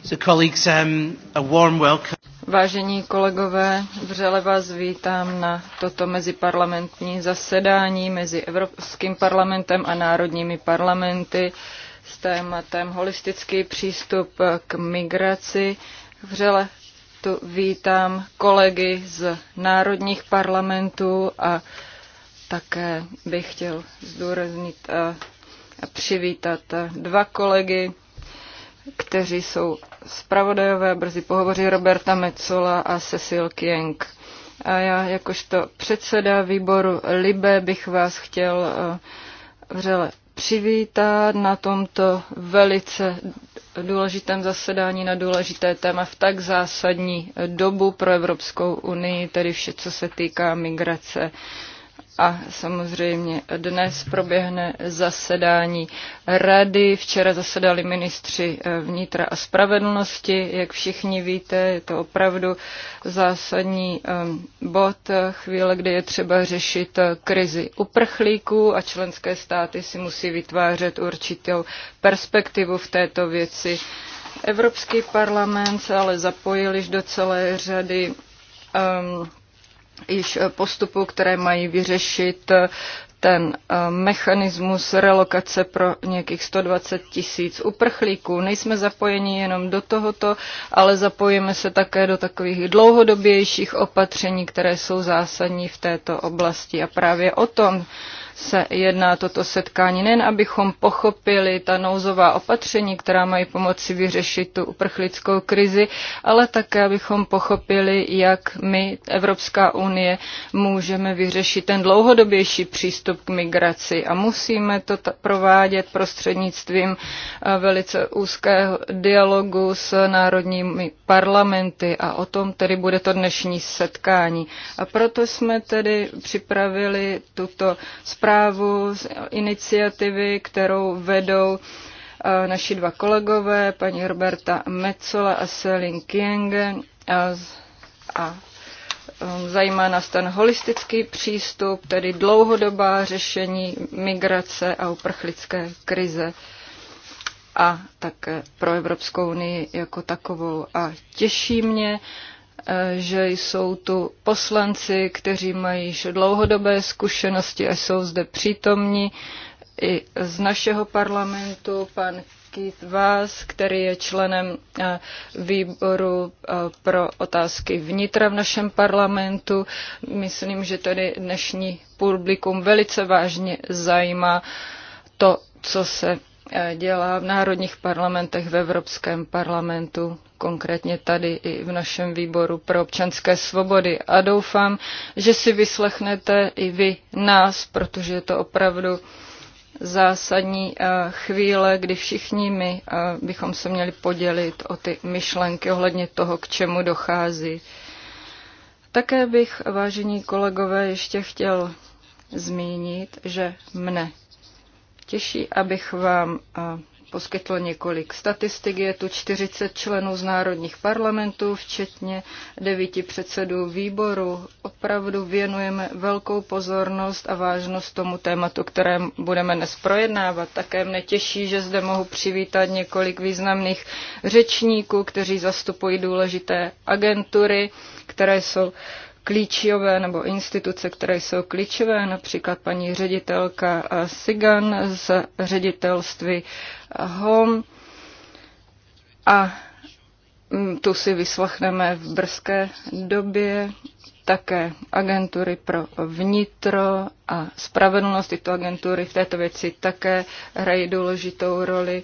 Um, Vážení kolegové, vřele vás vítám na toto meziparlamentní zasedání mezi Evropským parlamentem a národními parlamenty s tématem holistický přístup k migraci. Vřele tu vítám kolegy z národních parlamentů a také bych chtěl zdůraznit a přivítat dva kolegy kteří jsou zpravodajové, brzy pohovoří Roberta Mecola a Cecil Kienk. A já jakožto předseda výboru Libe bych vás chtěl eh, vřele přivítat na tomto velice důležitém zasedání na důležité téma v tak zásadní dobu pro Evropskou unii, tedy vše, co se týká migrace a samozřejmě dnes proběhne zasedání rady. Včera zasedali ministři eh, vnitra a spravedlnosti. Jak všichni víte, je to opravdu zásadní eh, bod, eh, chvíle, kdy je třeba řešit krizi uprchlíků a členské státy si musí vytvářet určitou perspektivu v této věci. Evropský parlament se ale zapojil již do celé řady um, již eh, postupů, které mají vyřešit eh, ten eh, mechanismus relokace pro nějakých 120 tisíc uprchlíků. Nejsme zapojeni jenom do tohoto, ale zapojíme se také do takových dlouhodobějších opatření, které jsou zásadní v této oblasti. A právě o tom se jedná toto setkání. Nejen abychom pochopili ta nouzová opatření, která mají pomoci vyřešit tu uprchlickou krizi, ale také abychom pochopili, jak my, Evropská unie, můžeme vyřešit ten dlouhodobější přístup k migraci. A musíme to provádět prostřednictvím eh, velice úzkého dialogu s národními parlamenty a o tom tedy bude to dnešní setkání. A proto jsme tedy připravili tuto zprávu zprávu z iniciativy, kterou vedou eh, naši dva kolegové, paní Roberta Mecola a Selin Kienge eh, a, a eh, zajímá nás ten holistický přístup, tedy dlouhodobá řešení migrace a uprchlické krize a také pro Evropskou unii jako takovou. A těší mě, Eh, že jsou tu poslanci, kteří mají již dlouhodobé zkušenosti a jsou zde přítomní. I z našeho parlamentu pan Keith Vás, který je členem eh, výboru eh, pro otázky vnitra v našem parlamentu. Myslím, že tedy dnešní publikum velice vážně zajímá to, co se dělá v národních parlamentech, v Evropském parlamentu, konkrétně tady i v našem výboru pro občanské svobody. A doufám, že si vyslechnete i vy nás, protože je to opravdu zásadní chvíle, kdy všichni my bychom se měli podělit o ty myšlenky ohledně toho, k čemu dochází. Také bych, vážení kolegové, ještě chtěl zmínit, že mne těší, abych vám poskytl několik statistik. Je tu 40 členů z národních parlamentů, včetně devíti předsedů výboru. Opravdu věnujeme velkou pozornost a vážnost tomu tématu, které budeme dnes projednávat. Také mne těší, že zde mohu přivítat několik významných řečníků, kteří zastupují důležité agentury, které jsou klíčové nebo instituce, které jsou klíčové, například paní ředitelka Sigan z ředitelství HOM. A mm, tu si vyslechneme v brzké době také agentury pro vnitro a spravedlnost. Tyto agentury v této věci také hrají důležitou roli.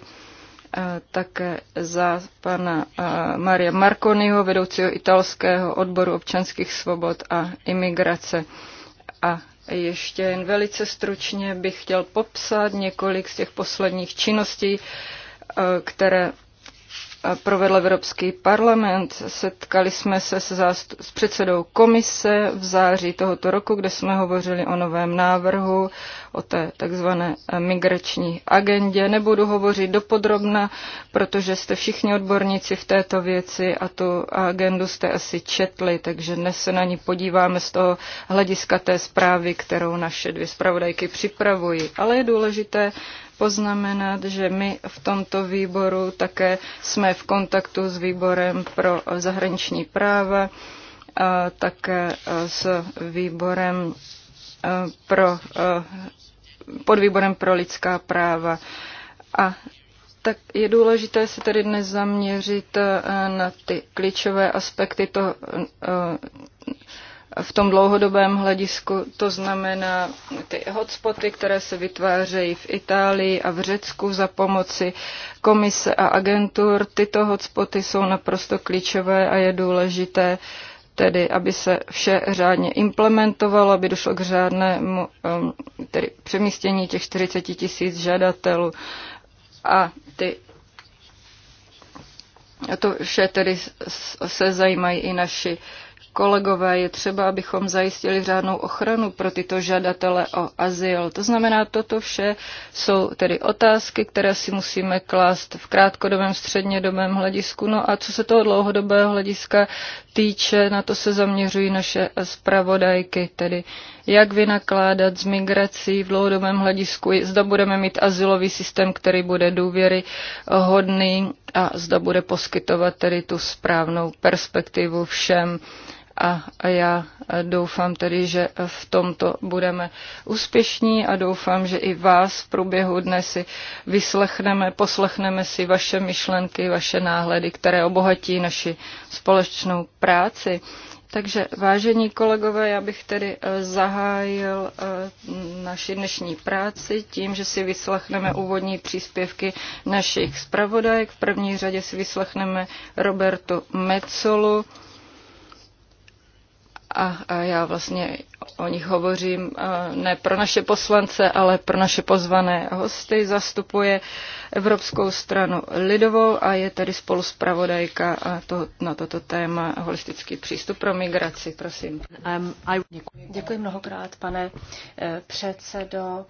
Eh, také za pana eh, Maria Marconiho, vedoucího italského odboru občanských svobod a imigrace. A ještě jen velice stručně bych chtěl popsat několik z těch posledních činností, eh, které provedl Evropský parlament. Setkali jsme se s, zástup, s předsedou komise v září tohoto roku, kde jsme hovořili o novém návrhu, o té takzvané migrační agendě. Nebudu hovořit dopodrobna, protože jste všichni odborníci v této věci a tu agendu jste asi četli, takže dnes se na ní podíváme z toho hlediska té zprávy, kterou naše dvě zpravodajky připravují. Ale je důležité poznamenat, že my v tomto výboru také jsme v kontaktu s výborem pro zahraniční práva, a také s výborem e, pro, e, podvýborem pro lidská práva. A tak je důležité se tedy dnes zaměřit e, na ty klíčové aspekty toho v tom dlouhodobém hledisku, to znamená ty hotspoty, které se vytvářejí v Itálii a v Řecku za pomoci komise a agentur. Tyto hotspoty jsou naprosto klíčové a je důležité tedy aby se vše řádně implementovalo, aby došlo k řádnému um, tedy přemístění těch 40 tisíc žadatelů. A ty a to vše tedy se zajímají i naši kolegové, je třeba, abychom zajistili řádnou ochranu pro tyto žadatele o azyl. To znamená, toto vše jsou tedy otázky, které si musíme klást v krátkodobém, střednědobém hledisku. No a co se toho dlouhodobého hlediska týče, na to se zaměřují naše zpravodajky, tedy jak vynakládat s migrací v dlouhodobém hledisku, zda budeme mít azylový systém, který bude důvěry hodný a zda bude poskytovat tedy tu správnou perspektivu všem a já doufám tedy, že v tomto budeme úspěšní a doufám, že i vás v průběhu dne si vyslechneme, poslechneme si vaše myšlenky, vaše náhledy, které obohatí naši společnou práci. Takže vážení kolegové, já bych tedy eh, zahájil eh, naši dnešní práci tím, že si vyslechneme úvodní příspěvky našich zpravodajek. V první řadě si vyslechneme Robertu Mecolu, a já vlastně o nich hovořím eh, ne pro naše poslance, ale pro naše pozvané hosty, zastupuje Evropskou stranu lidovou a je tady spolu zpravodajka to, na toto téma holistický přístup pro migraci. Prosím. Um, děkuji. děkuji mnohokrát, pane eh, předsedo.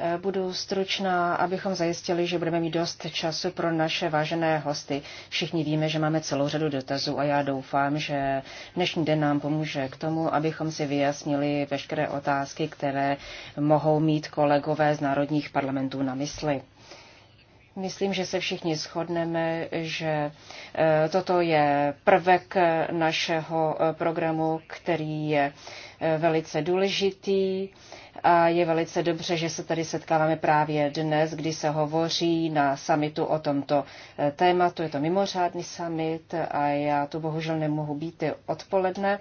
Eh, budu stručná, abychom zajistili, že budeme mít dost času pro naše vážené hosty. Všichni víme, že máme celou řadu dotazů a já doufám, že dnešní den nám pomůže k tomu, abychom si vyjasnili, zodpověděli veškeré otázky, které mohou mít kolegové z národních parlamentů na mysli. Myslím, že se všichni shodneme, že e, toto je prvek našeho e, programu, který je e, velice důležitý a je velice dobře, že se tady setkáváme právě dnes, kdy se hovoří na samitu o tomto tématu. Je to mimořádný summit a já tu bohužel nemohu být odpoledne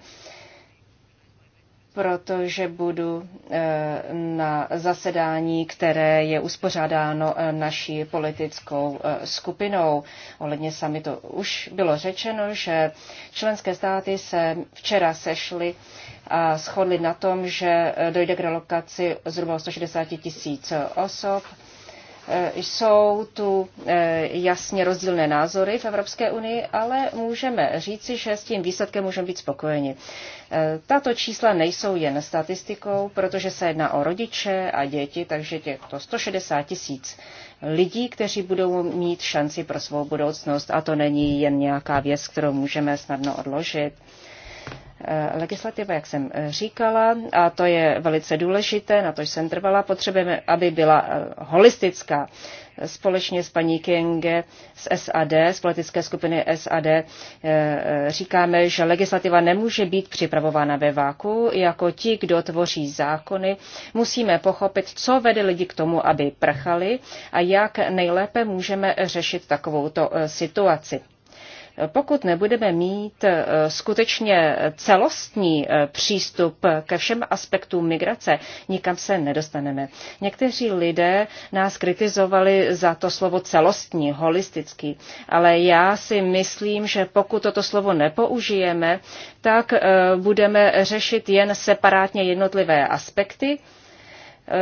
protože budu eh, na zasedání, které je uspořádáno eh, naší politickou eh, skupinou. Ohledně sami to už bylo řečeno, že členské státy se včera sešly a shodli na tom, že dojde k relokaci zhruba 160 tisíc osob Eh, jsou tu eh, jasně rozdílné názory v Evropské unii, ale můžeme říci, že s tím výsledkem můžeme být spokojeni. Eh, tato čísla nejsou jen statistikou, protože se jedná o rodiče a děti, takže těchto 160 tisíc lidí, kteří budou mít šanci pro svou budoucnost. A to není jen nějaká věc, kterou můžeme snadno odložit. Eh, legislativa, jak jsem eh, říkala, a to je velice důležité, na to jsem trvala, potřebujeme, aby byla eh, holistická. Společně s paní Kienge z SAD, z politické skupiny SAD, říkáme, že legislativa nemůže být připravována ve váku. Jako ti, kdo tvoří zákony, musíme pochopit, co vede lidi k tomu, aby prchali a jak nejlépe můžeme řešit takovouto situaci. Pokud nebudeme mít e, skutečně celostní e, přístup ke všem aspektům migrace, nikam se nedostaneme. Někteří lidé nás kritizovali za to slovo celostní, holistický, ale já si myslím, že pokud toto slovo nepoužijeme, tak e, budeme řešit jen separátně jednotlivé aspekty,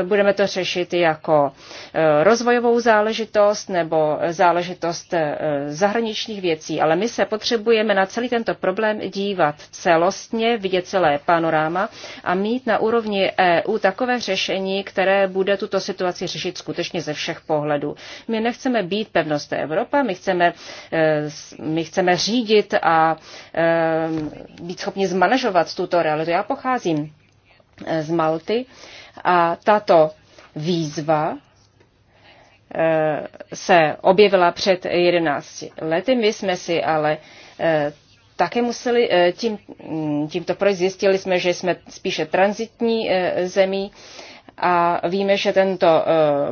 Budeme to řešit jako e, rozvojovou záležitost nebo záležitost e, zahraničních věcí, ale my se potřebujeme na celý tento problém dívat celostně, vidět celé panoráma a mít na úrovni EU takové řešení, které bude tuto situaci řešit skutečně ze všech pohledů. My nechceme být pevnost Evropa, my chceme, e, my chceme řídit a být schopni zmanežovat tuto realitu. Já pocházím z Malty a tato výzva eh, se objevila před 11 lety. My jsme si ale eh, také museli eh, tím, mm, tímto projekt Zjistili jsme, že jsme spíše transitní zemí a víme, že tento eh,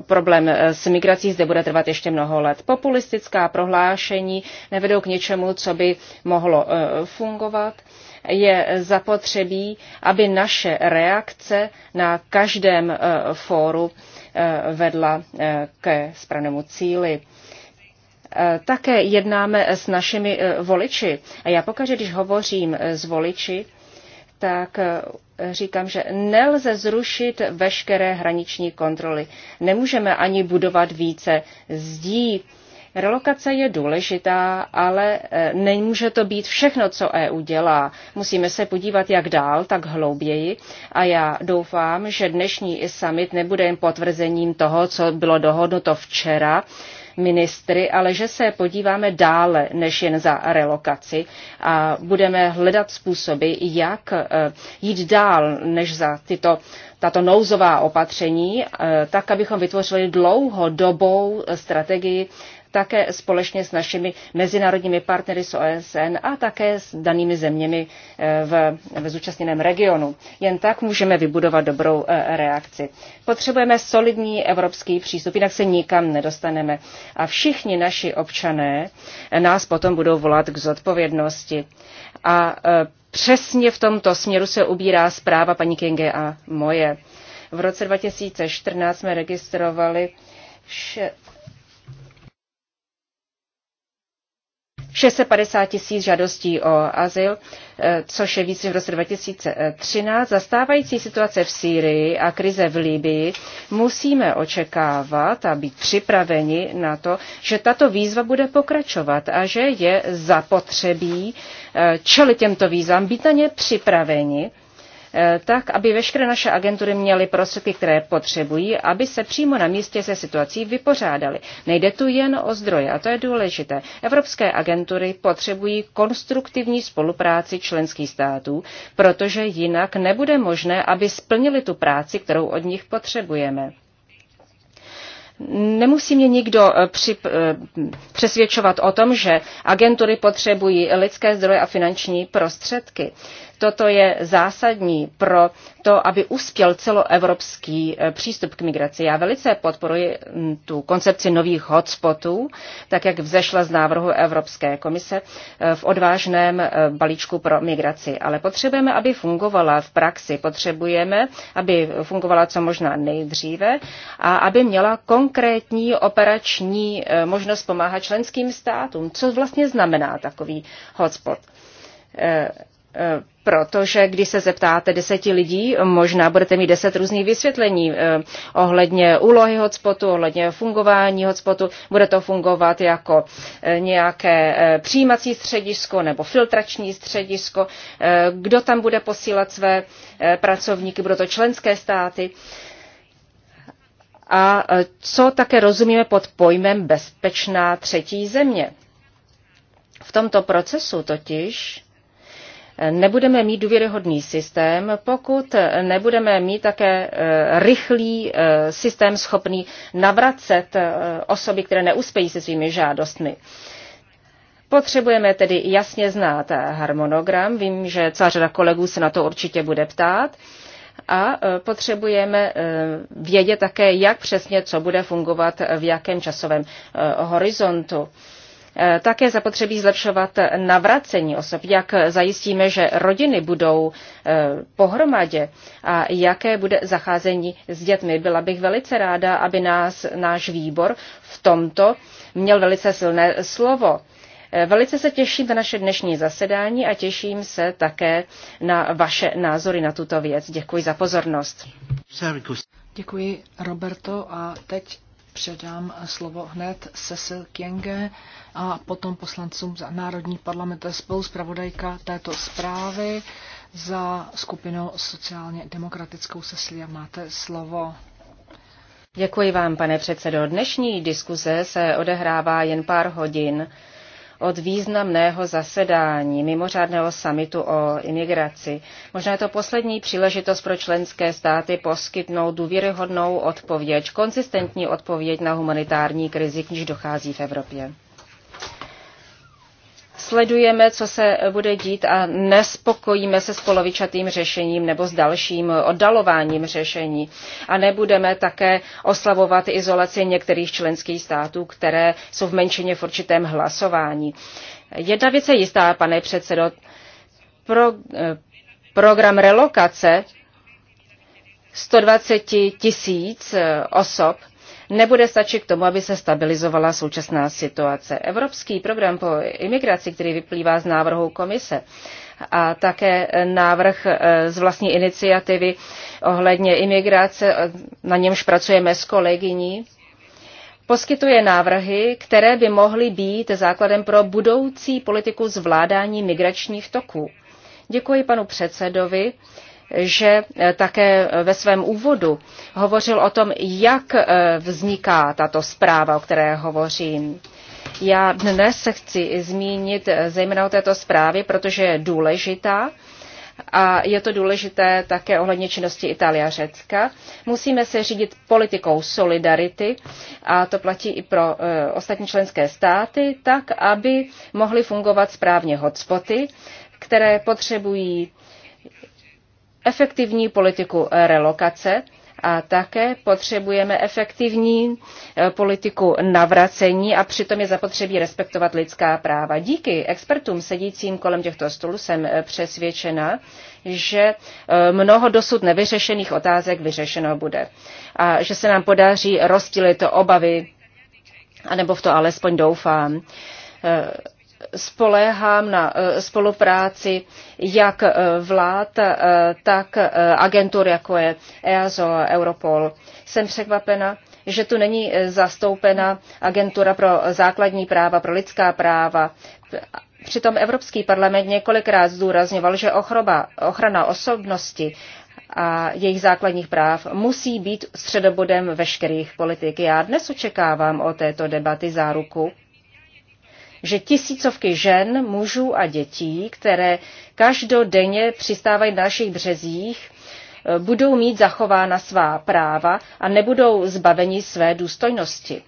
problém eh, s migrací zde bude trvat ještě mnoho let. Populistická prohlášení nevedou k něčemu, co by mohlo eh, fungovat. Je zapotřebí, aby naše reakce na každém fóru vedla ke správnému cíli také jednáme s našimi voliči. A já pokaždé, když hovořím s voliči, tak říkám, že nelze zrušit veškeré hraniční kontroly. Nemůžeme ani budovat více zdí. Relokace je důležitá, ale e, nemůže to být všechno, co EU dělá. Musíme se podívat jak dál, tak hlouběji a já doufám, že dnešní summit nebude jen potvrzením toho, co bylo dohodnuto včera, ministry, ale že se podíváme dále než jen za relokaci a budeme hledat způsoby, jak eh, jít dál než za tyto tato nouzová opatření, eh, tak abychom vytvořili dlouhodobou strategii také společně s našimi mezinárodními partnery z OSN a také s danými zeměmi eh, v, v zúčastněném regionu. Jen tak můžeme vybudovat dobrou eh, reakci. Potřebujeme solidní evropský přístup, jinak se nikam nedostaneme. A všichni naši občané eh, nás potom budou volat k zodpovědnosti. A přesně v tomto směru se ubírá zpráva paní Kinge a moje. V roce 2014 jsme registrovali 650 tisíc žádostí o azyl, eh, což je více v roce 2013. Zastávající situace v Sýrii a krize v Libii musíme očekávat a být připraveni na to, že tato výzva bude pokračovat a že je zapotřebí eh, čelit těmto výzvám, být na ně připraveni Eh, tak aby veškeré naše agentury měly prostředky, které potřebují, aby se přímo na místě se situací vypořádali. Nejde tu jen o zdroje, a to je důležité. Evropské agentury potřebují konstruktivní spolupráci členských států, protože jinak nebude možné, aby splnili tu práci, kterou od nich potřebujeme. Nemusí mě nikdo eh, při, eh, přesvědčovat o tom, že agentury potřebují lidské zdroje a finanční prostředky. Toto je zásadní pro to, aby uspěl celoevropský eh, přístup k migraci. Já velice podporuji hm, tu koncepci nových hotspotů, tak jak vzešla z návrhu Evropské komise eh, v odvážném eh, balíčku pro migraci. Ale potřebujeme, aby fungovala v praxi. Potřebujeme, aby fungovala co možná nejdříve a aby měla konkrétní operační možnost pomáhat členským státům. Co vlastně znamená takový hotspot? Eh, protože když se zeptáte deseti lidí, možná budete mít deset různých vysvětlení eh, ohledně úlohy hotspotu, ohledně fungování hotspotu. Bude to fungovat jako eh, nějaké přijímací středisko nebo filtrační středisko. Kdo tam bude posílat své pracovníky? Budou to členské státy? A co také rozumíme pod pojmem bezpečná třetí země? V tomto procesu totiž nebudeme mít důvěryhodný systém, pokud nebudeme mít také eh, rychlý eh, systém schopný navracet eh, osoby, které neuspějí se svými žádostmi. Potřebujeme tedy jasně znát harmonogram, vím, že celá řada kolegů se na to určitě bude ptát, a potřebujeme vědět také, jak přesně co bude fungovat v jakém časovém horizontu. Eh, také zapotřebí zlepšovat navracení osob, jak zajistíme, že rodiny budou eh, pohromadě a jaké bude zacházení s dětmi. Byla bych velice ráda, aby nás náš výbor v tomto měl velice silné slovo. Eh, velice se těším na naše dnešní zasedání a těším se také na vaše názory na tuto věc. Děkuji za pozornost. Děkuji, Roberto. A teď předám slovo hned Cecil Kienge a potom poslancům za Národní parlament. spolu zpravodajka této zprávy za skupinu sociálně demokratickou Cecilia. Máte slovo. Děkuji vám, pane předsedo. Dnešní diskuze se odehrává jen pár hodin od významného zasedání mimořádného samitu o imigraci. Možná je to poslední příležitost pro členské státy poskytnout důvěryhodnou odpověď, konzistentní odpověď na humanitární krizi, k níž dochází v Evropě sledujeme, co se bude dít a nespokojíme se s polovičatým řešením nebo s dalším oddalováním řešení. A nebudeme také oslavovat izolaci některých členských států, které jsou v menšině v určitém hlasování. Jedna věc je jistá, pane předsedo. Pro, eh, program relokace 120 tisíc eh, osob nebude stačit k tomu, aby se stabilizovala současná situace. Evropský program po imigraci, který vyplývá z návrhu komise, a také návrh eh, z vlastní iniciativy ohledně imigrace, eh, na němž pracujeme s kolegyní, poskytuje návrhy, které by mohly být základem pro budoucí politiku zvládání migračních toků. Děkuji panu předsedovi že eh, také eh, ve svém úvodu hovořil o tom, jak eh, vzniká tato zpráva, o které hovořím. Já dnes se chci zmínit zejména o této zprávě, protože je důležitá a je to důležité také ohledně činnosti Itálie a Řecka. Musíme se řídit politikou solidarity a to platí i pro e, ostatní členské státy, tak aby mohly fungovat správně hotspoty, které potřebují efektivní politiku relokace a také potřebujeme efektivní eh, politiku navracení a přitom je zapotřebí respektovat lidská práva. Díky expertům sedícím kolem těchto stolů jsem eh, přesvědčena, že eh, mnoho dosud nevyřešených otázek vyřešeno bude a že se nám podaří rozdělit obavy, anebo v to alespoň doufám spoléhám na eh, spolupráci jak eh, vlád, eh, tak agentur, jako je EASO, a Europol. Jsem překvapena, že tu není zastoupena agentura pro základní práva, pro lidská práva. Přitom Evropský parlament několikrát zdůrazňoval, že ochroba, ochrana osobnosti a jejich základních práv musí být středobodem veškerých politik. Já dnes očekávám o této debaty záruku, že tisícovky žen, mužů a dětí, které každodenně přistávají na našich březích, eh, budou mít zachována svá práva a nebudou zbaveni své důstojnosti.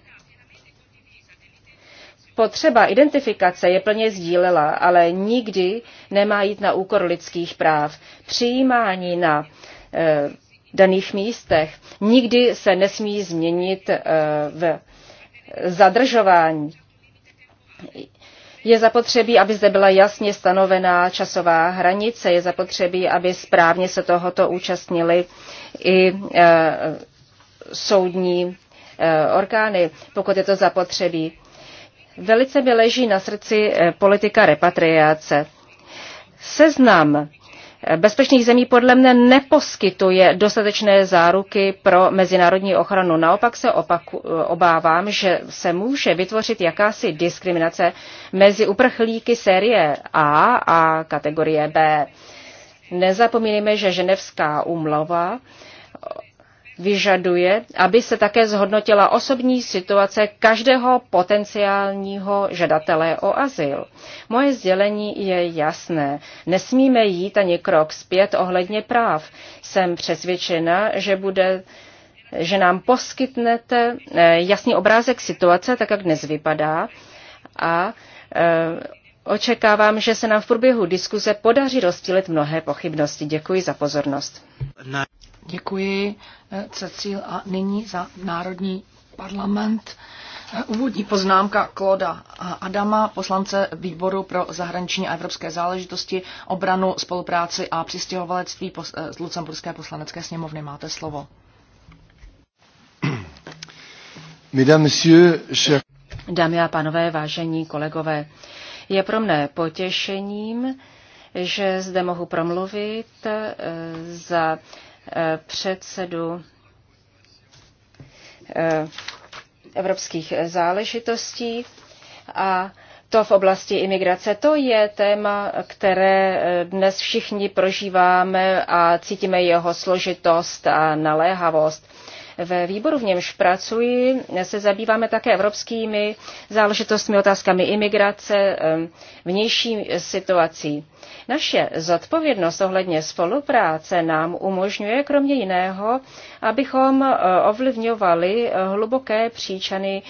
Potřeba identifikace je plně sdílela, ale nikdy nemá jít na úkor lidských práv. Přijímání na e, daných místech nikdy se nesmí změnit e, v zadržování. Je zapotřebí, aby zde byla jasně stanovená časová hranice, je zapotřebí, aby správně se tohoto účastnili i e, soudní e, orgány, pokud je to zapotřebí. Velice mi leží na srdci e, politika repatriace. Seznam bezpečných zemí podle mne neposkytuje dostatečné záruky pro mezinárodní ochranu. Naopak se opaku, obávám, že se může vytvořit jakási diskriminace mezi uprchlíky série A a kategorie B. Nezapomínejme, že Ženevská úmlova vyžaduje, aby se také zhodnotila osobní situace každého potenciálního žadatele o azyl. Moje sdělení je jasné. Nesmíme jít ani krok zpět ohledně práv. Jsem přesvědčena, že bude že nám poskytnete eh, jasný obrázek situace, tak jak dnes vypadá, a eh, Očekávám, že se nám v průběhu diskuze podaří rozptýlit mnohé pochybnosti. Děkuji za pozornost. Děkuji, eh, Cecil. A nyní za Národní parlament. Eh, úvodní poznámka Kloda Adama, poslance výboru pro zahraniční a evropské záležitosti, obranu, spolupráci a přistěhovalectví eh, z Lucemburské poslanecké sněmovny. Máte slovo. Dámy a pánové, vážení kolegové, je pro mne potěšením, že zde mohu promluvit za Eh, předsedu eh, evropských záležitostí a to v oblasti imigrace. To je téma, které eh, dnes všichni prožíváme a cítíme jeho složitost a naléhavost. Ve výboru, v němž pracuji, se zabýváme také evropskými záležitostmi, otázkami imigrace, vnější situací. Naše zodpovědnost ohledně spolupráce nám umožňuje, kromě jiného, abychom e, ovlivňovali e, hluboké příčiny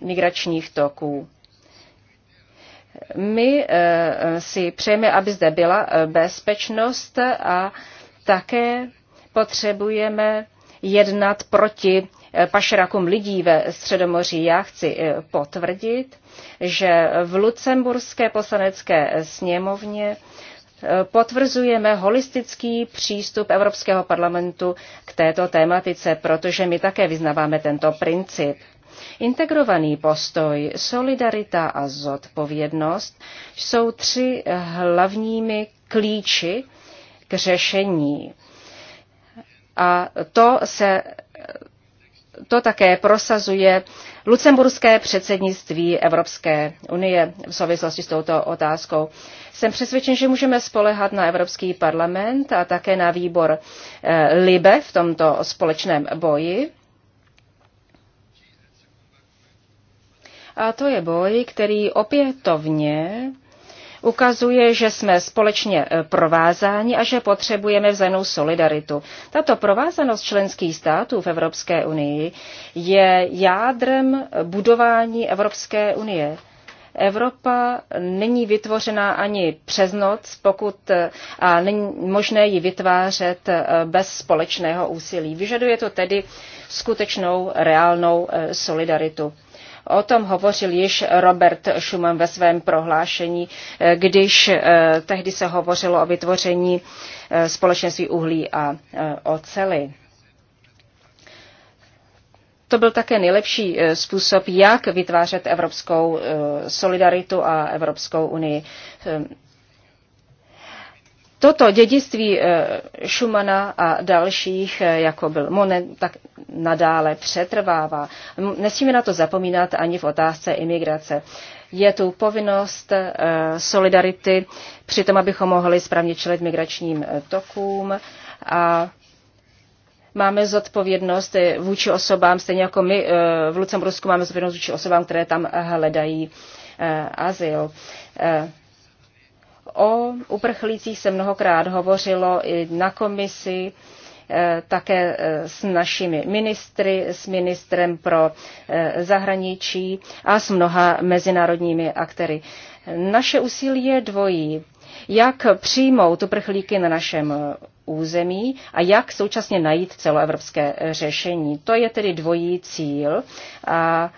migračních toků. My e, si přejeme, aby zde byla bezpečnost a také potřebujeme jednat proti eh, pašerakům lidí ve Středomoří. Já chci eh, potvrdit, že v Lucemburské poslanecké sněmovně eh, potvrzujeme holistický přístup Evropského parlamentu k této tématice, protože my také vyznáváme tento princip. Integrovaný postoj, solidarita a zodpovědnost jsou tři hlavními klíči k řešení a to se to také prosazuje lucemburské předsednictví Evropské unie v souvislosti s touto otázkou. Jsem přesvědčen, že můžeme spolehat na Evropský parlament a také na výbor eh, LIBE v tomto společném boji. A to je boj, který opětovně ukazuje, že jsme společně e, provázáni a že potřebujeme vzájemnou solidaritu. Tato provázanost členských států v Evropské unii je jádrem budování Evropské unie. Evropa není vytvořena ani přes noc, pokud e, a není možné ji vytvářet e, bez společného úsilí. Vyžaduje to tedy skutečnou reálnou solidaritu. O tom hovořil již Robert Schuman ve svém prohlášení, eh, když eh, tehdy se hovořilo o vytvoření eh, společenství uhlí a ocely. To byl také nejlepší způsob, jak vytvářet evropskou solidaritu a Evropskou unii. Toto dědictví eh, Schumana a dalších, eh, jako byl Monet, tak nadále přetrvává. Nesmíme na to zapomínat ani v otázce imigrace. Je tu povinnost eh, solidarity při tom, abychom mohli správně čelit migračním tokům a máme zodpovědnost vůči osobám, stejně jako my v Lucembursku máme zodpovědnost vůči osobám, které tam hledají azyl. O uprchlících se mnohokrát hovořilo i na komisi, eh, také eh, s našimi ministry, s ministrem pro eh, zahraničí a s mnoha mezinárodními aktéry. Naše úsilí je dvojí. Jak přijmout uprchlíky na našem území a jak současně najít celoevropské řešení. To je tedy dvojí cíl a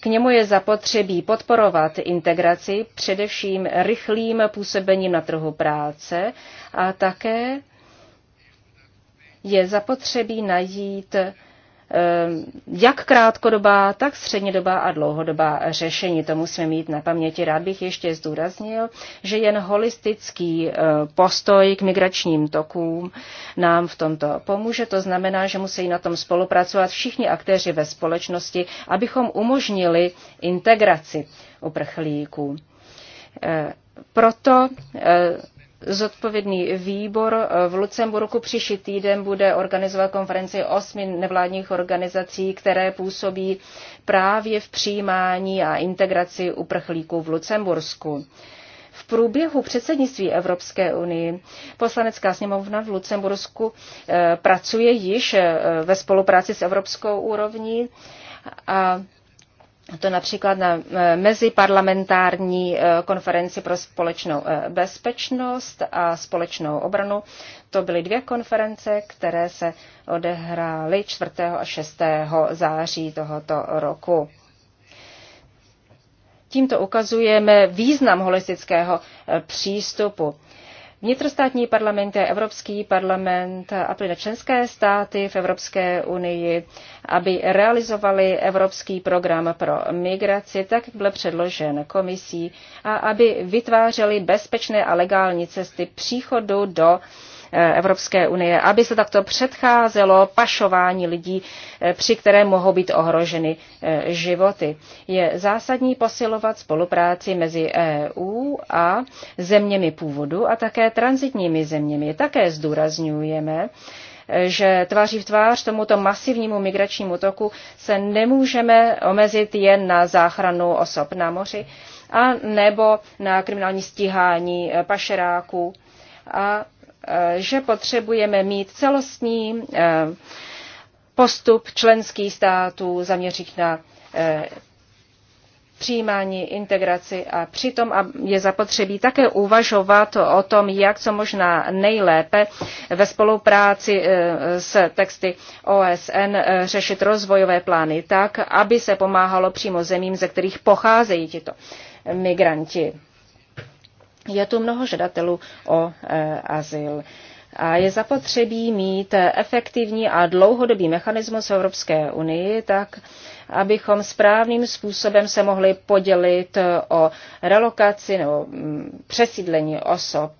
k němu je zapotřebí podporovat integraci především rychlým působením na trhu práce a také je zapotřebí najít Ehm, jak krátkodobá, tak střednědobá a dlouhodobá řešení. To musíme mít na paměti. Rád bych ještě zdůraznil, že jen holistický eh, postoj k migračním tokům nám v tomto pomůže. To znamená, že musí na tom spolupracovat všichni aktéři ve společnosti, abychom umožnili integraci uprchlíků. Eh, proto eh, Zodpovědný výbor eh, v Lucemburku příští týden bude organizovat konferenci osmi nevládních organizací, které působí právě v přijímání a integraci uprchlíků v Lucembursku. V průběhu předsednictví Evropské unii poslanecká sněmovna v Lucembursku eh, pracuje již eh, ve spolupráci s evropskou úrovní a to například na e, meziparlamentární e, konferenci pro společnou e, bezpečnost a společnou obranu. To byly dvě konference, které se odehrály 4. a 6. září tohoto roku. Tímto ukazujeme význam holistického přístupu. Vnitrostátní parlament a Evropský parlament a na členské státy v Evropské unii, aby realizovali Evropský program pro migraci, tak jak byl předložen komisí, a aby vytvářeli bezpečné a legální cesty příchodu do Eh, Evropské unie, aby se takto předcházelo pašování lidí, eh, při které mohou být ohroženy eh, životy. Je zásadní posilovat spolupráci mezi EU a zeměmi původu a také transitními zeměmi. Také zdůrazňujeme, že tváří v tvář tomuto masivnímu migračnímu toku se nemůžeme omezit jen na záchranu osob na moři a nebo na kriminální stíhání pašeráků a Eh, že potřebujeme mít celostní eh, postup členských států zaměřit na eh, přijímání, integraci a přitom je zapotřebí také uvažovat o tom, jak co možná nejlépe ve spolupráci s texty OSN řešit rozvojové plány tak, aby se pomáhalo přímo zemím, ze kterých pocházejí tito migranti. Je tu mnoho žadatelů o e, azyl. A je zapotřebí mít efektivní a dlouhodobý mechanismus Evropské unii, tak abychom správným způsobem se mohli podělit o relokaci nebo mm, přesídlení osob,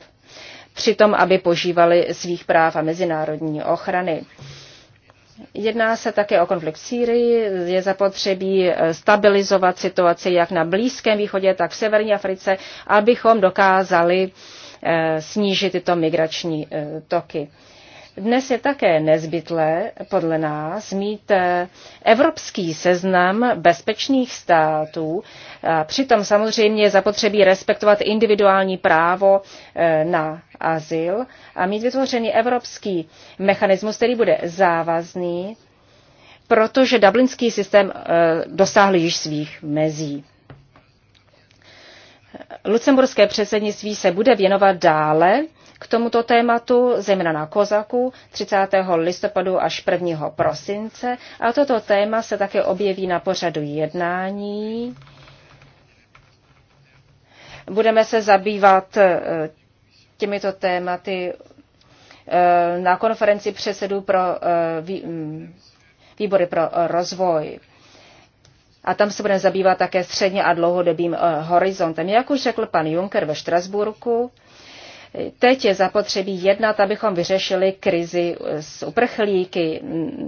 přitom aby požívali svých práv a mezinárodní ochrany. Jedná se také o konflikt v Sýrii, je zapotřebí eh, stabilizovat situaci jak na Blízkém východě, tak v Severní Africe, abychom dokázali eh, snížit tyto migrační eh, toky. Dnes je také nezbytlé, podle nás, mít eh, evropský seznam bezpečných států. A přitom samozřejmě je zapotřebí respektovat individuální právo eh, na azyl a mít vytvořený evropský mechanismus, který bude závazný, protože dublinský systém eh, dosáhl již svých mezí. Lucemburské předsednictví se bude věnovat dále k tomuto tématu, zejména na Kozaku 30. listopadu až 1. prosince. A toto téma se také objeví na pořadu jednání. Budeme se zabývat e, těmito tématy e, na konferenci předsedů pro e, výbory pro rozvoj. A tam se budeme zabývat také středně a dlouhodobým horizontem. Jak už řekl pan Juncker ve Štrasburku, Teď je zapotřebí jednat, abychom vyřešili krizi s uprchlíky.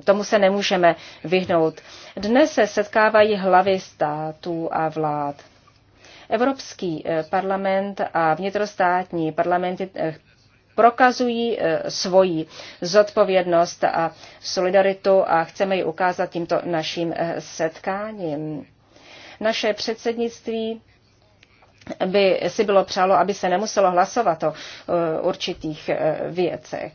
Tomu se nemůžeme vyhnout. Dnes se setkávají hlavy států a vlád. Evropský eh, parlament a vnitrostátní parlamenty eh, prokazují eh, svoji zodpovědnost a solidaritu a chceme ji ukázat tímto naším setkáním. Naše předsednictví by si bylo přálo, aby se nemuselo hlasovat o e, určitých e, věcech.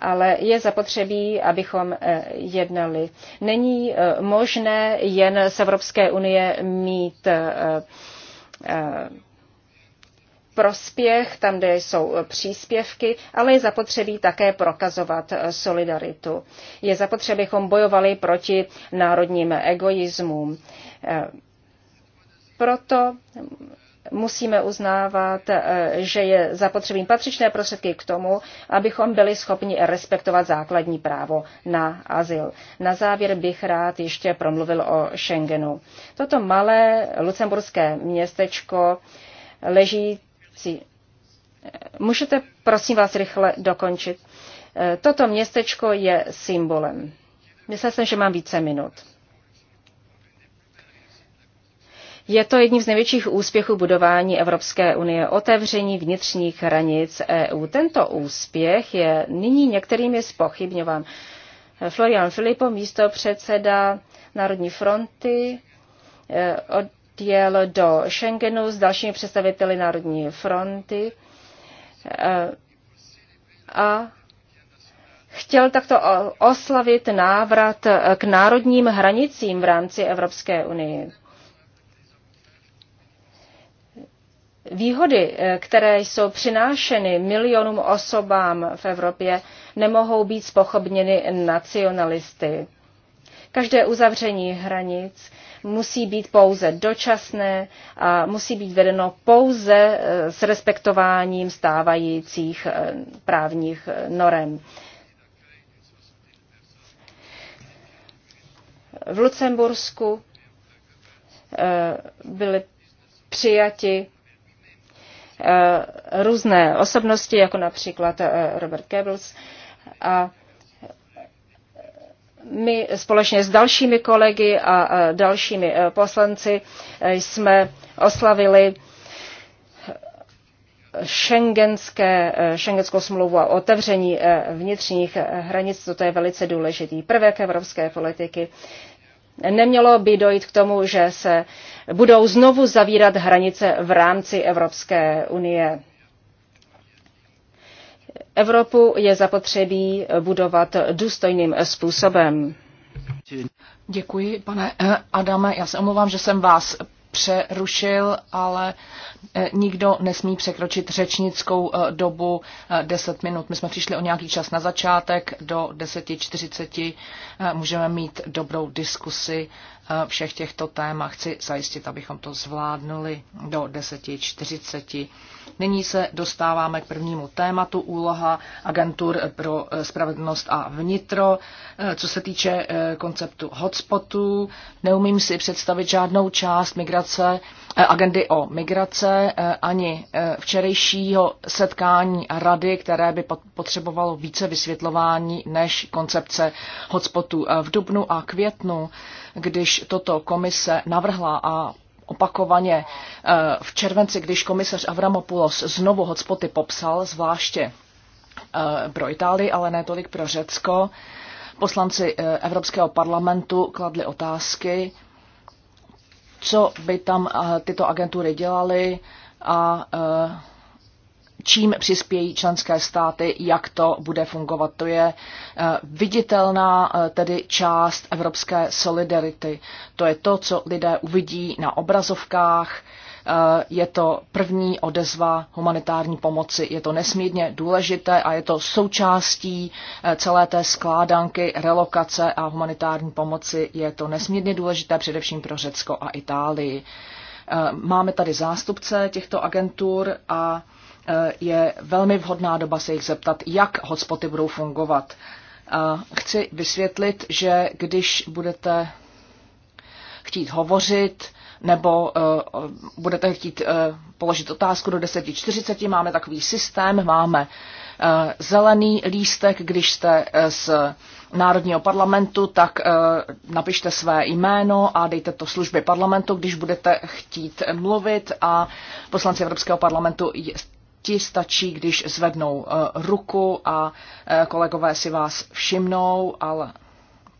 Ale je zapotřebí, abychom e, jednali. Není možné jen z Evropské unie mít prospěch, tam, kde jsou příspěvky, ale je zapotřebí také prokazovat solidaritu. Je zapotřebí, abychom bojovali proti národním egoismům. Proto musíme uznávat, eh, že je zapotřebí patřičné prostředky k tomu, abychom byli schopni respektovat základní právo na azyl. Na závěr bych rád ještě promluvil o Schengenu. Toto malé lucemburské městečko ležící. Můžete prosím vás rychle dokončit? Eh, Toto městečko je symbolem. Myslel jsem, že mám více minut. Je to jedním z největších úspěchů budování Evropské unie, otevření vnitřních hranic EU. Tento úspěch je nyní některými spochybňován. Florian Filipo, místo předseda Národní fronty, eh, odjel do Schengenu s dalšími představiteli Národní fronty eh, a chtěl takto oslavit návrat k národním hranicím v rámci Evropské unie. Výhody, eh, které jsou přinášeny milionům osobám v Evropě, nemohou být spochobněny nacionalisty. Každé uzavření hranic musí být pouze dočasné a musí být vedeno pouze eh, s respektováním stávajících eh, právních norem. V Lucembursku byly přijati Eh, různé osobnosti, jako například eh, Robert Goebbels. A my společně s dalšími kolegy a dalšími eh, poslanci jsme oslavili Schengenské, Schengenskou smlouvu a otevření vnitřních hranic. To je velice důležitý prvek evropské politiky nemělo by dojít k tomu, že se budou znovu zavírat hranice v rámci Evropské unie. Evropu je zapotřebí budovat důstojným způsobem. Děkuji, pane eh, Adame. Já se omlouvám, že jsem vás přerušil, ale e, nikdo nesmí překročit řečnickou e, dobu 10 e, minut. My jsme přišli o nějaký čas na začátek, do 10.40 můžeme mít dobrou diskusi Eh, všech těchto témat. Chci zajistit, abychom to zvládnuli do 10.40. Nyní se dostáváme k prvnímu tématu úloha agentur pro eh, spravedlnost a vnitro. Eh, co se týče konceptu hotspotů, neumím si představit žádnou část migrace Eh, agendy o migrace, eh, ani eh, včerejšího setkání rady, které by potřebovalo více vysvětlování než koncepce hotspotu v dubnu a květnu, když toto komise navrhla a opakovaně v červenci, když komisař Avramopoulos znovu hotspoty popsal, zvláště pro Itálii, ale ne tolik pro Řecko, poslanci Evropského parlamentu kladli otázky, co by tam eh, tyto agentury dělaly a eh, čím přispějí členské státy, jak to bude fungovat. To je eh, viditelná tedy část evropské solidarity. To je to, co lidé uvidí na obrazovkách, Eh, je to první odezva humanitární pomoci. Je to nesmírně důležité a je to součástí eh, celé té skládanky relokace a humanitární pomoci. Je to nesmírně důležité především pro Řecko a Itálii. Eh, máme tady zástupce těchto agentur a je velmi vhodná doba se jich zeptat, jak hotspoty budou fungovat. Chci vysvětlit, že když budete chtít hovořit, nebo eh, budete chtít eh, položit otázku do 10.40. Máme takový systém, máme eh, zelený lístek, když jste z Národního parlamentu, tak napište své jméno a dejte to službě parlamentu, když budete chtít mluvit a poslanci Evropského parlamentu ti stačí, když zvednou ruku a kolegové si vás všimnou, ale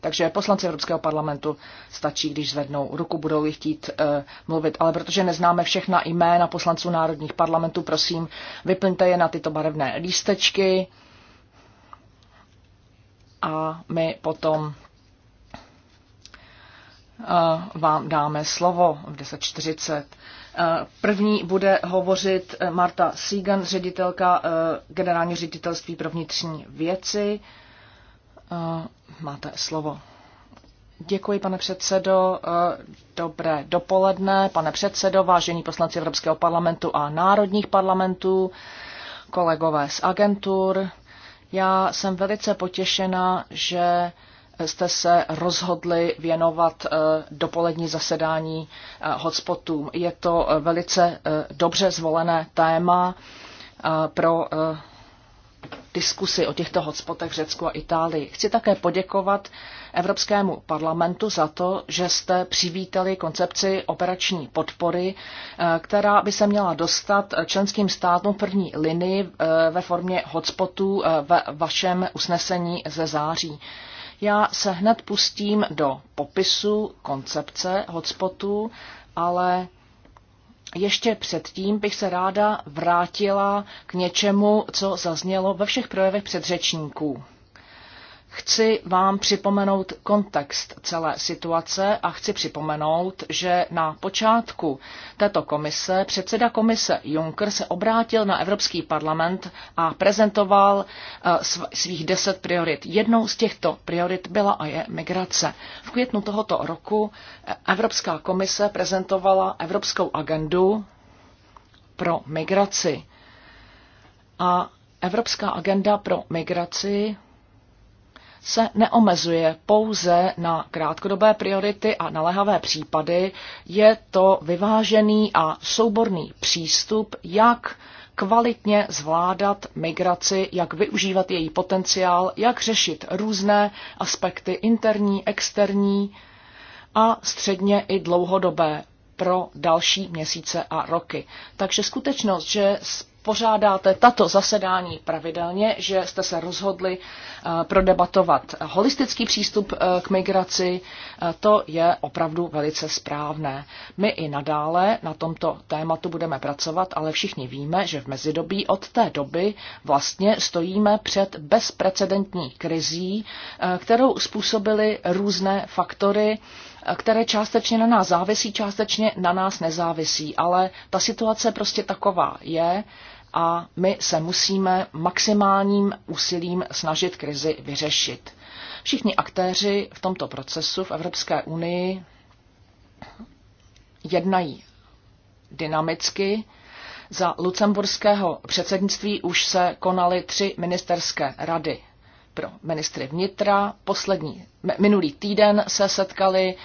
takže poslanci Evropského parlamentu stačí, když zvednou ruku, budou ji chtít e, mluvit. Ale protože neznáme všechna jména poslanců národních parlamentů, prosím, vyplňte je na tyto barevné lístečky a my potom eh, vám dáme slovo v 10.40. Eh, první bude hovořit Marta Sigan, ředitelka generálního ředitelství pro vnitřní věci máte slovo. Děkuji, pane předsedo. Dobré dopoledne, pane předsedo, vážení poslanci Evropského parlamentu a národních parlamentů, kolegové z agentur. Já jsem velice potěšena, že jste se rozhodli věnovat e, dopolední zasedání e, hotspotům. Je to e, velice dobře zvolené téma pro diskusi o těchto hotspotech Řecku a Itálii. Chci také poděkovat Evropskému parlamentu za to, že jste přivítali koncepci operační podpory, eh, která by se měla dostat členským státům v první linii eh, ve formě hotspotů eh, ve vašem usnesení ze září. Já se hned pustím do popisu koncepce hotspotů, ale ještě předtím bych se ráda vrátila k něčemu, co zaznělo ve všech projevech předřečníků. Chci vám připomenout kontext celé situace a chci připomenout, že na počátku této komise předseda komise Juncker se obrátil na Evropský parlament a prezentoval eh, svých deset priorit. Jednou z těchto priorit byla a je migrace. V květnu tohoto roku Evropská komise prezentovala Evropskou agendu pro migraci. A Evropská agenda pro migraci se neomezuje pouze na krátkodobé priority a naléhavé případy, je to vyvážený a souborný přístup, jak kvalitně zvládat migraci, jak využívat její potenciál, jak řešit různé aspekty interní, externí a středně i dlouhodobé pro další měsíce a roky. Takže skutečnost, že pořádáte tato zasedání pravidelně, že jste se rozhodli eh, prodebatovat holistický přístup eh, k migraci, eh, to je opravdu velice správné. My i nadále na tomto tématu budeme pracovat, ale všichni víme, že v mezidobí od té doby vlastně stojíme před bezprecedentní krizí, kterou způsobily různé faktory, které částečně na nás závisí, částečně na nás nezávisí, ale ta situace prostě taková je a my se musíme maximálním úsilím snažit krizi vyřešit. Všichni aktéři v tomto procesu v Evropské unii jednají dynamicky. Za lucemburského předsednictví už se konaly tři ministerské rady pro ministry vnitra. Poslední, minulý týden se setkali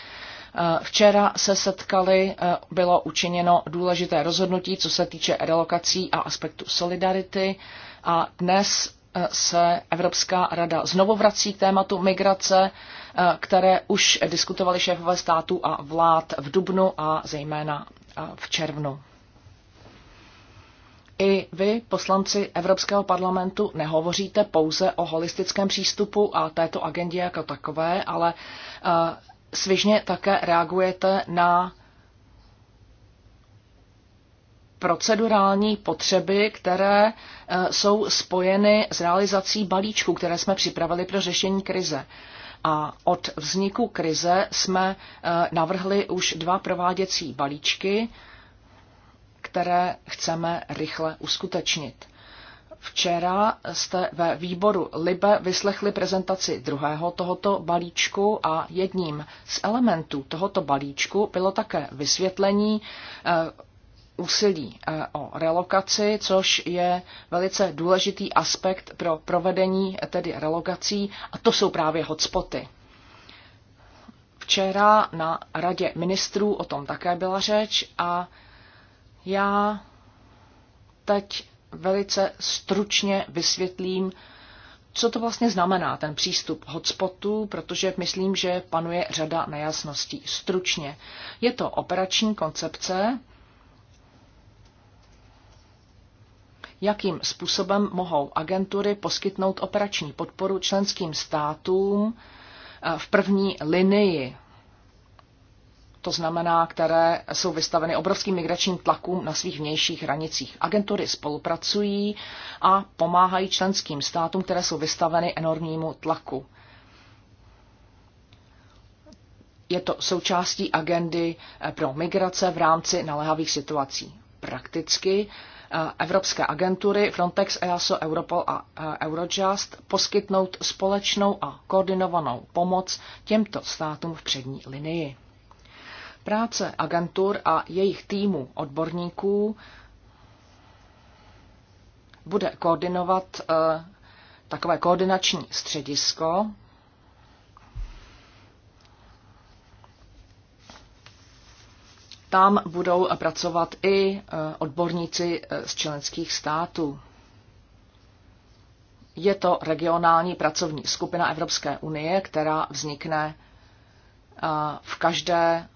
Eh, včera se setkali, eh, bylo učiněno důležité rozhodnutí, co se týče relokací a aspektu solidarity a dnes eh, se Evropská rada znovu vrací k tématu migrace, které už diskutovali šéfové států a vlád v Dubnu a zejména v červnu. I vy, poslanci Evropského parlamentu, nehovoříte pouze o holistickém přístupu a této agendě jako takové, ale svižně také reagujete na procedurální potřeby, které e, jsou spojeny s realizací balíčku, které jsme připravili pro řešení krize. A od vzniku krize jsme e, navrhli už dva prováděcí balíčky, které chceme rychle uskutečnit. Včera jste ve výboru Libe vyslechli prezentaci druhého tohoto balíčku a jedním z elementů tohoto balíčku bylo také vysvětlení eh, úsilí eh, o relokaci, což je velice důležitý aspekt pro provedení eh, tedy relokací a to jsou právě hotspoty. Včera na radě ministrů o tom také byla řeč a já teď velice stručně vysvětlím, co to vlastně znamená, ten přístup Hotspotu, protože myslím, že panuje řada nejasností. Stručně. Je to operační koncepce, jakým způsobem mohou agentury poskytnout operační podporu členským státům eh, v první linii to znamená, které jsou vystaveny obrovským migračním tlakům na svých vnějších hranicích. Agentury spolupracují a pomáhají členským státům, které jsou vystaveny enormnímu tlaku. Je to součástí agendy eh, pro migrace v rámci naléhavých situací. Prakticky eh, evropské agentury Frontex, EASO, Europol a eh, Eurojust poskytnout společnou a koordinovanou pomoc těmto státům v přední linii. Práce agentur a jejich týmu odborníků bude koordinovat eh, takové koordinační středisko, Tam budou pracovat i eh, odborníci eh, z členských států. Je to regionální pracovní skupina Evropské unie, která vznikne v každé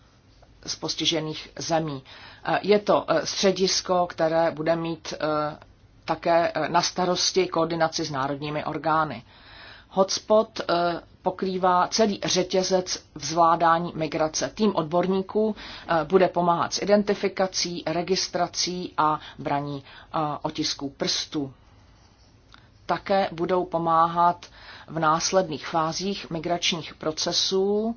z postižených zemí. Eh, je to eh, středisko, které bude mít eh, také na starosti koordinaci s národními orgány. Hotspot pokrývá celý řetězec v zvládání migrace. Tým odborníků bude pomáhat s identifikací, registrací a braní otisků prstů. Také budou pomáhat v následných fázích migračních procesů,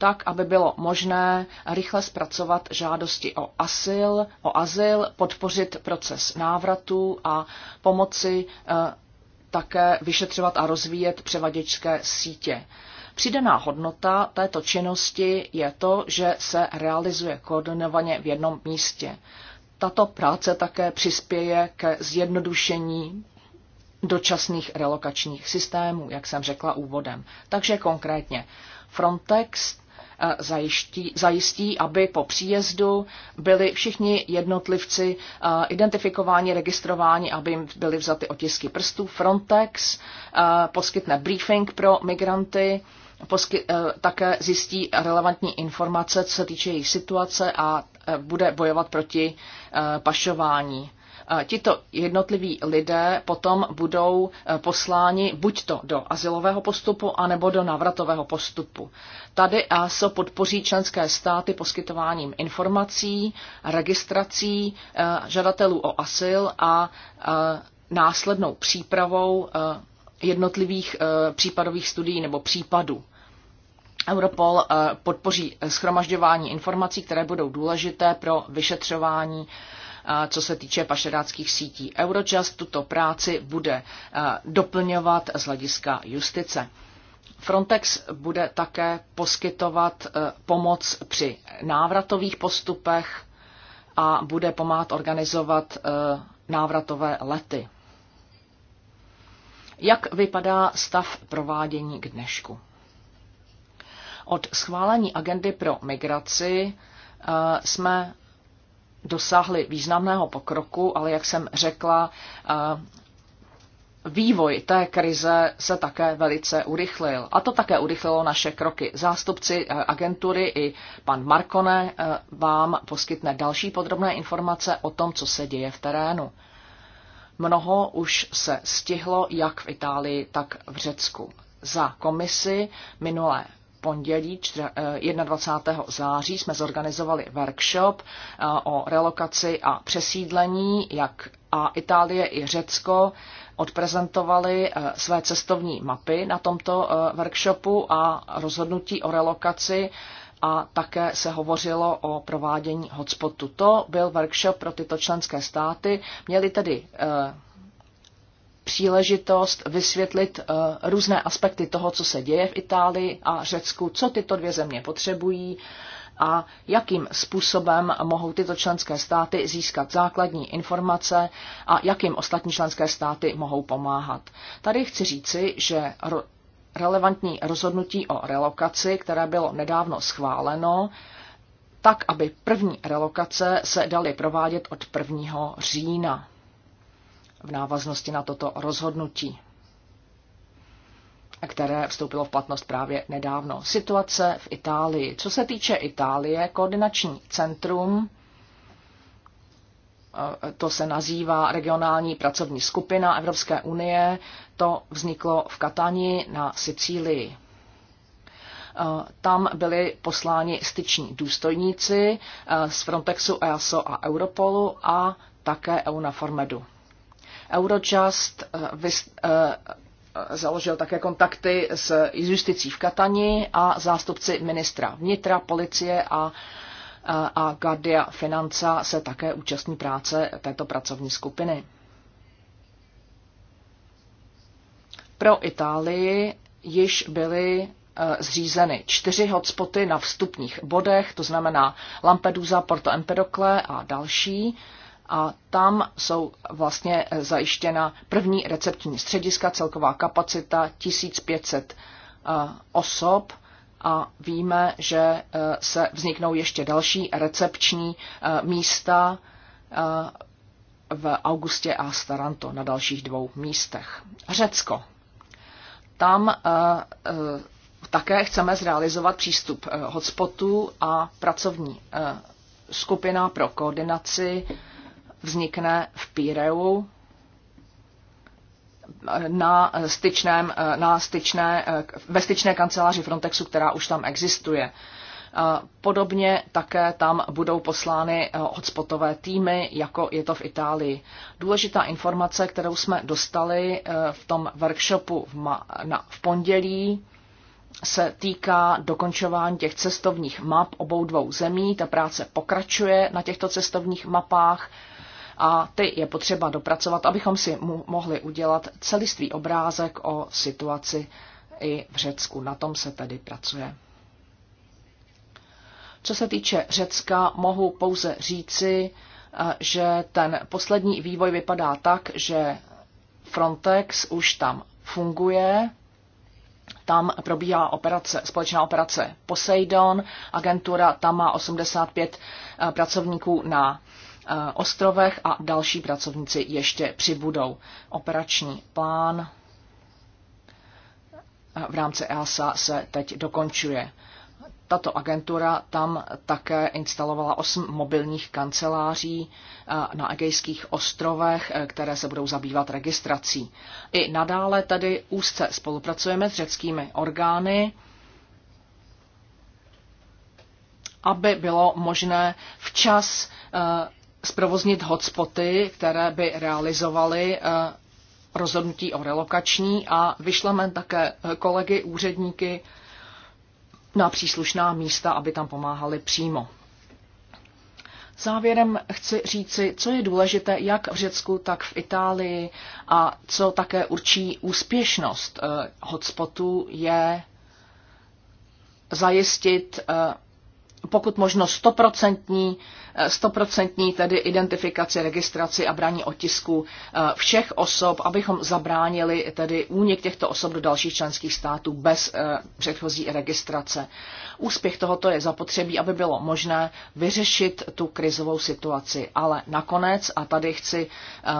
tak, aby bylo možné rychle zpracovat žádosti o asyl, o azyl, podpořit proces návratu a pomoci eh, také vyšetřovat a rozvíjet převaděčské sítě. Přidaná hodnota této činnosti je to, že se realizuje koordinovaně v jednom místě. Tato práce také přispěje ke zjednodušení dočasných relokačních systémů, jak jsem řekla úvodem. Takže konkrétně Frontex zajistí, zajistí, aby po příjezdu byli všichni jednotlivci identifikováni, registrováni, aby jim byly vzaty otisky prstů. Frontex poskytne briefing pro migranty, posky, e, také zjistí relevantní informace, co se týče jejich situace a e, bude bojovat proti e, pašování tito jednotliví lidé potom budou e, posláni buď to do asilového postupu, anebo do návratového postupu. Tady ESO podpoří členské státy poskytováním informací, registrací e, žadatelů o asyl a e, následnou přípravou jednotlivých případových studií nebo případů. Europol podpoří schromažďování informací, které budou důležité pro vyšetřování co se týče pašeráckých sítí. Eurojust tuto práci bude doplňovat z hlediska justice. Frontex bude také poskytovat e, pomoc při návratových postupech a bude pomáhat organizovat e, návratové lety. Jak vypadá stav provádění k dnešku? Od schválení agendy pro migraci e, jsme dosáhli významného pokroku, ale jak jsem řekla, eh, vývoj té krize se také velice urychlil. A to také urychlilo naše kroky. Zástupci eh, agentury i pan Markone eh, vám poskytne další podrobné informace o tom, co se děje v terénu. Mnoho už se stihlo jak v Itálii, tak v Řecku. Za komisi minulé pondělí 21. Eh, září jsme zorganizovali workshop eh, o relokaci a přesídlení, jak a Itálie i Řecko odprezentovali eh, své cestovní mapy na tomto workshopu a rozhodnutí o relokaci a také se hovořilo o provádění hotspotu. To byl workshop pro tyto členské státy. Měli tedy příležitost vysvětlit eh, různé aspekty toho, co se děje v Itálii a Řecku, co tyto dvě země potřebují a jakým způsobem mohou tyto členské státy získat základní informace a jakým ostatní členské státy mohou pomáhat. Tady chci říci, že relevantní rozhodnutí o relokaci, které bylo nedávno schváleno, tak, aby první relokace se daly provádět od 1. října v návaznosti na toto rozhodnutí, které vstoupilo v platnost právě nedávno. Situace v Itálii. Co se týče Itálie, koordinační centrum, eh, to se nazývá regionální pracovní skupina Evropské unie, to vzniklo v Katani na Sicílii. Eh, tam byli posláni styční důstojníci eh, z Frontexu, EASO a Europolu a také Formedu. Eurojust eh, eh, založil také kontakty s justicí v Katani a zástupci ministra vnitra, policie a eh, a Guardia Financa se také účastní práce této pracovní skupiny. Pro Itálii již byly zřízeny čtyři hotspoty na vstupních bodech, to znamená Lampedusa, Porto Empedocle a další a tam jsou vlastně eh, zajištěna první receptní střediska, celková kapacita 1500 eh, osob a víme, že eh, se vzniknou ještě další recepční místa v Augustě a Staranto na dalších dvou místech. Řecko. Tam také chceme zrealizovat přístup hotspotů a pracovní skupina pro koordinaci vznikne v Píreu na, styčném, na styčné, ve styčné kanceláři Frontexu, která už tam existuje. Podobně také tam budou poslány hotspotové týmy, jako je to v Itálii. Důležitá informace, kterou jsme dostali eh, v tom workshopu v, ma- na, v pondělí, se týká dokončování těch cestovních map obou dvou zemí. Ta práce pokračuje na těchto cestovních mapách a ty je potřeba dopracovat, abychom si mohli udělat celistvý obrázek o situaci i v Řecku. Na tom se tedy pracuje. Co se týče Řecka, mohu pouze říci, eh, že ten poslední vývoj vypadá tak, že Frontex už tam funguje, tam probíhá operace, společná operace Poseidon, agentura tam má 85 eh, pracovníků na Eh, ostrovech a další pracovníci ještě přibudou. Operační plán eh, v rámci EASA se teď dokončuje. Tato agentura tam také instalovala osm mobilních kanceláří eh, na Egejských ostrovech, které se budou zabývat registrací. I nadále tady úzce spolupracujeme s řeckými orgány, aby bylo možné včas zprovoznit hotspoty, které by realizovaly eh, rozhodnutí o relokační a vyšleme také eh, kolegy, úředníky na příslušná místa, aby tam pomáhali přímo. Závěrem chci říci, co je důležité jak v Řecku, tak v Itálii a co také určí úspěšnost eh, hotspotu je zajistit pokud možno stoprocentní stoprocentní tedy identifikaci, registraci a braní otisků eh, všech osob, abychom zabránili tedy únik těchto osob do dalších členských států bez eh, předchozí registrace. Úspěch tohoto je zapotřebí, aby bylo možné vyřešit tu krizovou situaci. Ale nakonec, a tady chci eh,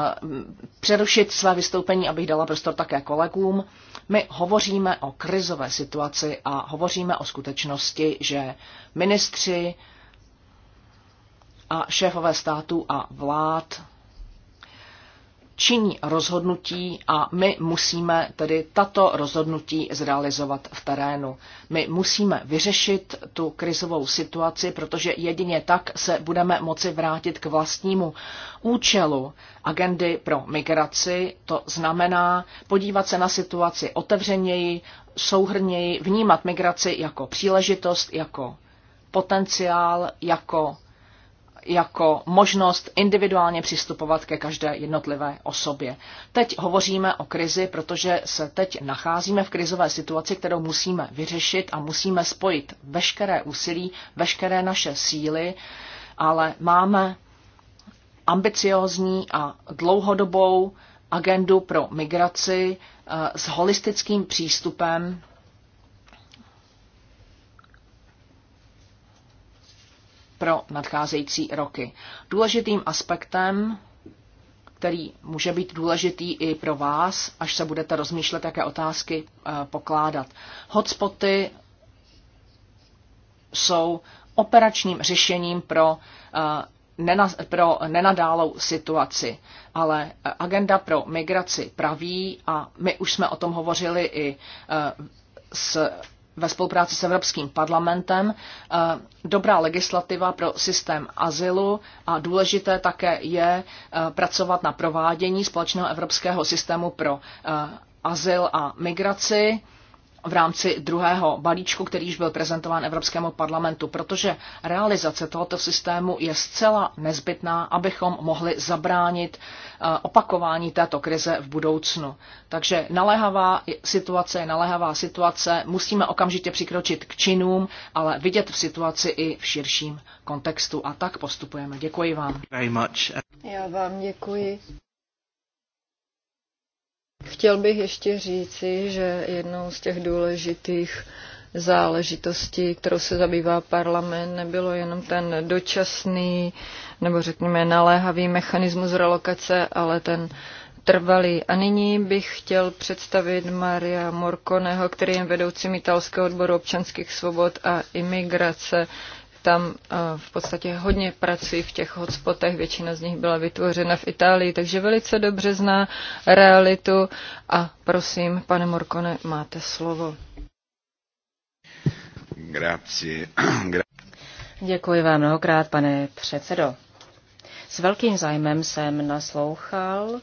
přerušit své vystoupení, abych dala prostor také kolegům, my hovoříme o krizové situaci a hovoříme o skutečnosti, že ministři, a šéfové států a vlád činí rozhodnutí a my musíme tedy tato rozhodnutí zrealizovat v terénu. My musíme vyřešit tu krizovou situaci, protože jedině tak se budeme moci vrátit k vlastnímu účelu agendy pro migraci. To znamená podívat se na situaci otevřeněji, souhrněji, vnímat migraci jako příležitost, jako potenciál, jako jako možnost individuálně přistupovat ke každé jednotlivé osobě. Teď hovoříme o krizi, protože se teď nacházíme v krizové situaci, kterou musíme vyřešit a musíme spojit veškeré úsilí, veškeré naše síly, ale máme ambiciózní a dlouhodobou agendu pro migraci eh, s holistickým přístupem pro nadcházející roky. Důležitým aspektem, který může být důležitý i pro vás, až se budete rozmýšlet, jaké otázky eh, pokládat. Hotspoty jsou operačním řešením pro eh, pro nenadálou situaci, ale eh, agenda pro migraci praví, a my už jsme o tom hovořili i s ve spolupráci s Evropským parlamentem, eh, dobrá legislativa pro systém azylu a důležité také je eh, pracovat na provádění společného evropského systému pro eh, azyl a migraci v rámci druhého balíčku, který již byl prezentován Evropskému parlamentu, protože realizace tohoto systému je zcela nezbytná, abychom mohli zabránit eh, opakování této krize v budoucnu. Takže naléhavá situace je naléhavá situace, musíme okamžitě přikročit k činům, ale vidět v situaci i v širším kontextu a tak postupujeme. Děkuji vám. Já vám děkuji. Chtěl bych ještě říci, že jednou z těch důležitých záležitostí, kterou se zabývá parlament, nebylo jenom ten dočasný nebo řekněme naléhavý mechanismus relokace, ale ten trvalý. A nyní bych chtěl představit Maria Morkoneho, který je vedoucím italského odboru občanských svobod a imigrace tam eh, v podstatě hodně prací v těch hotspotech, většina z nich byla vytvořena v Itálii, takže velice dobře zná realitu a prosím, pane Morkone, máte slovo. Grazie. Děkuji vám mnohokrát, pane předsedo. S velkým zájmem jsem naslouchal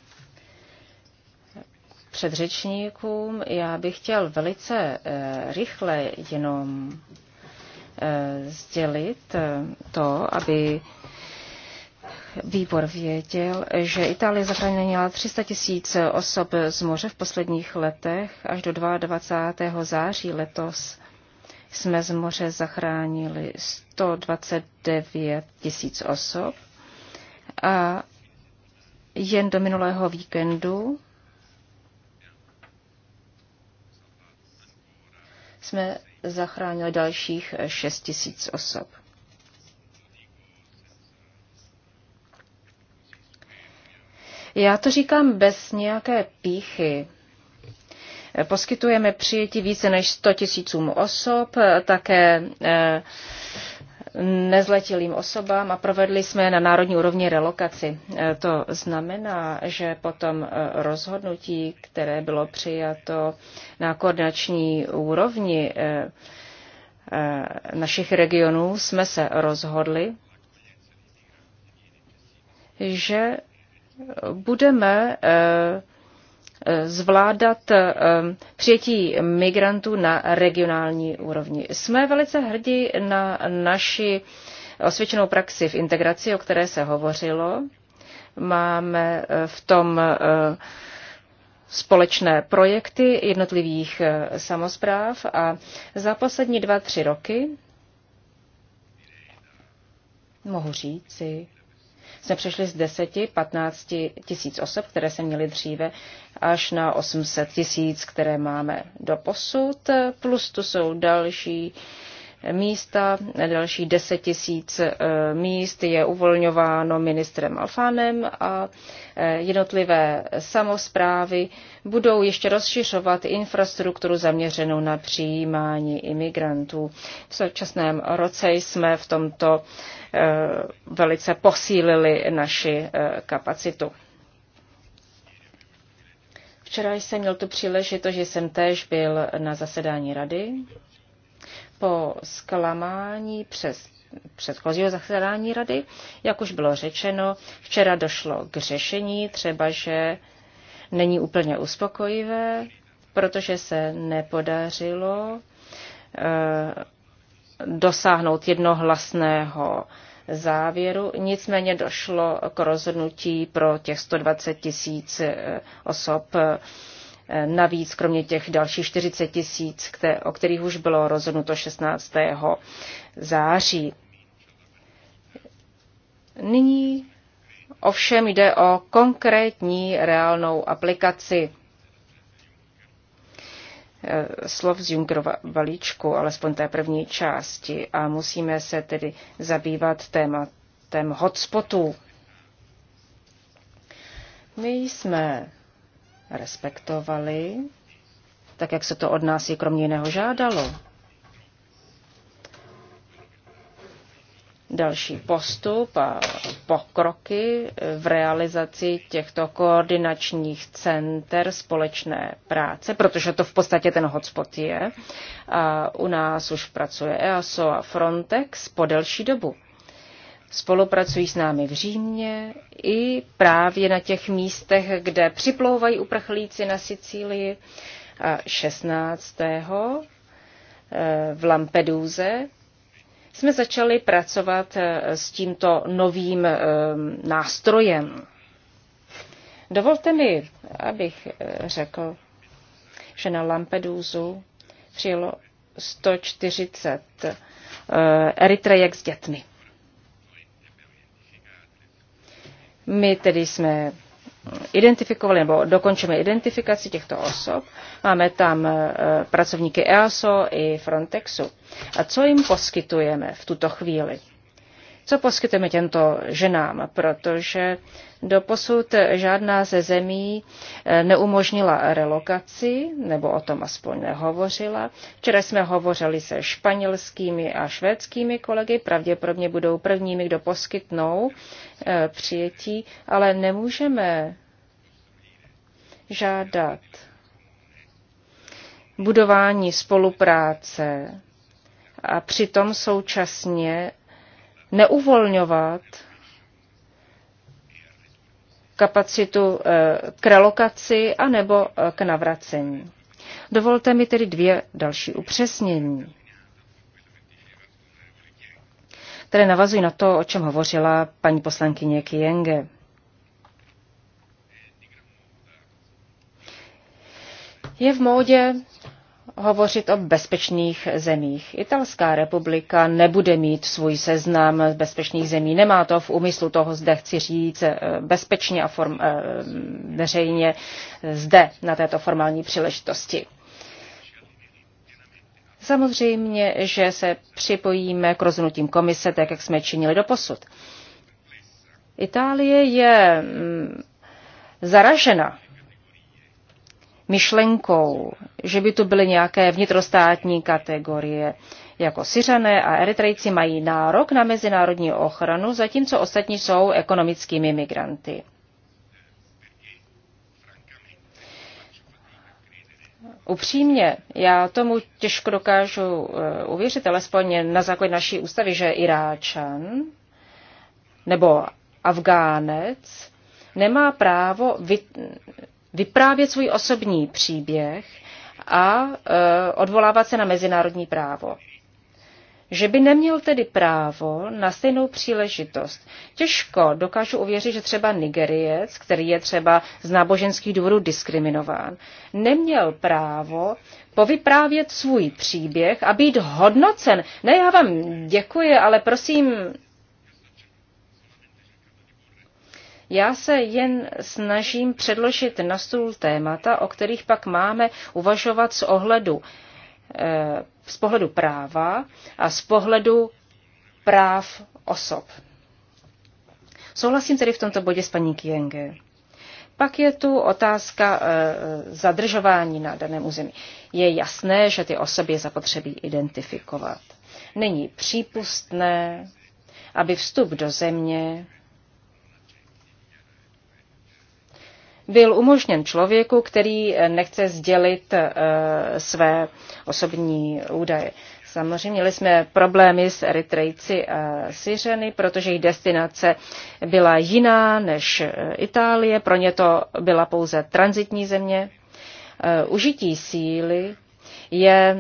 předřečníkům. Já bych chtěl velice eh, rychle jenom Eh, sdělit eh, to, aby výbor věděl, že Itálie zachránila 300 tisíc osob z moře v posledních letech. Až do 22. září letos jsme z moře zachránili 129 tisíc osob. A jen do minulého víkendu jsme zachránil dalších 6 tisíc osob. Já to říkám bez nějaké píchy. Poskytujeme přijetí více než 100 tisícům osob, také eh, nezletilým osobám a provedli jsme na národní úrovni relokaci. E, to znamená, že potom e, rozhodnutí, které bylo přijato na koordinační úrovni e, našich regionů, jsme se rozhodli, že budeme zvládat eh, přijetí migrantů na regionální úrovni. Jsme velice hrdí na naši osvědčenou praxi v integraci, o které se hovořilo. Máme eh, v tom eh, společné projekty jednotlivých samozpráv a za poslední dva, tři roky mohu říci, jsme přešli z 10-15 tisíc osob, které se měli dříve, až na 800 tisíc, které máme do posud, plus tu jsou další místa, další 10 tisíc eh, míst je uvolňováno ministrem Alfánem a eh, jednotlivé samozprávy budou ještě rozšiřovat infrastrukturu zaměřenou na přijímání imigrantů. V současném roce jsme v tomto eh, velice posílili naši kapacitu. Včera jsem měl tu příležitost, že jsem též byl na zasedání rady po zklamání přes předchozího zasedání rady. Jak už bylo řečeno, včera došlo k řešení, třeba že není úplně uspokojivé, protože se nepodařilo eh, dosáhnout jednohlasného závěru. Nicméně došlo k rozhodnutí pro těch 120 tisíc eh, osob eh, navíc, kromě těch dalších 40 tisíc, o kterých už bylo rozhodnuto 16. září. Nyní ovšem jde o konkrétní reálnou aplikaci eh, slov z Junkerova balíčku, alespoň té první části, a musíme se tedy zabývat tématem hotspotů. My jsme respektovali, tak jak se to od nás i kromě jiného žádalo. Další postup a pokroky v realizaci těchto koordinačních center společné práce, protože to v podstatě ten hotspot je. A u nás už pracuje EASO a Frontex po delší dobu spolupracují s námi v Římě i právě na těch místech, kde připlouvají uprchlíci na Sicílii. A 16. Eh, v Lampeduze jsme začali pracovat eh, s tímto novým eh, nástrojem. Dovolte mi, abych řekl, že na Lampedusu přijelo 140 Eritrejek s dětmi. My tedy jsme identifikovali nebo dokončíme identifikaci těchto osob. Máme tam e, pracovníky EASO i Frontexu. A co jim poskytujeme v tuto chvíli? Co poskytujeme těmto ženám? Protože doposud žádná ze zemí eh, neumožnila relokaci, nebo o tom aspoň nehovořila. Včera jsme hovořili se španělskými a švédskými kolegy, pravděpodobně budou prvními, kdo poskytnou eh, přijetí, ale nemůžeme žádat budování spolupráce a přitom současně neuvolňovat kapacitu eh, k relokaci anebo eh, k navracení. Dovolte mi tedy dvě další upřesnění, které navazují na to, o čem hovořila paní poslankyně Kienge. Je v módě hovořit o bezpečných zemích. Italská republika nebude mít svůj seznam bezpečných zemí. Nemá to v úmyslu, toho zde chci říct eh, bezpečně a form, eh, veřejně zde na této formální příležitosti. Samozřejmě, že se připojíme k rozhodnutím komise, tak jak jsme činili do posud. Itálie je mm, zaražena myšlenkou, že by tu byly nějaké vnitrostátní kategorie. Jako Syřané a Eritrejci mají nárok na mezinárodní ochranu, zatímco ostatní jsou ekonomickými migranty. Upřímně, já tomu těžko dokážu eh, uvěřit, alespoň na základě naší ústavy, že Iráčan nebo Afgánec nemá právo vyprávět svůj osobní příběh a e, odvolávat se na mezinárodní právo. Že by neměl tedy právo na stejnou příležitost. Těžko dokážu uvěřit, že třeba Nigeriec, který je třeba z náboženských důvodů diskriminován, neměl právo povyprávět svůj příběh a být hodnocen. Ne, já vám děkuji, ale prosím, Já se jen snažím předložit na stůl témata, o kterých pak máme uvažovat z ohledu eh, z pohledu práva a z pohledu práv osob. Souhlasím tedy v tomto bodě s paní Kienge. Pak je tu otázka eh, zadržování na daném území. Je jasné, že ty osoby je zapotřebí identifikovat. Není přípustné, aby vstup do země byl umožněn člověku, který eh, nechce sdělit eh, své osobní údaje. Samozřejmě měli jsme problémy s Eritrejci a Syřeny, protože jejich destinace byla jiná než eh, Itálie, pro ně to byla pouze transitní země. Užití síly je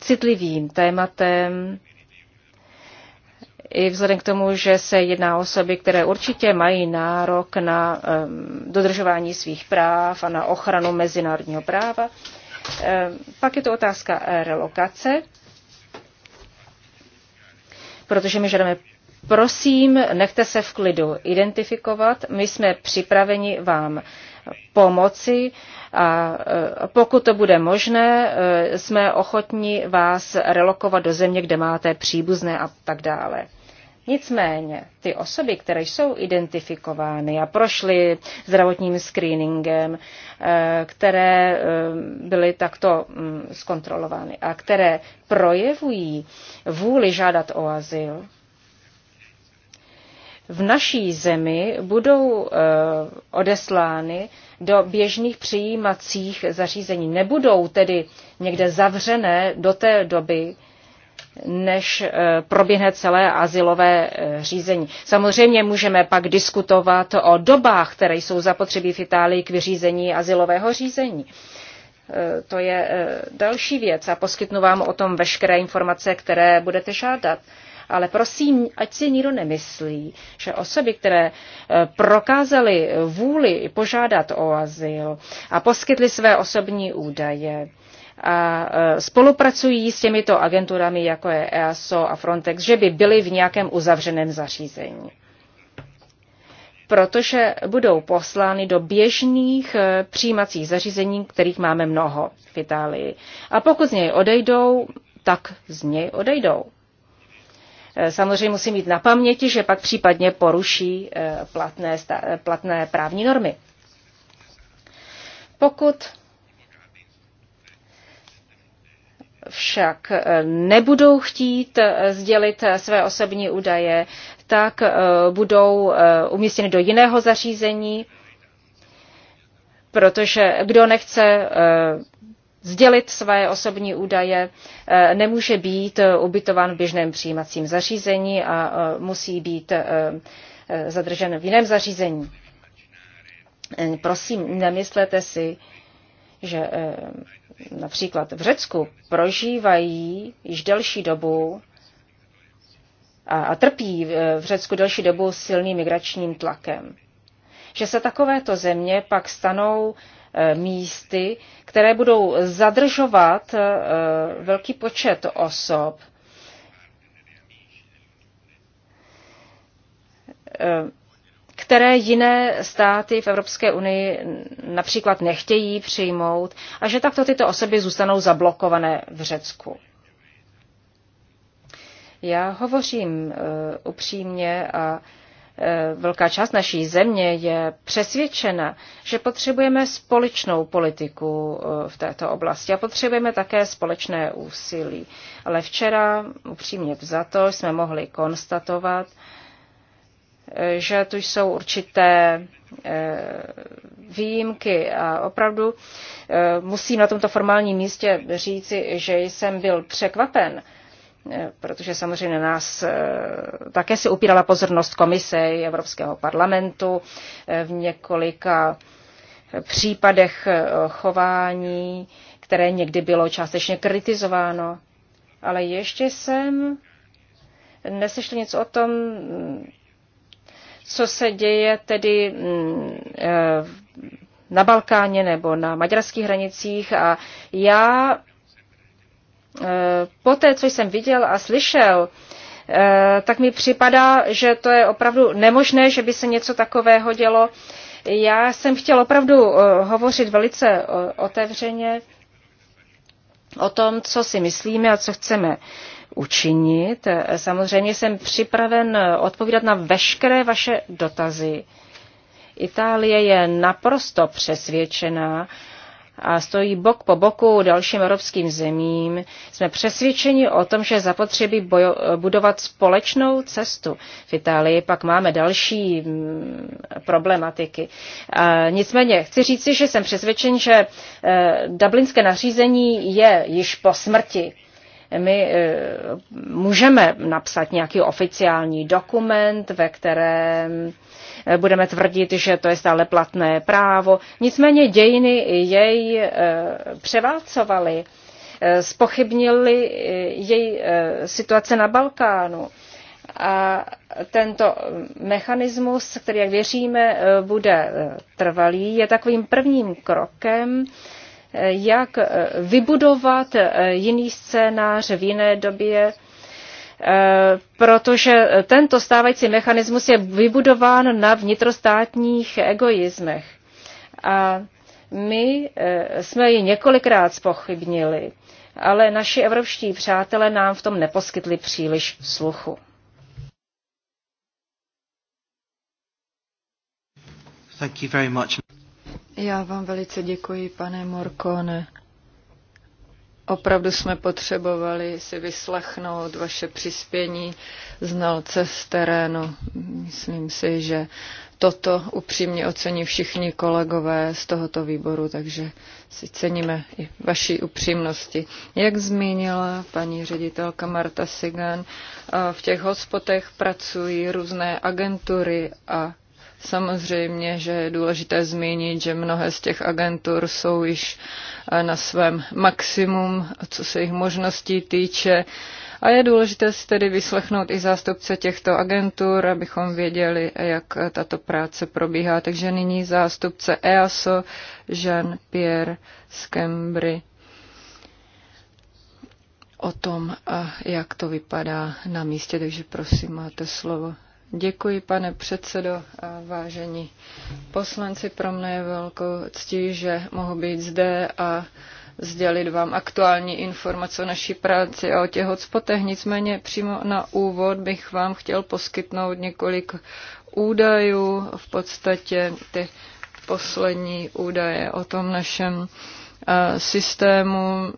citlivým tématem i vzhledem k tomu, že se jedná o osoby, které určitě mají nárok na um, dodržování svých práv a na ochranu mezinárodního práva. Um, pak je to otázka relokace, protože my žádáme, prosím, nechte se v klidu identifikovat, my jsme připraveni vám pomoci a e, pokud to bude možné, e, jsme ochotni vás relokovat do země, kde máte příbuzné a tak dále. Nicméně ty osoby, které jsou identifikovány a prošly zdravotním screeningem, eh, které eh, byly takto mm, zkontrolovány a které projevují vůli žádat o azyl, v naší zemi budou eh, odeslány do běžných přijímacích zařízení. Nebudou tedy někde zavřené do té doby, než eh, proběhne celé asilové eh, řízení. Samozřejmě můžeme pak diskutovat o dobách, které jsou zapotřebí v Itálii k vyřízení asilového řízení. Eh, to je další věc a poskytnu vám o tom veškeré informace, které budete žádat. Ale prosím, ať si nikdo nemyslí, že osoby, které prokázaly vůli požádat o azyl a poskytly své osobní údaje, a spolupracují s těmito agenturami, jako je EASO a Frontex, že by byly v nějakém uzavřeném zařízení protože budou poslány do běžných e, přijímacích zařízení, kterých máme mnoho v Itálii. A pokud z něj odejdou, tak z něj odejdou. E, samozřejmě musí mít na paměti, že pak případně poruší e, platné, platné právní normy. Pokud však eh, nebudou chtít eh, sdělit eh, své osobní údaje, tak budou umístěny do jiného zařízení, protože kdo nechce sdělit své osobní údaje, nemůže být ubytován v běžném přijímacím zařízení a musí být zadržen v jiném zařízení. Prosím, nemyslete si, že například v Řecku prožívají již delší dobu a, a trpí v Řecku delší dobu silným migračním tlakem. Že se takovéto země pak stanou e, místy, které budou zadržovat e, velký počet osob. E, které jiné státy v Evropské unii například nechtějí přijmout a že takto tyto osoby zůstanou zablokované v Řecku. Já hovořím uh, upřímně a eh, velká část naší země je přesvědčena, že potřebujeme společnou politiku eh, v této oblasti a potřebujeme také společné úsilí. Ale včera, upřímně vzato, jsme mohli konstatovat, že tu jsou určité eh, výjimky a opravdu eh, musím na tomto formálním místě říci, že jsem byl překvapen, eh, protože samozřejmě nás také si upírala pozornost komise Evropského parlamentu v několika případech chování, které někdy bylo částečně kritizováno. Ale ještě jsem neslyšel nic o tom, co se děje tedy mm, eh, na Balkáně nebo na maďarských hranicích. A já eh, po té, co jsem viděl a slyšel, eh, tak mi připadá, že to je opravdu nemožné, že by se něco takového dělo. Já jsem chtěl opravdu hovořit velice otevřeně o tom, co si myslíme a co chceme učinit. Samozřejmě jsem připraven odpovídat na veškeré vaše dotazy. Itálie je naprosto přesvědčená a stojí bok po boku dalším evropským zemím. Jsme přesvědčeni o tom, že zapotřebí bojo, budovat společnou cestu. V Itálii pak máme další mm, problematiky. E, nicméně chci říci, že jsem přesvědčen, že eh, dublinské nařízení je již po smrti my eh, můžeme napsat nějaký oficiální dokument, ve kterém eh, budeme tvrdit, že to je stále platné právo. Nicméně dějiny jej eh, převálcovaly, spochybnili její situace na Balkánu. A tento mechanismus, který, jak věříme, bude trvalý, je takovým prvním krokem jak eh, vybudovat eh, jiný scénář v jiné době, eh, protože tento stávající mechanismus je vybudován na vnitrostátních egoismech. A my jsme ji několikrát spochybnili, ale naši evropští přátelé nám v tom neposkytli příliš sluchu. Thank you very much. Já vám velice děkuji, pane Morkone. Opravdu jsme potřebovali si vyslechnout vaše přispění znalce z terénu. Myslím si, že toto upřímně ocení všichni kolegové z tohoto výboru, takže si ceníme i vaší upřímnosti. Jak zmínila paní ředitelka Marta Sigan, v těch hospotech pracují různé agentury a Samozřejmě, že je důležité zmínit, že mnohé z těch agentur jsou již eh, na svém maximum, co se jejich možností týče. A je důležité si tedy vyslechnout i zástupce těchto agentur, abychom věděli, jak eh, tato práce probíhá. Takže nyní zástupce EASO Jean-Pierre z o tom, eh, jak to vypadá na místě, takže prosím, máte slovo. Děkuji, pane předsedo a vážení poslanci. Pro mne je velkou ctí, že mohu být zde a sdělit vám aktuální informace o naší práci a o těch hotspotech. Nicméně přímo na úvod bych vám chtěl poskytnout několik údajů, v podstatě ty poslední údaje o tom našem systému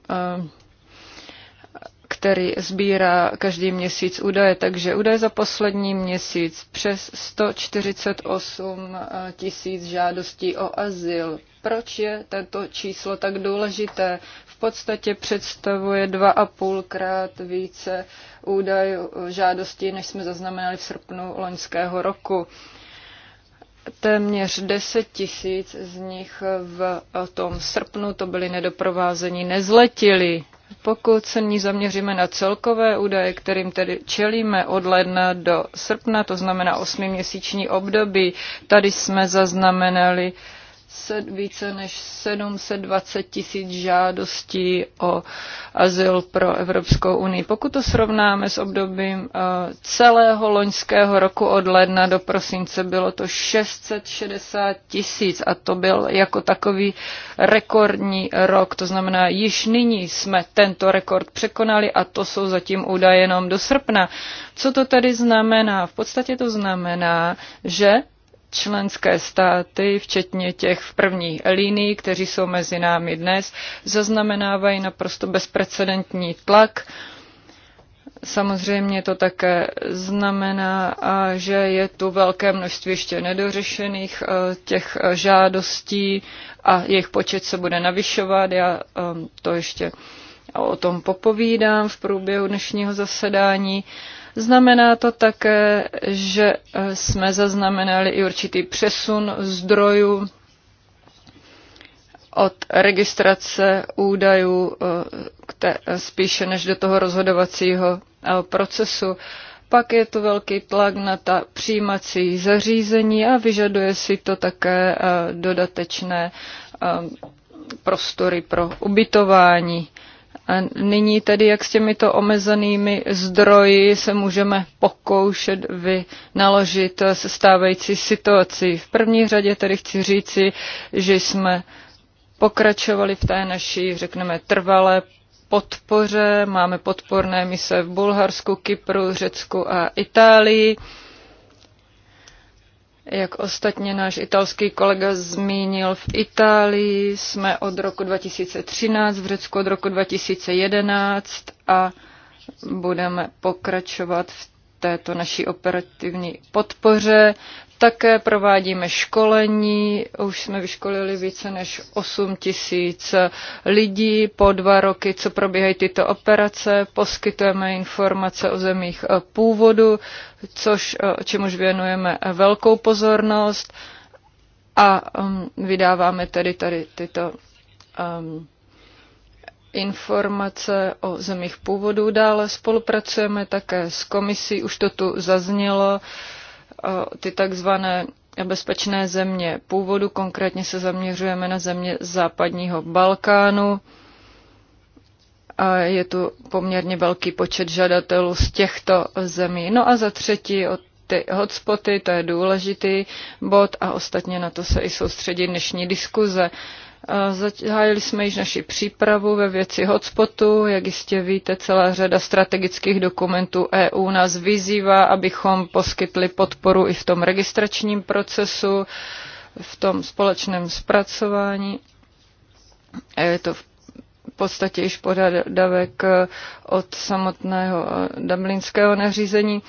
který sbírá každý měsíc údaje, takže údaje za poslední měsíc přes 148 eh, tisíc žádostí o azyl. Proč je tento číslo tak důležité? V podstatě představuje dva a půlkrát více údajů eh, žádostí, než jsme zaznamenali v srpnu loňského roku téměř 10 tisíc z nich v eh, tom srpnu to byli nedoprovázení nezletili. Pokud se ní zaměříme na celkové údaje, kterým tedy čelíme od ledna do srpna, to znamená osmiměsíční období, tady jsme zaznamenali více než 720 tisíc žádostí o azyl pro Evropskou unii. Pokud to srovnáme s obdobím eh, celého loňského roku od ledna do prosince, bylo to 660 tisíc a to byl jako takový rekordní rok. To znamená, již nyní jsme tento rekord překonali a to jsou zatím údaje jenom do srpna. Co to tedy znamená? V podstatě to znamená, že členské státy, včetně těch v první linii, kteří jsou mezi námi dnes, zaznamenávají naprosto bezprecedentní tlak. Samozřejmě to také znamená, že je tu velké množství ještě nedořešených e, těch e, žádostí a jejich počet se bude navyšovat. Já e, to ještě o tom popovídám v průběhu dnešního zasedání. Znamená to také, že eh, jsme zaznamenali i určitý přesun zdrojů od registrace údajů eh, eh, spíše než do toho rozhodovacího procesu. Pak je to velký tlak na ta přijímací zařízení a vyžaduje si to také dodatečné prostory pro ubytování. Nyní tedy, jak s těmito omezenými zdroji se můžeme pokoušet vynaložit se stávající situací. V první řadě tedy chci říci, že jsme pokračovali v té naší, řekneme, trvalé podpoře. Máme podporné mise v Bulharsku, Kypru, Řecku a Itálii. Jak ostatně náš italský kolega zmínil, v Itálii jsme od roku 2013, v Řecku od roku 2011 a budeme pokračovat v této naší operativní podpoře. Také provádíme školení, už jsme vyškolili více než 8 tisíc lidí po dva roky, co probíhají tyto operace. Poskytujeme informace o zemích původu, což, čemuž věnujeme velkou pozornost a um, vydáváme tedy tady tyto um, informace o zemích původu. Dále spolupracujeme také s komisí, už to tu zaznělo, ty takzvané bezpečné země původu, konkrétně se zaměřujeme na země západního Balkánu. A je tu poměrně velký počet žadatelů z těchto zemí. No a za třetí od ty hotspoty, to je důležitý bod a ostatně na to se i soustředí dnešní diskuze. Uh, Zahájili jsme již naši přípravu ve věci hotspotu. Jak jistě víte, celá řada strategických dokumentů EU nás vyzývá, abychom poskytli podporu i v tom registračním procesu, v tom společném zpracování. Je to v podstatě již podávek od samotného eh, dublinského nařízení.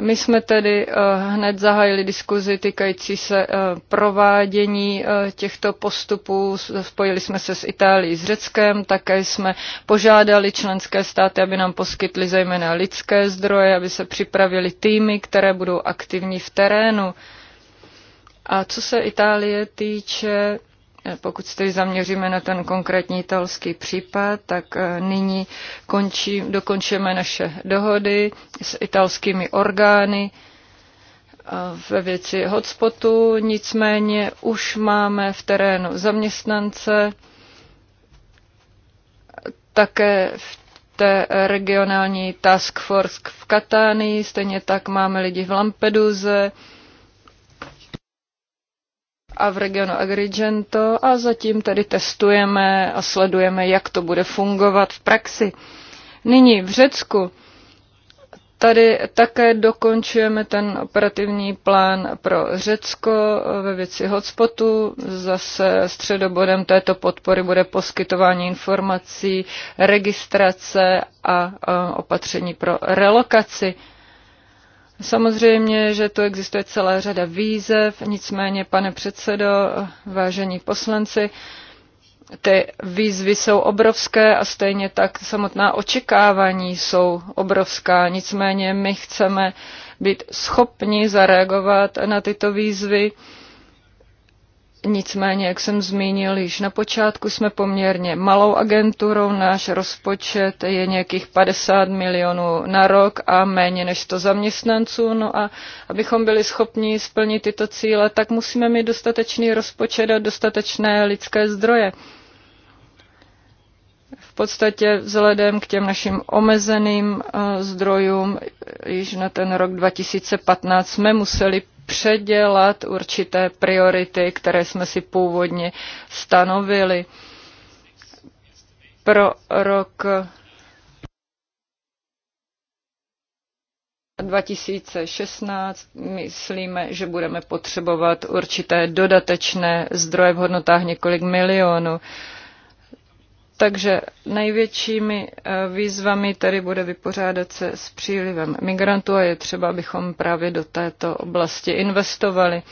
My jsme tedy eh, hned zahájili diskuzi týkající se eh, provádění eh, těchto postupů. Spojili jsme se s Itálií, s Řeckem, také jsme požádali členské státy, aby nám poskytly zejména lidské zdroje, aby se připravili týmy, které budou aktivní v terénu. A co se Itálie týče, Eh, pokud se tedy zaměříme na ten konkrétní italský případ, tak eh, nyní končí, dokončíme naše dohody s italskými orgány eh, ve věci hotspotu, nicméně už máme v terénu zaměstnance, také v té regionální task force v Katánii, stejně tak máme lidi v Lampeduze, a v regionu Agrigento a zatím tedy testujeme a sledujeme, jak to bude fungovat v praxi. Nyní v Řecku tady také dokončujeme ten operativní plán pro Řecko ve věci hotspotu. Zase středobodem této podpory bude poskytování informací, registrace a opatření pro relokaci. Samozřejmě, že tu existuje celá řada výzev, nicméně, pane předsedo, vážení poslanci, ty výzvy jsou obrovské a stejně tak samotná očekávání jsou obrovská. Nicméně my chceme být schopni zareagovat na tyto výzvy Nicméně, jak jsem zmínil již na počátku, jsme poměrně malou agenturou, náš rozpočet je nějakých 50 milionů na rok a méně než 100 zaměstnanců. No a abychom byli schopni splnit tyto cíle, tak musíme mít dostatečný rozpočet a dostatečné lidské zdroje. V podstatě vzhledem k těm našim omezeným eh, zdrojům již na ten rok 2015 jsme museli předělat určité priority, které jsme si původně stanovili. Pro rok 2016 myslíme, že budeme potřebovat určité dodatečné zdroje v hodnotách několik milionů. Takže největšími eh, výzvami tady bude vypořádat se s přílivem migrantů a je třeba, abychom právě do této oblasti investovali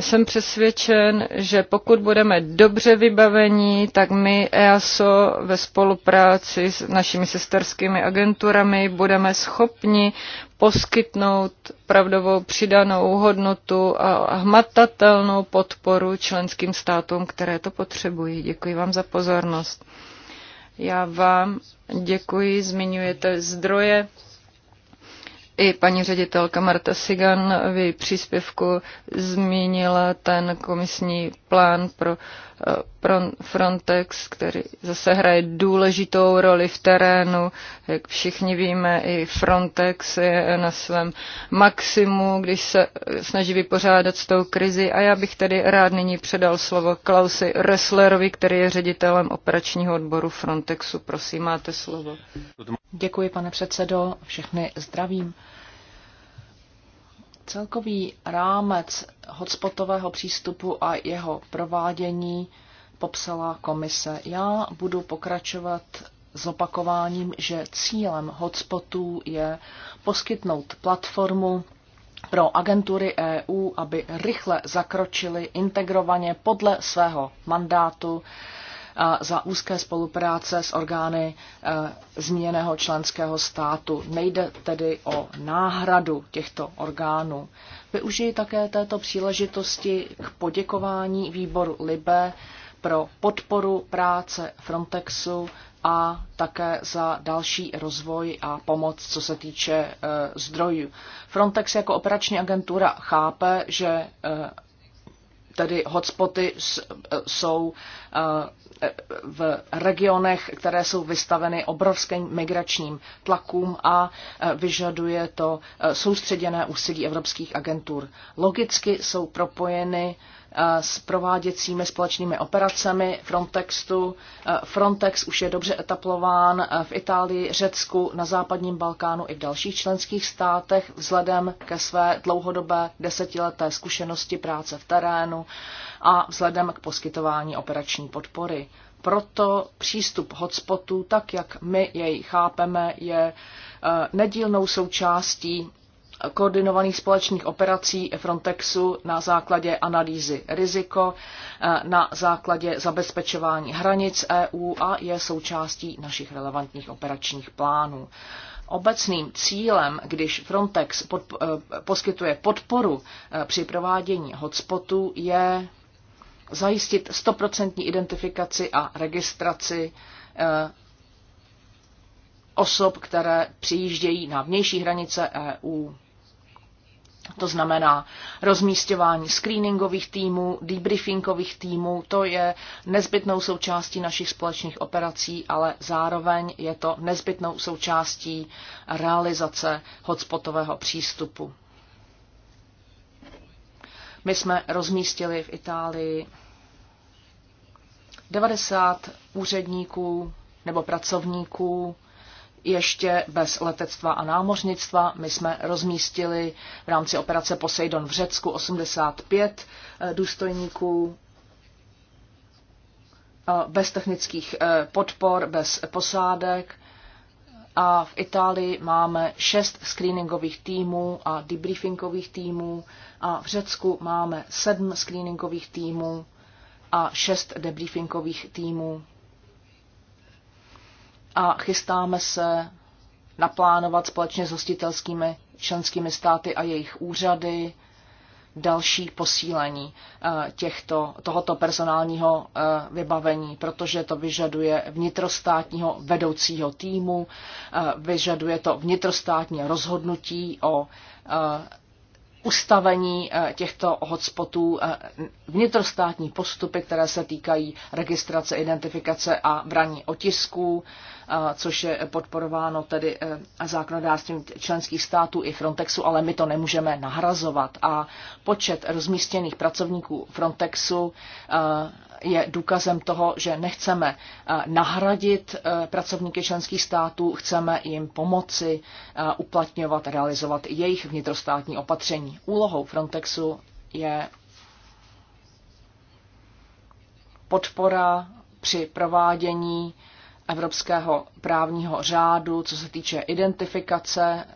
jsem přesvědčen, že pokud budeme dobře vybavení, tak my EASO ve spolupráci s našimi sesterskými agenturami budeme schopni poskytnout pravdovou přidanou hodnotu a hmatatelnou podporu členským státům, které to potřebují. Děkuji vám za pozornost. Já vám děkuji, zmiňujete zdroje. I paní ředitelka Marta Sigan v její příspěvku zmínila ten komisní plán pro Frontex, který zase hraje důležitou roli v terénu. Jak všichni víme, i Frontex je na svém maximu, když se snaží vypořádat s tou krizi. A já bych tedy rád nyní předal slovo Klausi Resslerovi, který je ředitelem operačního odboru Frontexu. Prosím, máte slovo. Děkuji, pane předsedo. Všechny zdravím. Celkový rámec hotspotového přístupu a jeho provádění popsala komise. Já budu pokračovat zopakováním, že cílem hotspotů je poskytnout platformu pro agentury EU, aby rychle zakročili integrovaně podle svého mandátu za úzké spolupráce s orgány e, změněného členského státu. Nejde tedy o náhradu těchto orgánů. Využiji také této příležitosti k poděkování výboru LIBE pro podporu práce Frontexu a také za další rozvoj a pomoc, co se týče e, zdrojů. Frontex jako operační agentura chápe, že e, tedy hotspoty s, e, jsou e, v regionech, které jsou vystaveny obrovským migračním tlakům a e, vyžaduje to e, soustředěné úsilí evropských agentur. Logicky jsou propojeny Eh, s prováděcími společnými operacemi Frontextu. Eh, Frontex už je dobře etaplován eh, v Itálii, Řecku, na západním Balkánu i v dalších členských státech vzhledem ke své dlouhodobé desetileté zkušenosti práce v terénu a vzhledem k poskytování operační podpory. Proto přístup hotspotů, tak jak my jej chápeme, je nedílnou součástí koordinovaných společných operací Frontexu na základě analýzy riziko, eh, na základě zabezpečování hranic EU a je součástí našich relevantních operačních plánů. Obecným cílem, když Frontex pod, eh, poskytuje podporu eh, při provádění hotspotů, je zajistit stoprocentní identifikaci a registraci osob, které přijíždějí na vnější hranice EU. To znamená rozmístěvání screeningových týmů, debriefingových týmů, to je nezbytnou součástí našich společných operací, ale zároveň je to nezbytnou součástí realizace hotspotového přístupu. My jsme rozmístili v Itálii 90 úředníků nebo pracovníků ještě bez letectva a námořnictva. My jsme rozmístili v rámci operace Poseidon v Řecku 85 eh, důstojníků eh, bez technických eh, podpor, bez posádek. A v Itálii máme šest screeningových týmů a debriefingových týmů a v Řecku máme sedm screeningových týmů a šest debriefingových týmů a chystáme se naplánovat společně s hostitelskými členskými státy a jejich úřady další posílení eh, těchto, tohoto personálního eh, vybavení, protože to vyžaduje vnitrostátního vedoucího týmu, eh, vyžaduje to vnitrostátní rozhodnutí o ustavení těchto hotspotů, vnitrostátní postupy, které se týkají registrace, identifikace a braní otisků, což je podporováno tedy eh, zákonodárstvím členských států i Frontexu, ale my to nemůžeme nahrazovat. A počet rozmístěných pracovníků Frontexu eh, je důkazem toho, že nechceme eh, nahradit pracovníky členských států, chceme jim pomoci uplatňovat, realizovat jejich vnitrostátní opatření. Úlohou Frontexu je podpora při provádění evropského právního řádu, co se týče identifikace, eh,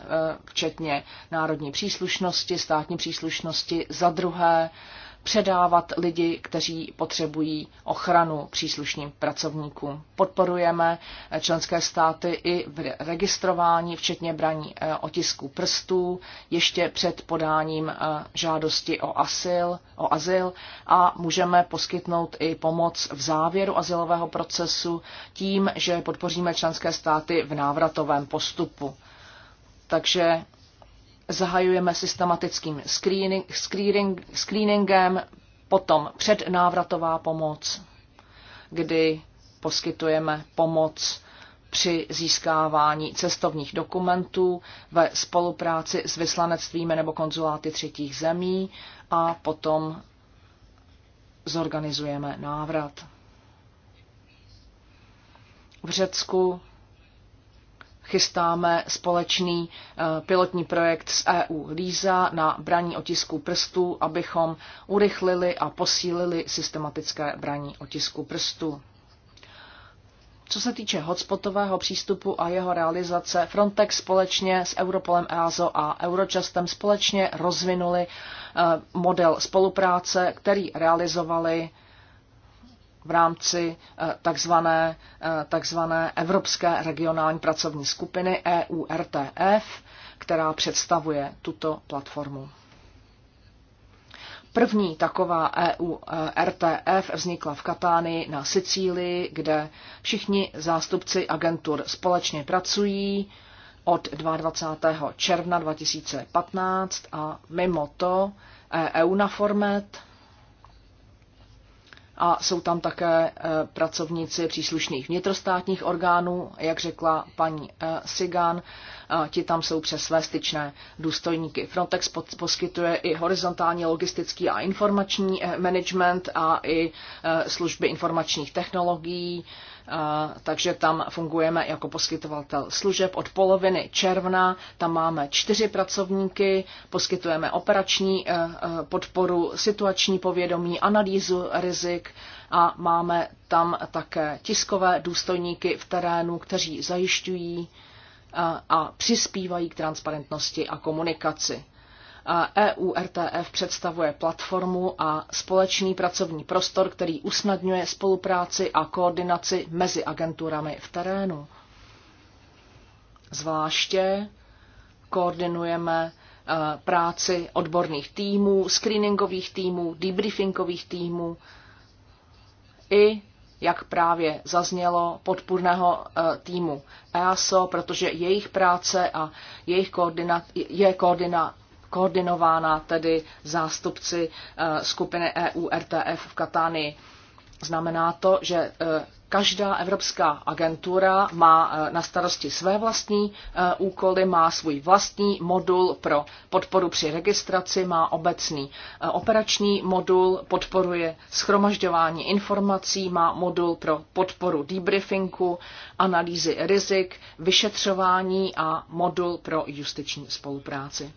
včetně národní příslušnosti, státní příslušnosti, za druhé předávat lidi, kteří potřebují ochranu příslušným pracovníkům. Podporujeme členské státy i v registrování, včetně braní eh, otisku prstů, ještě před podáním eh, žádosti o asyl, o azyl a můžeme poskytnout i pomoc v závěru azylového procesu tím, že podpoříme členské státy v návratovém postupu. Takže zahajujeme systematickým screening, screening, screeningem, potom přednávratová pomoc, kdy poskytujeme pomoc při získávání cestovních dokumentů ve spolupráci s vyslanectvími nebo konzuláty třetích zemí a potom zorganizujeme návrat. V Řecku chystáme společný eh, pilotní projekt s EU LISA na braní otisků prstů, abychom urychlili a posílili systematické braní otisků prstů. Co se týče hotspotového přístupu a jeho realizace, Frontex společně s Europolem EASO a Eurojustem společně rozvinuli eh, model spolupráce, který realizovali v rámci eh, takzvané, eh, takzvané Evropské regionální pracovní skupiny EURTF, která představuje tuto platformu. První taková EU RTF vznikla v Katánii na Sicílii, kde všichni zástupci agentur společně pracují od 22. června 2015 a mimo to e EUNAFORMET a jsou tam také eh, pracovníci příslušných vnitrostátních orgánů, jak řekla paní eh, Sigan, ti tam jsou přes své styčné důstojníky. Frontex poskytuje i horizontální logistický a informační eh, management a i eh, služby informačních technologií, eh, takže tam fungujeme jako poskytovatel služeb od poloviny června. Tam máme čtyři pracovníky, poskytujeme operační podporu, situační povědomí, analýzu rizik a máme tam také tiskové důstojníky v terénu, kteří zajišťují a přispívají k transparentnosti a komunikaci. EU RTF představuje platformu a společný pracovní prostor, který usnadňuje spolupráci a koordinaci mezi agenturami v terénu. Zvláště koordinujeme e, práci odborných týmů, screeningových týmů, debriefingových týmů i jak právě zaznělo, podpůrného eh, týmu EASO, protože jejich práce a jejich koordinat, je koordina, koordinována tedy zástupci eh, skupiny EU-RTF v Katánii. Znamená to, že eh, Každá evropská agentura má eh, na starosti své vlastní eh, úkoly, má svůj vlastní modul pro podporu při registraci, má obecný eh, operační modul, podporuje schromažďování informací, má modul pro podporu debriefingu, analýzy rizik, vyšetřování a modul pro justiční spolupráci.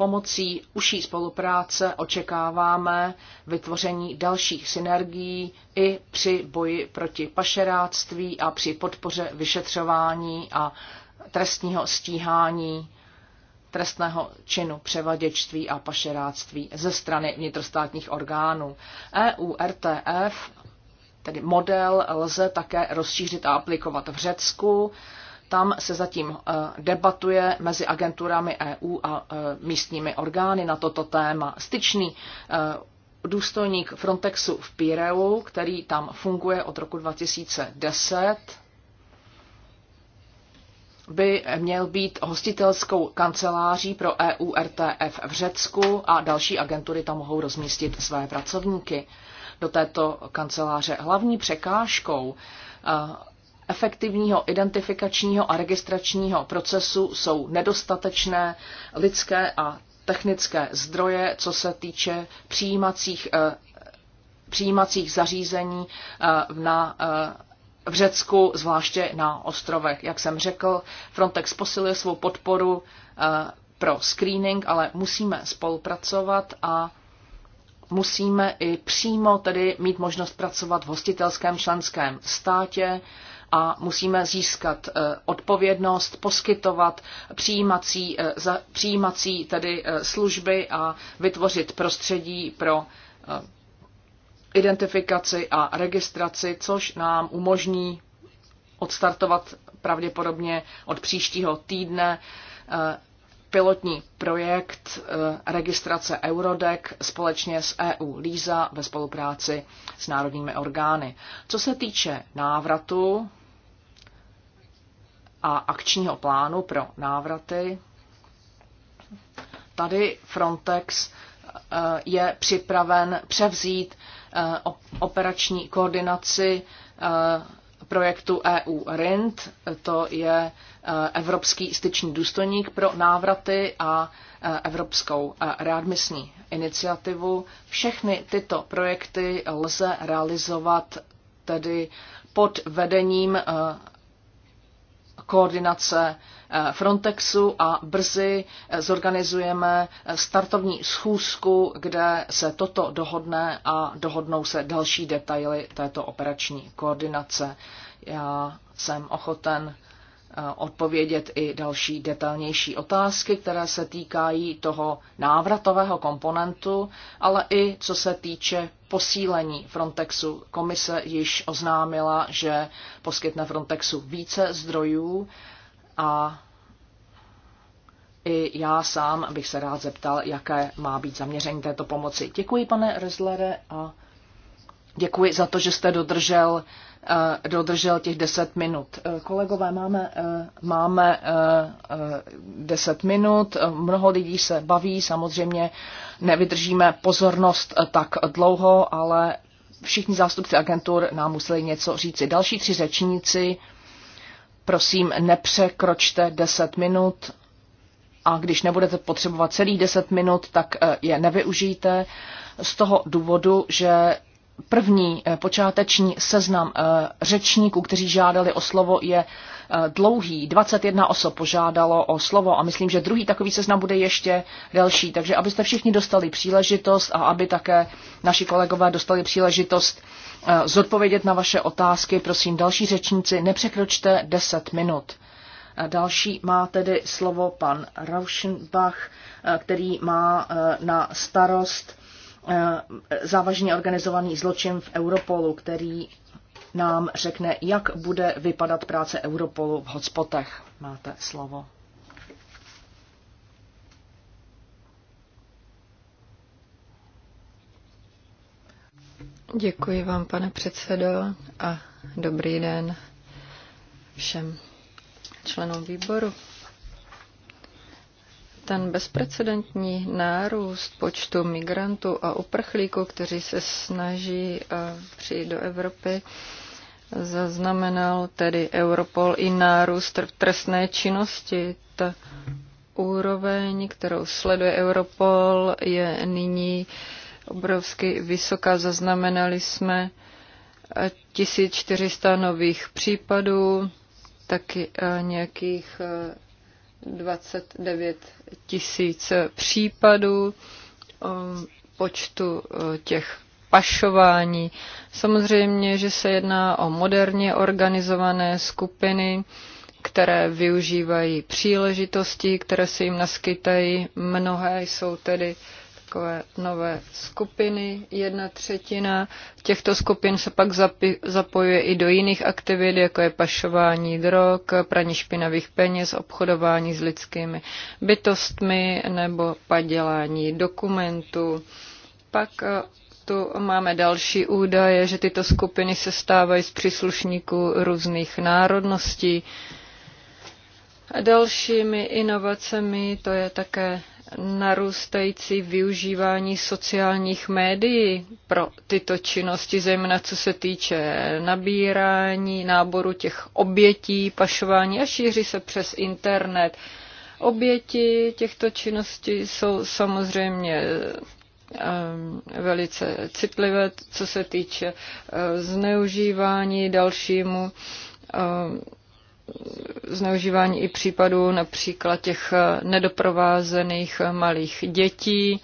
Pomocí užší spolupráce očekáváme vytvoření dalších synergií i při boji proti pašeráctví a při podpoře vyšetřování a trestního stíhání trestného činu převaděčství a pašeráctví ze strany vnitrostátních orgánů. EU RTF, tedy model, lze také rozšířit a aplikovat v Řecku tam se zatím eh, debatuje mezi agenturami EU a eh, místními orgány na toto téma. Styčný eh, důstojník Frontexu v Pireu, který tam funguje od roku 2010, by měl být hostitelskou kanceláří pro EU RTF v Řecku a další agentury tam mohou rozmístit své pracovníky. Do této kanceláře hlavní překážkou efektivního identifikačního a registračního procesu jsou nedostatečné lidské a technické zdroje, co se týče přijímacích, eh, přijímacích zařízení eh, na eh, v Řecku, zvláště na ostrovech. Jak jsem řekl, Frontex posiluje svou podporu pro screening, ale musíme spolupracovat a musíme i přímo tedy mít možnost pracovat v hostitelském členském státě a musíme získat eh, odpovědnost, poskytovat přijímací, eh, přijímací tedy eh, služby a vytvořit prostředí pro identifikaci a registraci, což nám umožní odstartovat pravděpodobně od příštího týdne pilotní projekt registrace Eurodec společně s EU Líza ve spolupráci s národními orgány. Co se týče návratu, a akčního plánu pro návraty. Tady Frontex eh, je připraven převzít eh, operační koordinaci eh, projektu EU RIND, to je Evropský styční důstojník pro návraty a Evropskou readmisní iniciativu. Všechny tyto projekty lze realizovat tedy pod vedením koordinace eh, Frontexu a brzy eh, zorganizujeme eh, startovní schůzku, kde se toto dohodne a dohodnou se další detaily této operační koordinace. Já jsem ochoten odpovědět i další detailnější otázky, které se týkají toho návratového komponentu, ale i co se týče posílení Frontexu. Komise již oznámila, že poskytne Frontexu více zdrojů a i já sám bych se rád zeptal, jaké má být zaměření této pomoci. Děkuji, pane Rezlere, a děkuji za to, že jste dodržel Eh, dodržel těch 10 minut. Eh, kolegové, máme, eh, máme 10 minut, mnoho lidí se baví, samozřejmě nevydržíme pozornost tak dlouho, ale všichni zástupci agentur nám museli něco říci. Další tři řečníci, prosím, nepřekročte 10 minut a když nebudete potřebovat celých 10 minut, tak je nevyužijte z toho důvodu, že První eh, počáteční seznam eh, řečníků, kteří žádali o slovo, je eh, dlouhý. 21 osob požádalo o slovo a myslím, že druhý takový seznam bude ještě delší. Takže abyste všichni dostali příležitost a aby také naši kolegové dostali příležitost zodpovědět na vaše otázky, prosím, další řečníci, nepřekročte 10 minut. Další má tedy slovo pan Rauschenbach, který má na starost Eh, závažně organizovaný zločin v Europolu, který nám řekne, jak bude vypadat práce Europolu v hotspotech. Máte slovo. Děkuji vám, pane předsedo, a dobrý den všem členům výboru ten bezprecedentní nárůst počtu migrantů a uprchlíků, kteří se snaží eh, přijít do Evropy, zaznamenal tedy Europol i nárůst trestné činnosti. Ta úroveň, kterou sleduje Europol, je nyní obrovsky vysoká. Zaznamenali jsme 1400 eh, nových případů, taky eh, nějakých 29 tisíc případů počtu těch pašování. Samozřejmě, že se jedná o moderně organizované skupiny, které využívají příležitosti, které se jim naskytají. Mnohé jsou tedy uh, takové nové skupiny. Jedna třetina těchto skupin se pak zapi- zapojuje i do jiných aktivit, jako je pašování drog, praní špinavých peněz, obchodování s lidskými bytostmi nebo padělání dokumentů. Pak eh, tu máme další údaje, že tyto skupiny se stávají z příslušníků různých národností. A dalšími inovacemi to je také narůstající využívání sociálních médií pro tyto činnosti, zejména co se týče nabírání, náboru těch obětí, pašování a šíří se přes internet. Oběti těchto činností jsou samozřejmě ehm, velice citlivé, co se týče ehm, zneužívání dalšímu ehm, zneužívání i případů například těch nedoprovázených malých dětí.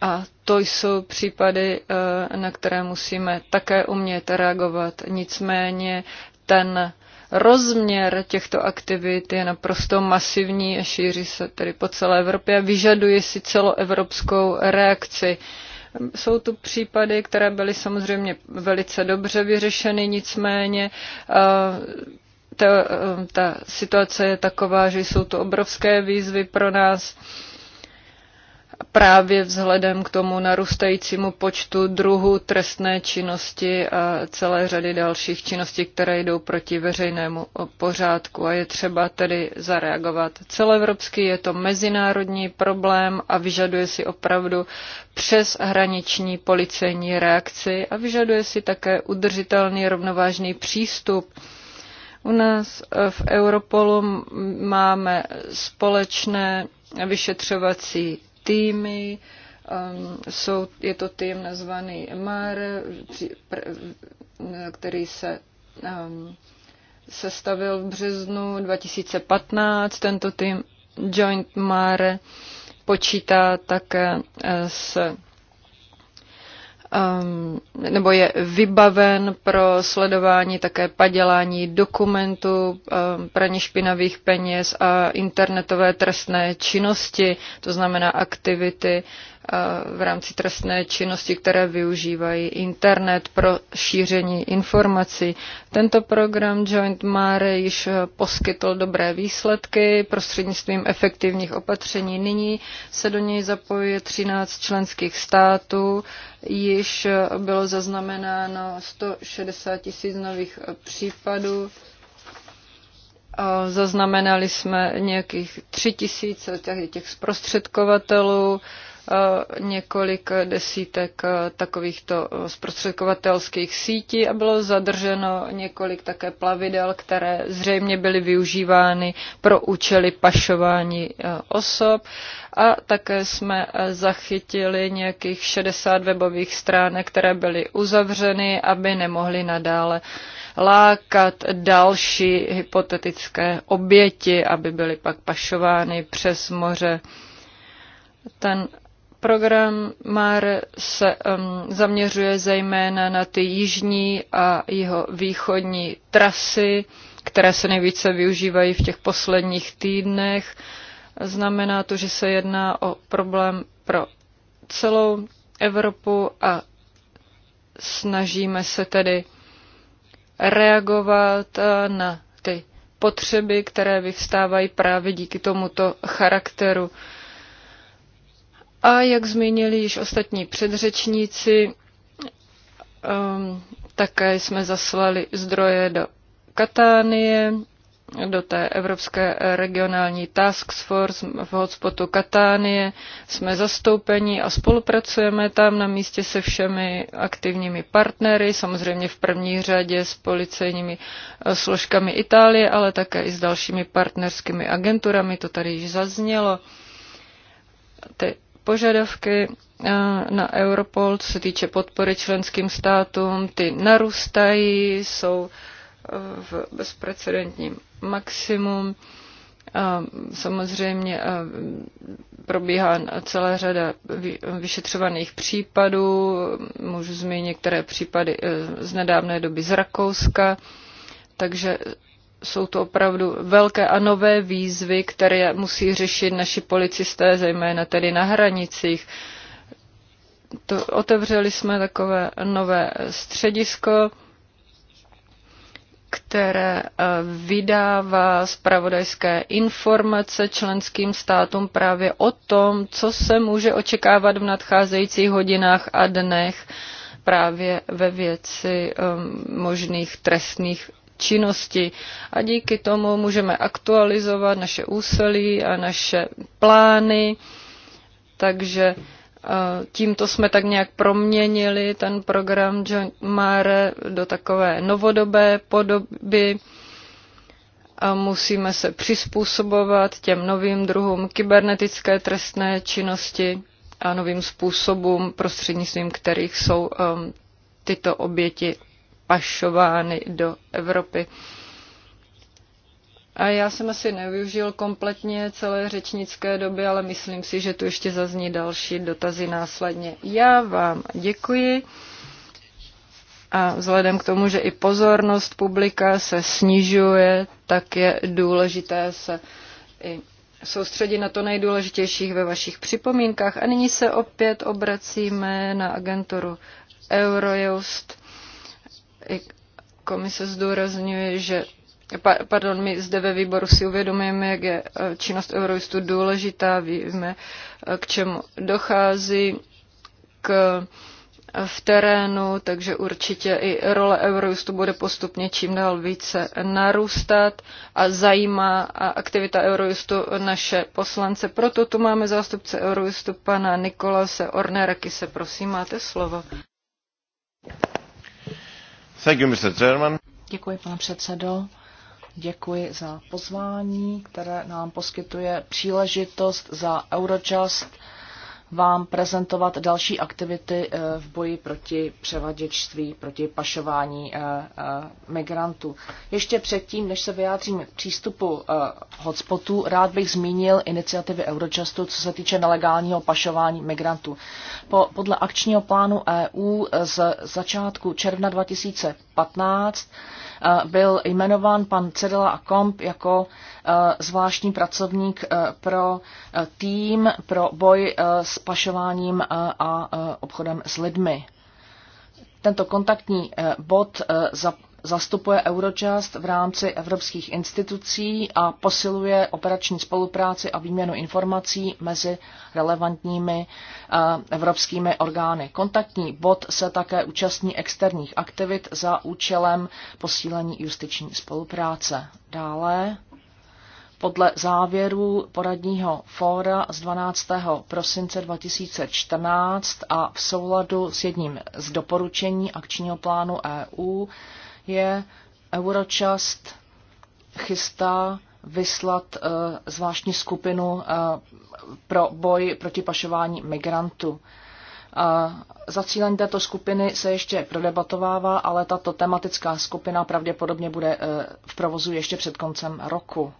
A to jsou případy, eh, na které musíme také umět reagovat. Nicméně ten rozměr těchto aktivit je naprosto masivní a šíří se tedy po celé Evropě a vyžaduje si celoevropskou reakci. Jsou tu případy, které byly samozřejmě velice dobře vyřešeny, nicméně eh, ta, eh, ta situace je taková, že jsou to obrovské výzvy pro nás právě vzhledem k tomu narůstajícímu počtu druhů trestné činnosti a celé řady dalších činností, které jdou proti veřejnému pořádku. A je třeba tedy zareagovat. Celoevropský je to mezinárodní problém a vyžaduje si opravdu přes hraniční policejní reakci a vyžaduje si také udržitelný rovnovážný přístup. U nás v Europolu máme společné vyšetřovací týmy, Um, jsou, je to tým nazvaný MAR, který se um, sestavil v březnu 2015. Tento tým Joint MAR počítá také eh, s Ehm, nebo je vybaven pro sledování také padělání dokumentů, ehm, praní špinavých peněz a internetové trestné činnosti, to znamená aktivity v rámci trestné činnosti, které využívají internet pro šíření informací. Tento program Joint Mare již poskytl dobré výsledky prostřednictvím efektivních opatření. Nyní se do něj zapojuje 13 členských států. Již bylo zaznamenáno 160 tisíc nových případů. Zaznamenali jsme nějakých 3 tisíce těch zprostředkovatelů. Eh, několik desítek eh, takovýchto eh, zprostředkovatelských sítí a bylo zadrženo několik také plavidel, které zřejmě byly využívány pro účely pašování osob a také jsme zachytili nějakých 60 webových stránek, které byly uzavřeny, aby nemohly nadále lákat další hypotetické oběti, aby byly pak pašovány přes moře. Ten program MAR se um, zaměřuje zejména na ty jižní a jeho východní trasy, které se nejvíce využívají v těch posledních týdnech. Znamená to, že se jedná o problém pro celou Evropu a snažíme se tedy reagovat uh, na ty potřeby, které vyvstávají právě díky tomuto charakteru. A jak zmínili již ostatní předřečníci, ehm, také jsme zaslali zdroje do Katánie, do té Evropské regionální task force v hotspotu Katánie. Jsme zastoupeni a spolupracujeme tam na místě se všemi aktivními partnery, samozřejmě v první řadě s policejními eh, složkami Itálie, ale také i s dalšími partnerskými agenturami, to tady již zaznělo. Ty požadavky eh, na Europol, co se týče podpory členským státům, ty narůstají, jsou eh, v bezprecedentním maximum. Samozřejmě eh, probíhá celá řada vyšetřovaných případů. Můžu zmínit některé případy z nedávné doby z Rakouska. Takže jsou to opravdu velké a nové výzvy, které musí řešit naši policisté, zejména tedy na hranicích. To, otevřeli jsme takové nové středisko, které eh, vydává zpravodajské informace členským státům právě o tom, co se může očekávat v nadcházejících hodinách a dnech právě ve věci eh, možných trestných činnosti. A díky tomu můžeme aktualizovat naše úsilí a naše plány. Takže eh, tímto jsme tak nějak proměnili ten program John Mare do takové novodobé podoby a musíme se přizpůsobovat těm novým druhům kybernetické trestné činnosti a novým způsobům, prostřednictvím kterých jsou um, tyto oběti pašovány do Evropy. A já jsem asi nevyužil kompletně celé řečnické doby, ale myslím si, že tu ještě zazní další dotazy následně. Já vám děkuji. A vzhledem k tomu, že i pozornost publika se snižuje, tak je důležité se i soustředit na to nejdůležitějších ve vašich připomínkách. A nyní se opět obracíme na agenturu Eurojust. Komise zdůrazňuje, že Pardon, my zde ve výboru si uvědomujeme, jak je eh, činnost Eurojustu důležitá, víme, eh, k čemu dochází k, eh, v terénu, takže určitě i role Eurojustu bude postupně čím dál více narůstat a zajímá aktivita Eurojustu naše poslance. Proto tu máme zástupce Eurojustu pana Nikolase Ornera Kise. Prosím, máte slovo. Děkuji, pane předsedo. Děkuji za pozvání, které nám poskytuje příležitost za Eurojust vám prezentovat další aktivity eh, v boji proti převaděčství, proti pašování eh, eh, migrantů. Ještě předtím, než se vyjádřím k přístupu hotspotů, rád bych zmínil iniciativy Eurojustu, co se týče nelegálního pašování migrantů. Po, podle akčního plánu EU z začátku června 2015 byl jmenován pan Cedela a Komp jako e, zvláštní pracovník e, pro e, tým pro boj s pašováním a obchodem s lidmi. Tento kontaktní bod zastupuje Eurojust v rámci evropských institucí a posiluje operační spolupráci a výměnu informací mezi relevantními eh, evropskými orgány. Kontaktní bod se také účastní externích aktivit za účelem posílení justiční spolupráce. Dále podle závěrů poradního fóra z 12. prosince 2014 a v souladu s jedním z doporučení akčního plánu EU je Eurochast chystá vyslat eh, zvláštní skupinu eh, pro boj proti pašování migrantů. Eh, zacílení této skupiny se ještě prodebatovává, ale tato tematická skupina pravděpodobně bude v provozu ještě před koncem roku.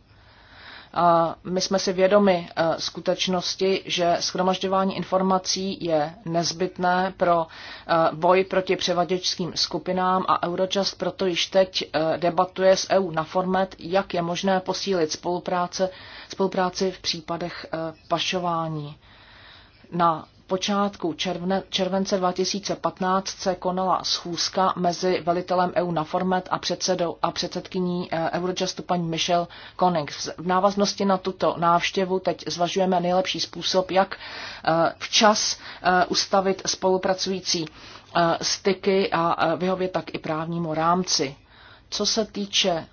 My jsme si vědomi eh, skutečnosti, že schromažďování informací je nezbytné pro eh, boj proti převaděčským skupinám a Eurojust proto již teď eh, debatuje s EU na format, jak je možné posílit spolupráce, spolupráci v případech pašování. Na počátku červne, července 2015 se konala schůzka mezi velitelem EU na Format a, předsedou, a předsedkyní eh, Eurojustu paní Michel Koning. V návaznosti na tuto návštěvu teď zvažujeme nejlepší způsob, jak eh, včas eh, ustavit spolupracující styky a vyhovět tak i právnímu rámci. Co se týče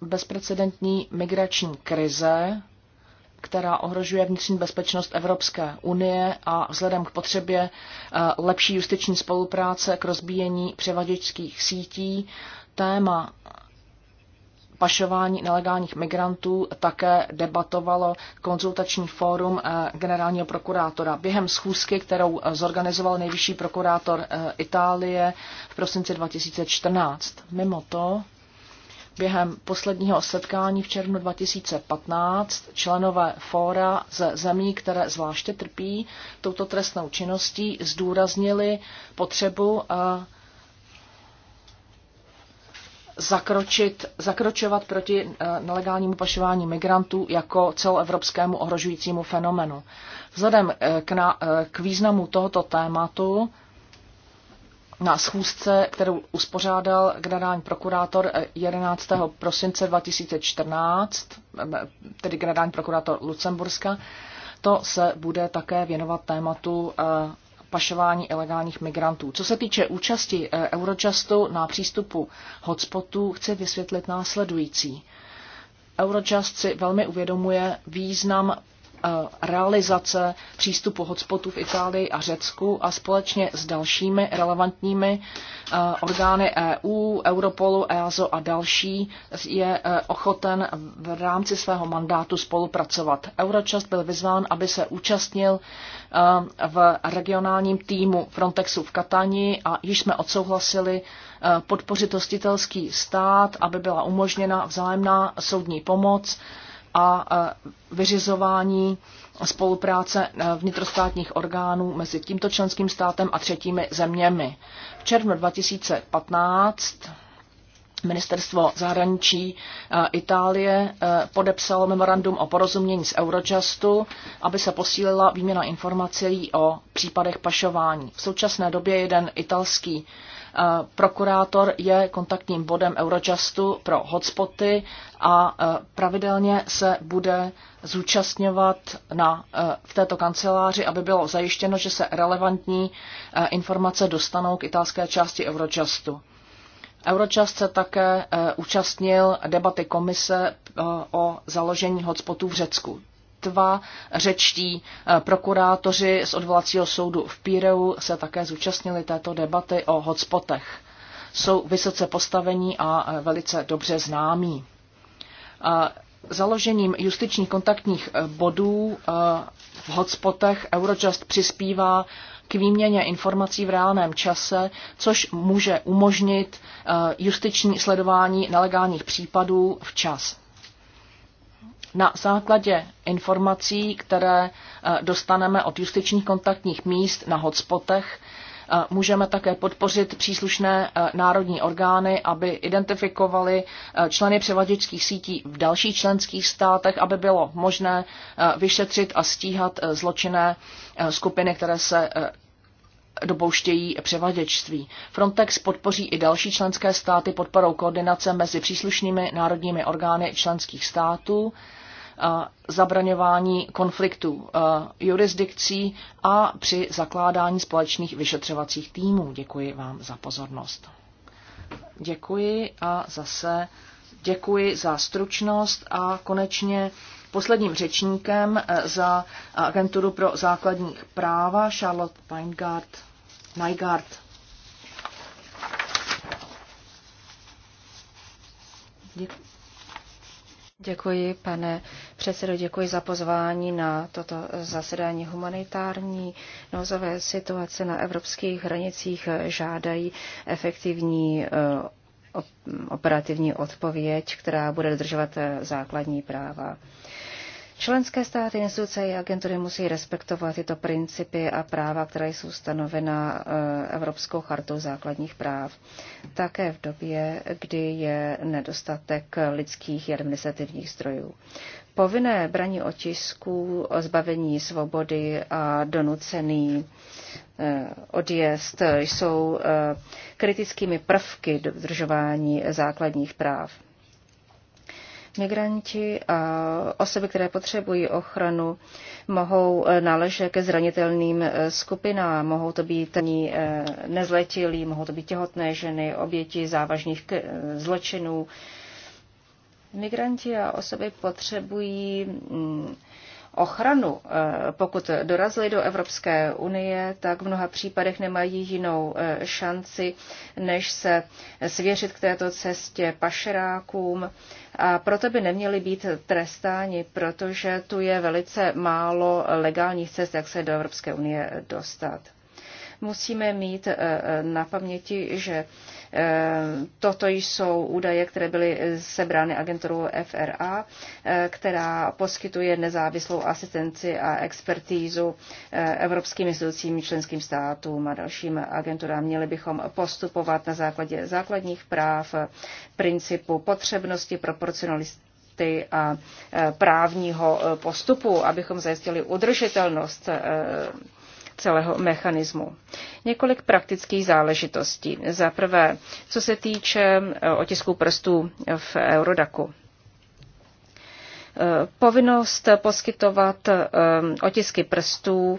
bezprecedentní migrační krize, která ohrožuje vnitřní bezpečnost Evropské unie a vzhledem k potřebě eh, lepší justiční spolupráce k rozbíjení převaděčských sítí, téma pašování nelegálních migrantů také debatovalo konzultační fórum eh, generálního prokurátora. Během schůzky, kterou eh, zorganizoval nejvyšší prokurátor Itálie v prosinci 2014. Mimo to Během posledního setkání v červnu 2015 členové fóra ze zemí, které zvláště trpí touto trestnou činností, zdůraznili potřebu eh, zakročit, zakročovat proti eh, nelegálnímu pašování migrantů jako celoevropskému ohrožujícímu fenomenu. Vzhledem eh, k, na, k významu tohoto tématu na schůzce, kterou uspořádal generální prokurátor 11. Eh, prosince 2014, eh, tedy generální prokurátor Lucemburska, to se bude také věnovat tématu eh, pašování ilegálních migrantů. Co se týče účasti Eurojustu na přístupu hotspotu, chci vysvětlit následující. Eurojust si velmi uvědomuje význam Eh, realizace přístupu hotspotů v Itálii a Řecku a společně s dalšími relevantními eh, orgány EU, Europolu, EASO a další je eh, ochoten v rámci svého mandátu spolupracovat. Eurochast byl vyzván, aby se účastnil v regionálním týmu Frontexu v Katani a již jsme odsouhlasili podpořit hostitelský stát, aby byla umožněna vzájemná soudní pomoc a vyřizování spolupráce e, vnitrostátních orgánů mezi tímto členským státem a třetími zeměmi. V červnu 2015 Ministerstvo zahraničí eh, Itálie eh, podepsalo memorandum o porozumění s Eurojustu, aby se posílila výměna informací o případech pašování. V současné době jeden italský eh, prokurátor je kontaktním bodem Eurojustu pro hotspoty a pravidelně se bude zúčastňovat na, v této kanceláři, aby bylo zajištěno, že se relevantní informace dostanou k italské části Eurojustu. Eurojust se také eh, účastnil debaty komise eh, o založení hotspotů v Řecku. Dva řečtí eh, prokurátoři z odvolacího soudu v Píreu se také zúčastnili této debaty o hotspotech. Jsou vysoce postavení a velice dobře známí. Založením justičních kontaktních bodů v hotspotech Eurojust přispívá k výměně informací v reálném čase, což může umožnit eh, justiční sledování nelegálních případů včas. Na základě informací, které eh, dostaneme od justičních kontaktních míst na hotspotech, Můžeme také podpořit příslušné e, národní orgány, aby identifikovali e, členy převaděčských sítí v dalších členských státech, aby bylo možné e, vyšetřit a stíhat zločinné skupiny, které se dopouštějí převaděčství. Frontex podpoří i další členské státy podporou koordinace mezi příslušnými národními orgány členských států zabraňování konfliktů jurisdikcí a při zakládání společných vyšetřovacích týmů. Děkuji vám za pozornost. Děkuji a zase děkuji za stručnost a konečně posledním řečníkem e, za agenturu pro základní práva Charlotte Weingart, Nygaard. Děkuji. Děkuji, pane předsedo, děkuji za pozvání na toto zasedání humanitární. Nouzové situace na evropských hranicích žádají efektivní eh, operativní odpověď, která bude dodržovat eh, základní práva. Členské státy, instituce i agentury musí respektovat tyto principy a práva, které jsou stanovena eh, Evropskou chartou základních práv. Také v době, kdy je nedostatek lidských i administrativních zdrojů. Povinné braní otisků, zbavení svobody a donucený eh, odjezd jsou eh, kritickými prvky dodržování základních práv. Migranti a osoby, které potřebují ochranu, mohou eh, náležet ke zranitelným eh, skupinám. Mohou to být eh, nezletilí, mohou to být těhotné ženy, oběti závažných zločinů. Migranti a osoby potřebují mm, ochranu. Eh, pokud dorazili do Evropské unie, tak v mnoha případech nemají jinou eh, šanci, než se svěřit k této cestě pašerákům. A proto by neměli být trestáni, protože tu je velice málo legálních cest, jak se do Evropské unie dostat musíme mít eh, eh, na paměti, že eh, toto jsou údaje, které byly sebrány agenturou FRA, která poskytuje nezávislou asistenci a expertízu evropským institucím, členským státům a dalším agenturám. Měli bychom postupovat na základě základních práv, principu potřebnosti, proporcionalisty a právního postupu, abychom zajistili udržitelnost celého mechanismu. Několik praktických záležitostí. Za prvé, co se týče e, otisků prstů v Eurodaku. E, povinnost poskytovat e, otisky prstů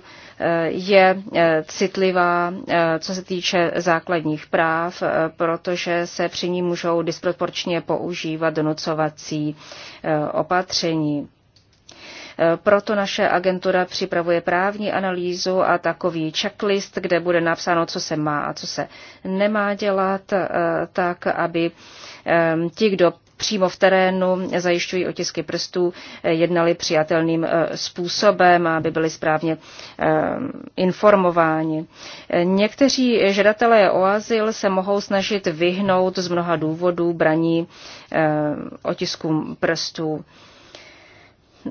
je citlivá, co se týče základních práv, protože se při ní můžou disproporčně používat donucovací opatření. Proto naše agentura připravuje právní analýzu a takový checklist, kde bude napsáno, co se má a co se nemá dělat, eh, tak aby eh, ti, kdo přímo v terénu zajišťují otisky prstů, eh, jednali přijatelným způsobem, aby byli správně informováni. Někteří žadatelé o azyl se mohou snažit vyhnout z mnoha důvodů braní otiskům prstů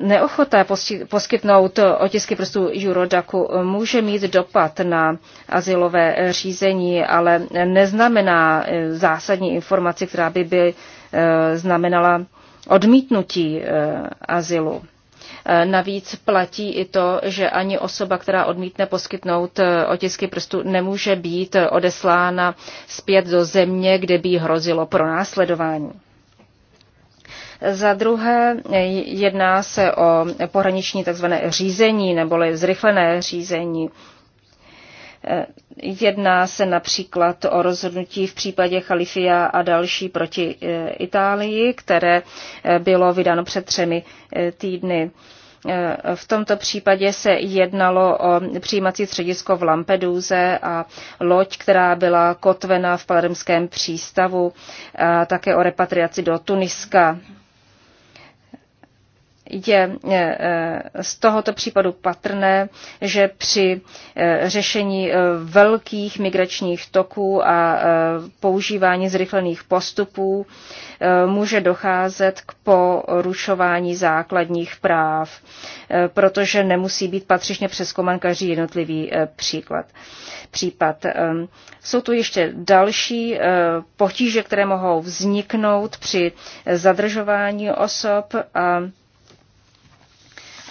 neochota poskytnout otisky prstů Eurodaku může mít dopad na asilové řízení, ale neznamená eh, zásadní informaci, která by, by eh, znamenala odmítnutí eh, azylu. Navíc platí i to, že ani osoba, která odmítne poskytnout otisky prstů, nemůže být odeslána zpět do země, kde by hrozilo pronásledování. Za druhé jedná se o pohraniční tzv. řízení neboli zrychlené řízení. Jedná se například o rozhodnutí v případě Chalifia a další proti eh, Itálii, které eh, bylo vydáno před třemi eh, týdny. V tomto případě se jednalo o přijímací středisko v Lampeduze a loď, která byla kotvena v palermském přístavu, a také o repatriaci do Tuniska je eh, eh, z tohoto případu patrné, že při eh, řešení velkých migračních toků a používání zrychlených postupů může docházet k porušování základních práv, protože nemusí být patřičně přeskoman každý jednotlivý příklad, případ. Ehm, jsou tu ještě další potíže, které mohou vzniknout při zadržování osob a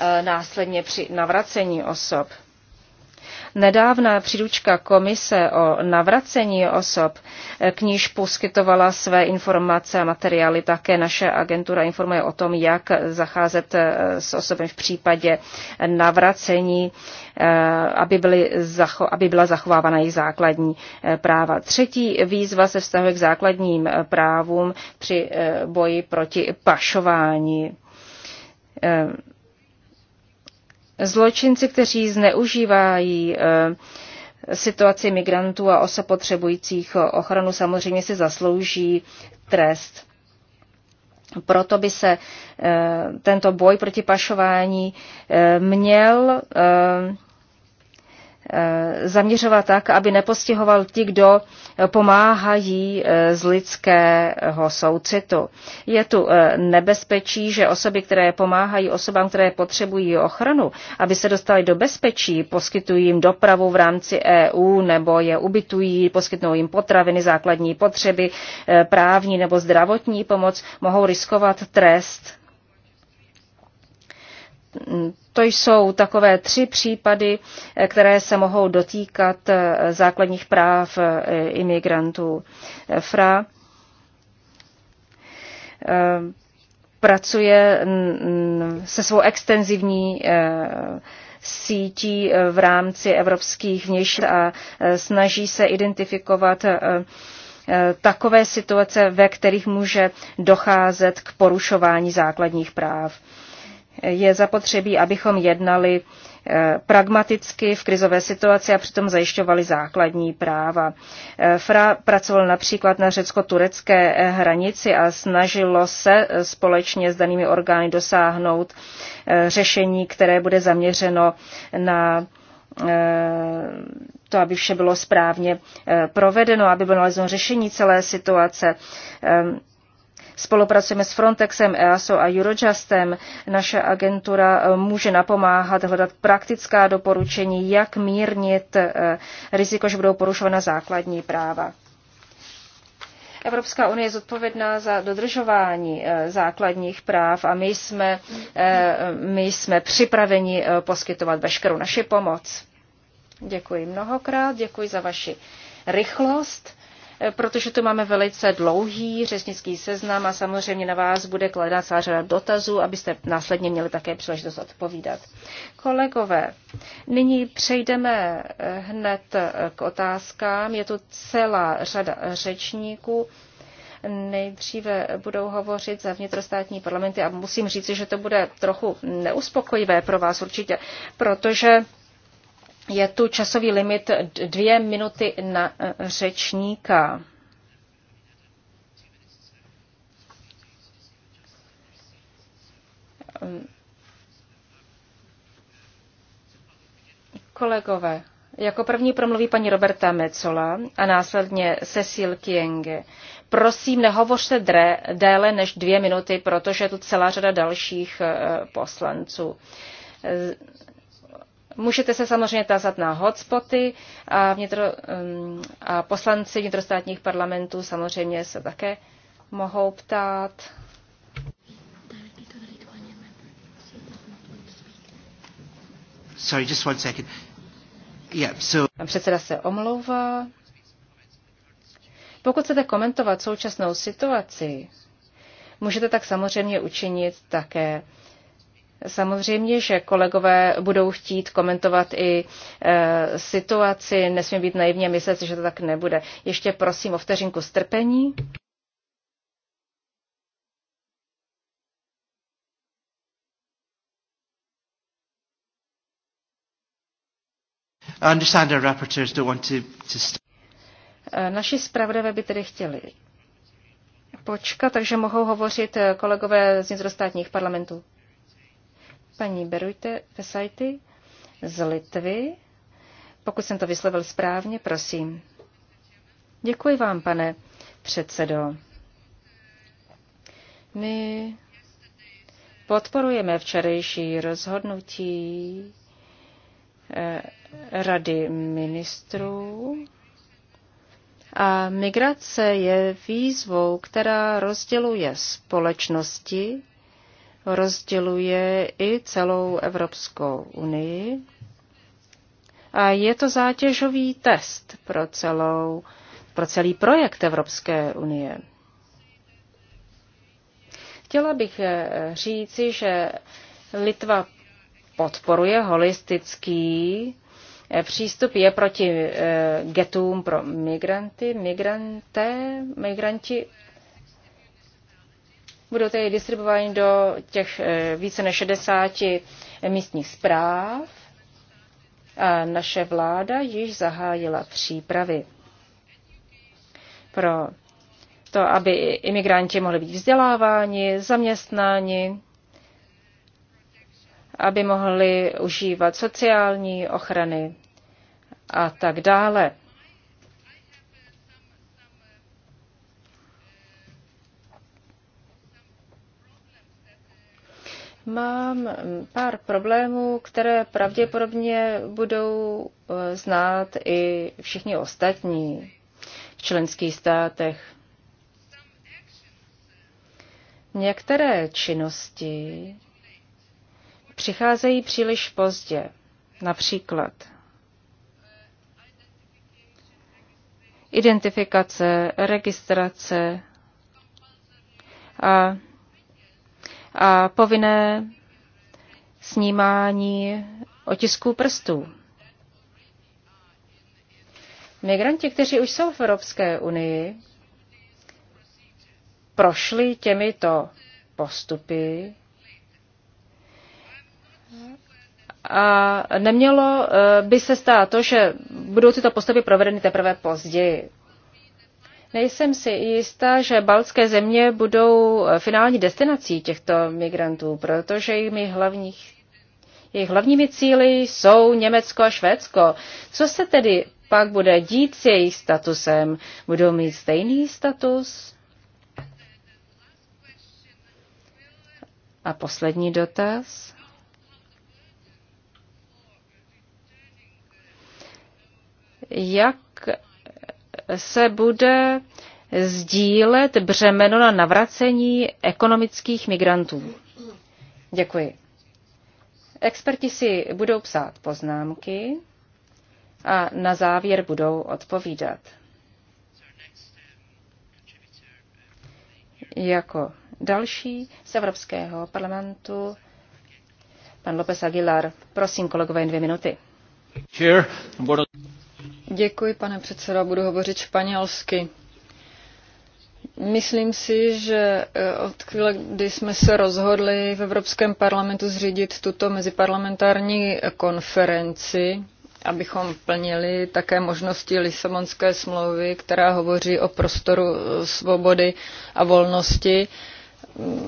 E, následně při navracení osob. Nedávná příručka komise o navracení osob, e, k níž poskytovala své informace a materiály, také naše agentura informuje o tom, jak zacházet e, s osobem v případě navracení, aby, byly, aby byla zachovávána jejich základní práva. Třetí výzva se vztahuje k základním právům při boji proti pašování Zločinci, kteří zneužívají eh, situaci migrantů a osob potřebujících ochranu, samozřejmě si zaslouží trest. Proto by se eh, tento boj proti pašování eh, měl Eh, zaměřila tak, aby nepostihoval ti, kdo pomáhají eh, z lidského soucitu. Je tu eh, nebezpečí, že osoby, které pomáhají osobám, které potřebují ochranu, aby se dostali do bezpečí, poskytují jim dopravu v rámci EU nebo je ubytují, poskytnou jim potraviny, základní potřeby, právní nebo zdravotní pomoc, mohou riskovat trest to jsou takové tři případy, eh, které se mohou dotýkat eh, základních práv eh, imigrantů. FRA pracuje se svou extenzivní sítí v rámci evropských vnějších a snaží se identifikovat takové situace, ve kterých může docházet k porušování základních práv je zapotřebí, abychom jednali eh, pragmaticky v krizové situaci a přitom zajišťovali základní práva. Eh, FRA pracoval například na řecko-turecké eh, hranici a snažilo se společně s danými orgány dosáhnout řešení, které bude zaměřeno na to, aby vše bylo správně provedeno, aby bylo nalezeno řešení celé situace. Spolupracujeme s Frontexem, EASO a Eurojustem. Naše agentura e, může napomáhat hledat praktická doporučení, jak mírnit e, riziko, že budou porušována základní práva. Evropská unie je zodpovědná za dodržování e, základních práv a my jsme, my jsme připraveni poskytovat veškerou naši pomoc. Děkuji mnohokrát, děkuji za vaši rychlost protože tu máme velice dlouhý řečnický seznam a samozřejmě na vás bude kladena celá řada dotazů, abyste následně měli také příležitost odpovídat. Kolegové, nyní přejdeme eh, hned eh, k otázkám. Je tu celá řada řečníků. Nejdříve budou hovořit za vnitrostátní parlamenty a musím říci, že to bude trochu neuspokojivé pro vás určitě, protože je tu časový limit dvě minuty na eh, řečníka. Kolegové, jako první promluví paní Roberta Mecola a následně Cecil Kienge. Prosím, nehovořte dre, déle než dvě minuty, protože je tu celá řada dalších eh, poslanců Můžete se samozřejmě tázat na hotspoty a, vnitro, um, a poslanci vnitrostátních parlamentů samozřejmě se také mohou ptát. Sorry, just one second. Yeah, so... Pan předseda se omlouvá. Pokud chcete komentovat současnou situaci, můžete tak samozřejmě učinit také Samozřejmě, že kolegové budou chtít komentovat i e, situaci, Nesmím být naivně myslet si, že to tak nebude. Ještě prosím o vteřinku strpení. E, naši zpravodajové by tedy chtěli počkat, takže mohou hovořit e, kolegové z vnitrostátních parlamentů paní Berujte Vesajty z Litvy. Pokud jsem to vyslovil správně, prosím. Děkuji vám, pane předsedo. My podporujeme včerejší rozhodnutí eh, Rady ministrů. A migrace je výzvou, která rozděluje společnosti rozděluje i celou Evropskou unii. A je to zátěžový test pro, celou, pro celý projekt Evropské unie. Chtěla bych eh, říci, že Litva podporuje holistický eh, přístup, je proti eh, getům pro migranty. Migranté, migranti Budou tedy distribuovány do těch eh, více než 60 místních zpráv. A naše vláda již zahájila přípravy pro to, aby imigranti mohli být vzděláváni, zaměstnáni, aby mohli užívat sociální ochrany a tak dále. Mám pár problémů, které pravděpodobně budou eh, znát i všichni ostatní v členských státech. Některé činnosti přicházejí příliš pozdě. Například identifikace, registrace a a povinné snímání otisků prstů. Migranti, kteří už jsou v Evropské unii, prošli těmito postupy a nemělo eh, by se stát to, že budou tyto postupy provedeny teprve později. Nejsem si jistá, že baltské země budou eh, finální destinací těchto migrantů, protože jejich hlavních, jejich hlavními cíly jsou Německo a Švédsko. Co se tedy pak bude dít s jejich statusem? Budou mít stejný status? A poslední dotaz. Jak se bude sdílet břemeno na navracení ekonomických migrantů. Děkuji. Experti si budou psát poznámky a na závěr budou odpovídat. Jako další z Evropského parlamentu pan López Aguilar. Prosím, kolegové, dvě minuty. Děkuji, pane předsedo, budu hovořit španělsky. Myslím si, že eh, od chvíle, kdy jsme se rozhodli v Evropském parlamentu zřídit tuto meziparlamentární konferenci, abychom plnili také možnosti Lisabonské smlouvy, která hovoří o prostoru eh, svobody a volnosti,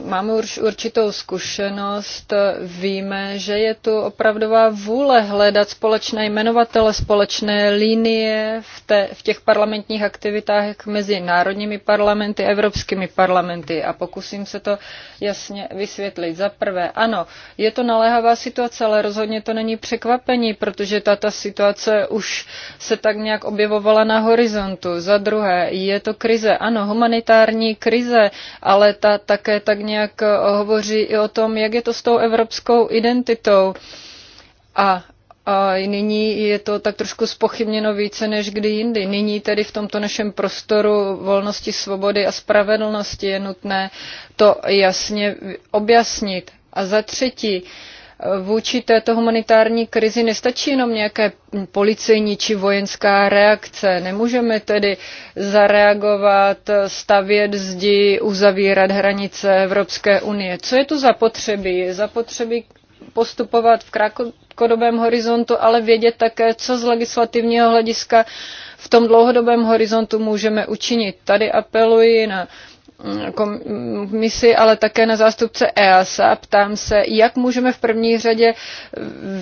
Máme už určitou zkušenost, víme, že je tu opravdová vůle hledat společné jmenovatele, společné linie v, te, v těch parlamentních aktivitách mezi národními parlamenty a evropskými parlamenty. A pokusím se to jasně vysvětlit. Za prvé, ano, je to naléhavá situace, ale rozhodně to není překvapení, protože tato situace už se tak nějak objevovala na horizontu. Za druhé, je to krize, ano, humanitární krize, ale ta také také tak nějak eh, hovoří i o tom, jak je to s tou evropskou identitou. A a nyní je to tak trošku spochybněno více než kdy jindy. Nyní tedy v tomto našem prostoru volnosti, svobody a spravedlnosti je nutné to jasně objasnit. A za třetí, uh, Vůči této humanitární krizi nestačí jenom nějaké policejní či vojenská reakce. Nemůžeme tedy zareagovat, stavět zdi, uzavírat hranice Evropské unie. Co je to za potřeby? Je zapotřebí postupovat v krátkodobém horizontu, ale vědět také, co z legislativního hlediska v tom dlouhodobém horizontu můžeme učinit. Tady apeluji na uh, komisi, jako ale také na zástupce EASA. Ptám se, jak můžeme v první řadě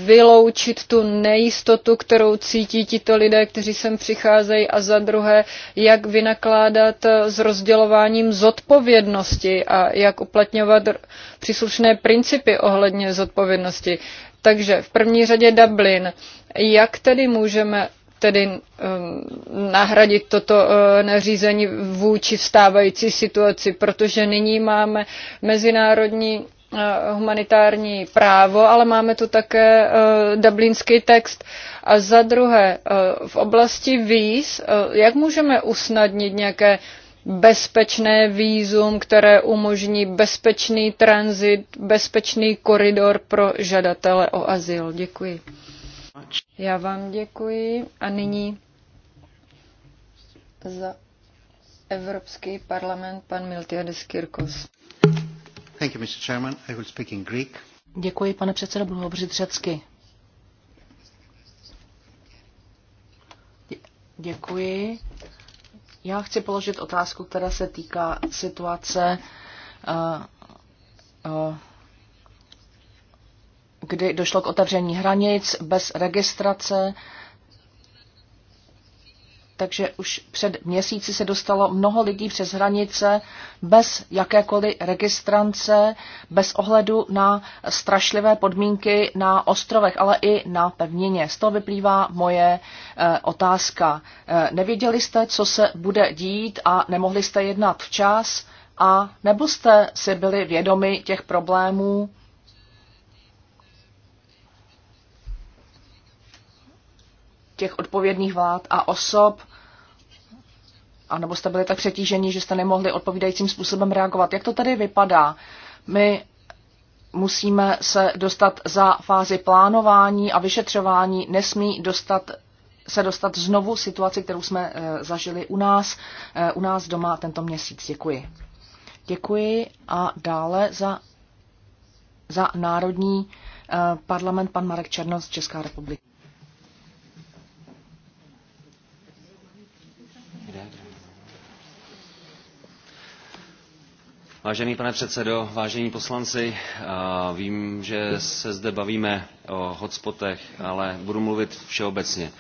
vyloučit tu nejistotu, kterou cítí tito lidé, kteří sem přicházejí a za druhé, jak vynakládat s rozdělováním zodpovědnosti a jak uplatňovat příslušné principy ohledně zodpovědnosti. Takže v první řadě Dublin. Jak tedy můžeme tedy um, nahradit toto uh, nařízení vůči vstávající situaci, protože nyní máme mezinárodní uh, humanitární právo, ale máme tu také uh, dublinský text. A za druhé, v oblasti víz, jak můžeme usnadnit nějaké bezpečné výzum, které umožní bezpečný tranzit, bezpečný koridor pro žadatele o azyl. Děkuji. Já vám děkuji a nyní za Evropský parlament pan Miltiades Kirkos. Thank you, Mr. Chairman. I will speak in Greek. Děkuji, pane předsedo, budu hovořit řecky. Děkuji. Já chci položit otázku, která se týká situace uh, uh, kdy došlo k otevření hranic bez registrace. Takže už před měsíci se dostalo mnoho lidí přes hranice bez jakékoliv registrance, bez ohledu na strašlivé podmínky na ostrovech, ale i na pevnině. Z toho vyplývá moje e, otázka. E, nevěděli jste, co se bude dít a nemohli jste jednat včas? A nebo jste si byli vědomi těch problémů, těch odpovědných vlád a osob, anebo jste byli tak přetížení, že jste nemohli odpovídajícím způsobem reagovat. Jak to tady vypadá? My musíme se dostat za fázi plánování a vyšetřování, nesmí dostat, se dostat znovu situaci, kterou jsme e, zažili u nás, e, u nás doma tento měsíc. Děkuji. Děkuji a dále za, za Národní e, parlament pan Marek Černoc, Česká republika. Vážený pane předsedo, vážení poslanci, vím, že se zde bavíme o hotspotech, ale budu mluvit všeobecně.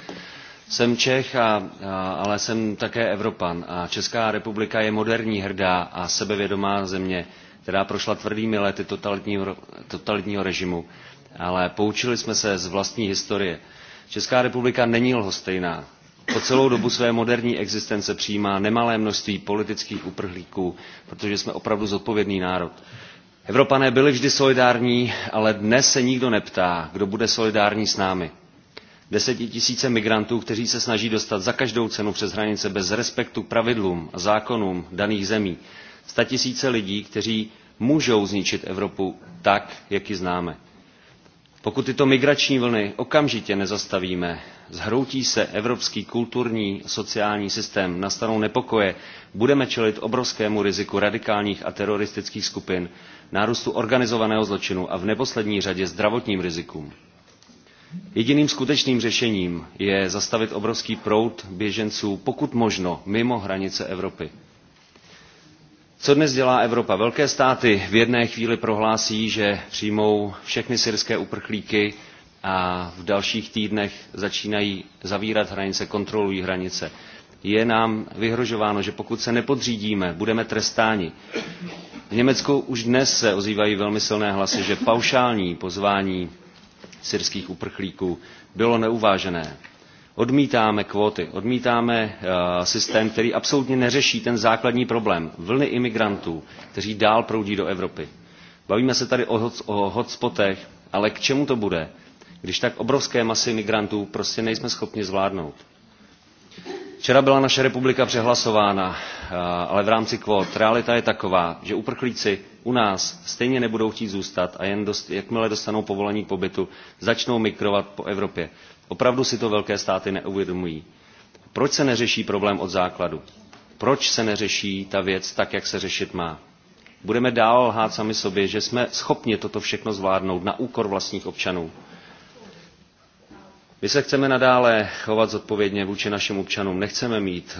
Jsem Čech, a, a, ale jsem také Evropan a Česká republika je moderní, hrdá a sebevědomá země, která prošla tvrdými lety totalitního, totalitního režimu, ale poučili jsme se z vlastní historie. Česká republika není lhostejná po celou dobu své moderní existence přijímá nemalé množství politických uprchlíků protože jsme opravdu zodpovědný národ. evropané byli vždy solidární ale dnes se nikdo neptá kdo bude solidární s námi. tisíce migrantů kteří se snaží dostat za každou cenu přes hranice bez respektu pravidlům a zákonům daných zemí sta tisíce lidí kteří můžou zničit evropu tak jak ji známe pokud tyto migrační vlny okamžitě nezastavíme, zhroutí se evropský kulturní sociální systém, nastanou nepokoje, budeme čelit obrovskému riziku radikálních a teroristických skupin, nárůstu organizovaného zločinu a v neposlední řadě zdravotním rizikům. Jediným skutečným řešením je zastavit obrovský proud běženců pokud možno mimo hranice Evropy co dnes dělá Evropa? Velké státy v jedné chvíli prohlásí, že přijmou všechny syrské uprchlíky a v dalších týdnech začínají zavírat hranice, kontrolují hranice. Je nám vyhrožováno, že pokud se nepodřídíme, budeme trestáni. V Německu už dnes se ozývají velmi silné hlasy, že paušální pozvání syrských uprchlíků bylo neuvážené Odmítáme kvóty, odmítáme eh, systém, který absolutně neřeší ten základní problém vlny imigrantů, kteří dál proudí do Evropy. Bavíme se tady o, hotspotech, ale k čemu to bude, když tak obrovské masy migrantů prostě nejsme schopni zvládnout? Včera byla naše republika přehlasována, eh, ale v rámci kvót. Realita je taková, že uprchlíci u nás stejně nebudou chtít zůstat a jen dost, jakmile dostanou povolení k pobytu, začnou migrovat po Evropě. Opravdu si to velké státy neuvědomují. Proč se neřeší problém od základu? Proč se neřeší ta věc tak, jak se řešit má? Budeme dál lhát sami sobě, že jsme schopni toto všechno zvládnout na úkor vlastních občanů. My se chceme nadále chovat zodpovědně vůči našim občanům. Nechceme mít eh,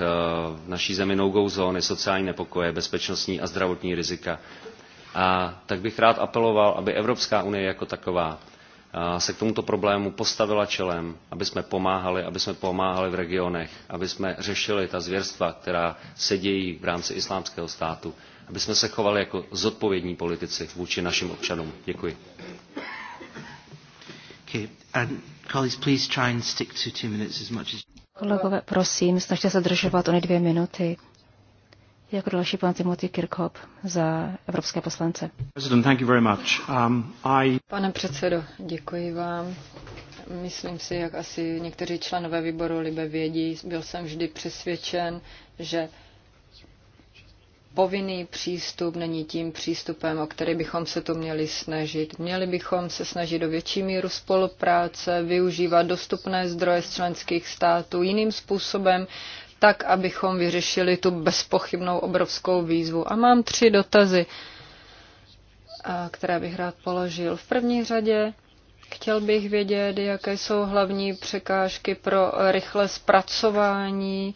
v naší zemi no-go zóny, sociální nepokoje, bezpečnostní a zdravotní rizika. A tak bych rád apeloval, aby Evropská unie jako taková se k tomuto problému postavila čelem, aby jsme pomáhali, aby jsme pomáhali v regionech, aby jsme řešili ta zvěrstva, která se dějí v rámci islámského státu, aby jsme se chovali jako zodpovědní politici vůči našim občanům. Děkuji. Okay. Kolegové, prosím, snažte se držovat ony dvě minuty. Jako další pan Timothy Kirkhope za evropské poslance. Um, Pane předsedo, děkuji vám. Myslím si, jak asi někteří členové výboru Libe vědí, byl jsem vždy přesvědčen, že povinný přístup není tím přístupem, o který bychom se to měli snažit. Měli bychom se snažit o větší míru spolupráce, využívat dostupné zdroje z členských států jiným způsobem, tak, abychom vyřešili tu bezpochybnou obrovskou výzvu. A mám tři dotazy, které bych rád položil. V první řadě chtěl bych vědět, jaké jsou hlavní překážky pro rychlé zpracování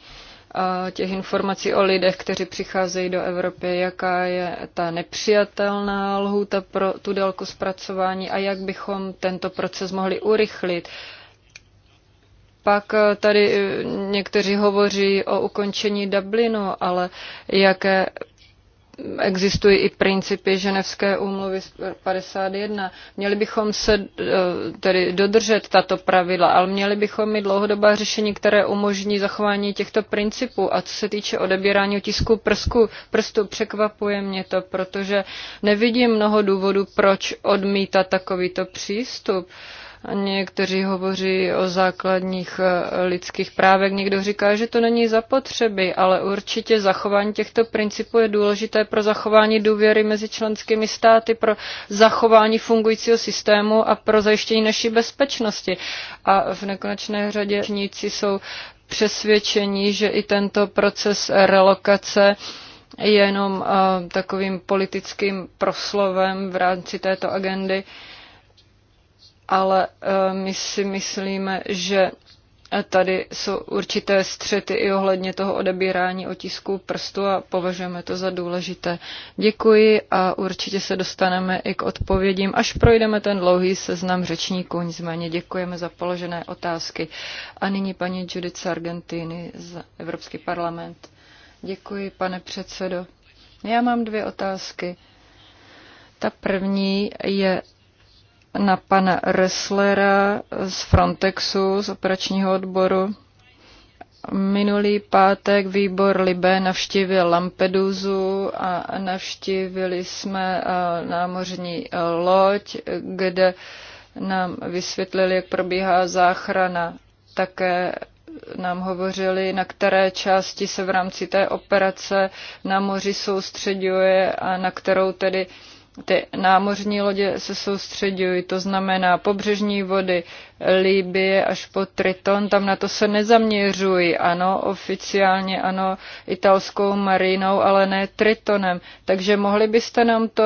těch informací o lidech, kteří přicházejí do Evropy, jaká je ta nepřijatelná lhůta pro tu délku zpracování a jak bychom tento proces mohli urychlit. Pak eh, tady eh, někteří hovoří o ukončení Dublinu, ale jaké existují i principy ženevské úmluvy 51. Měli bychom se eh, tedy dodržet tato pravidla, ale měli bychom mít dlouhodobá řešení, které umožní zachování těchto principů. A co se týče odebírání tisku prsku, prstu, překvapuje mě to, protože nevidím mnoho důvodů, proč odmítat takovýto přístup. Uh, Někteří hovoří o základních eh, lidských právech, někdo říká, že to není zapotřeby, ale určitě zachování těchto principů je důležité pro zachování důvěry mezi členskými státy, pro zachování fungujícího systému a pro zajištění naší bezpečnosti. A v nekonečné řadě čníci jsou přesvědčení, že i tento proces relokace je jenom uh, takovým politickým proslovem v rámci této agendy ale eh, my si myslíme, že tady jsou určité střety i ohledně toho odebírání otisků prstu a považujeme to za důležité. Děkuji a určitě se dostaneme i k odpovědím, až projdeme ten dlouhý seznam řečníků. Nicméně děkujeme za položené otázky. A nyní paní Judith Sargentini z Evropský parlament. Děkuji, pane předsedo. Já mám dvě otázky. Ta první je na pana Resslera z Frontexu, z operačního odboru. Minulý pátek výbor Libé navštívil Lampedusu a navštívili jsme eh, námořní eh, loď, kde nám vysvětlili, jak probíhá záchrana. Také nám hovořili, na které části se v rámci té operace na moři soustředuje a na kterou tedy uh, ty námořní lodě se soustředují, to znamená pobřežní vody, Libie až po Triton, tam na to se nezaměřují. Ano, oficiálně ano, italskou marinou, ale ne Tritonem. Takže mohli byste nám to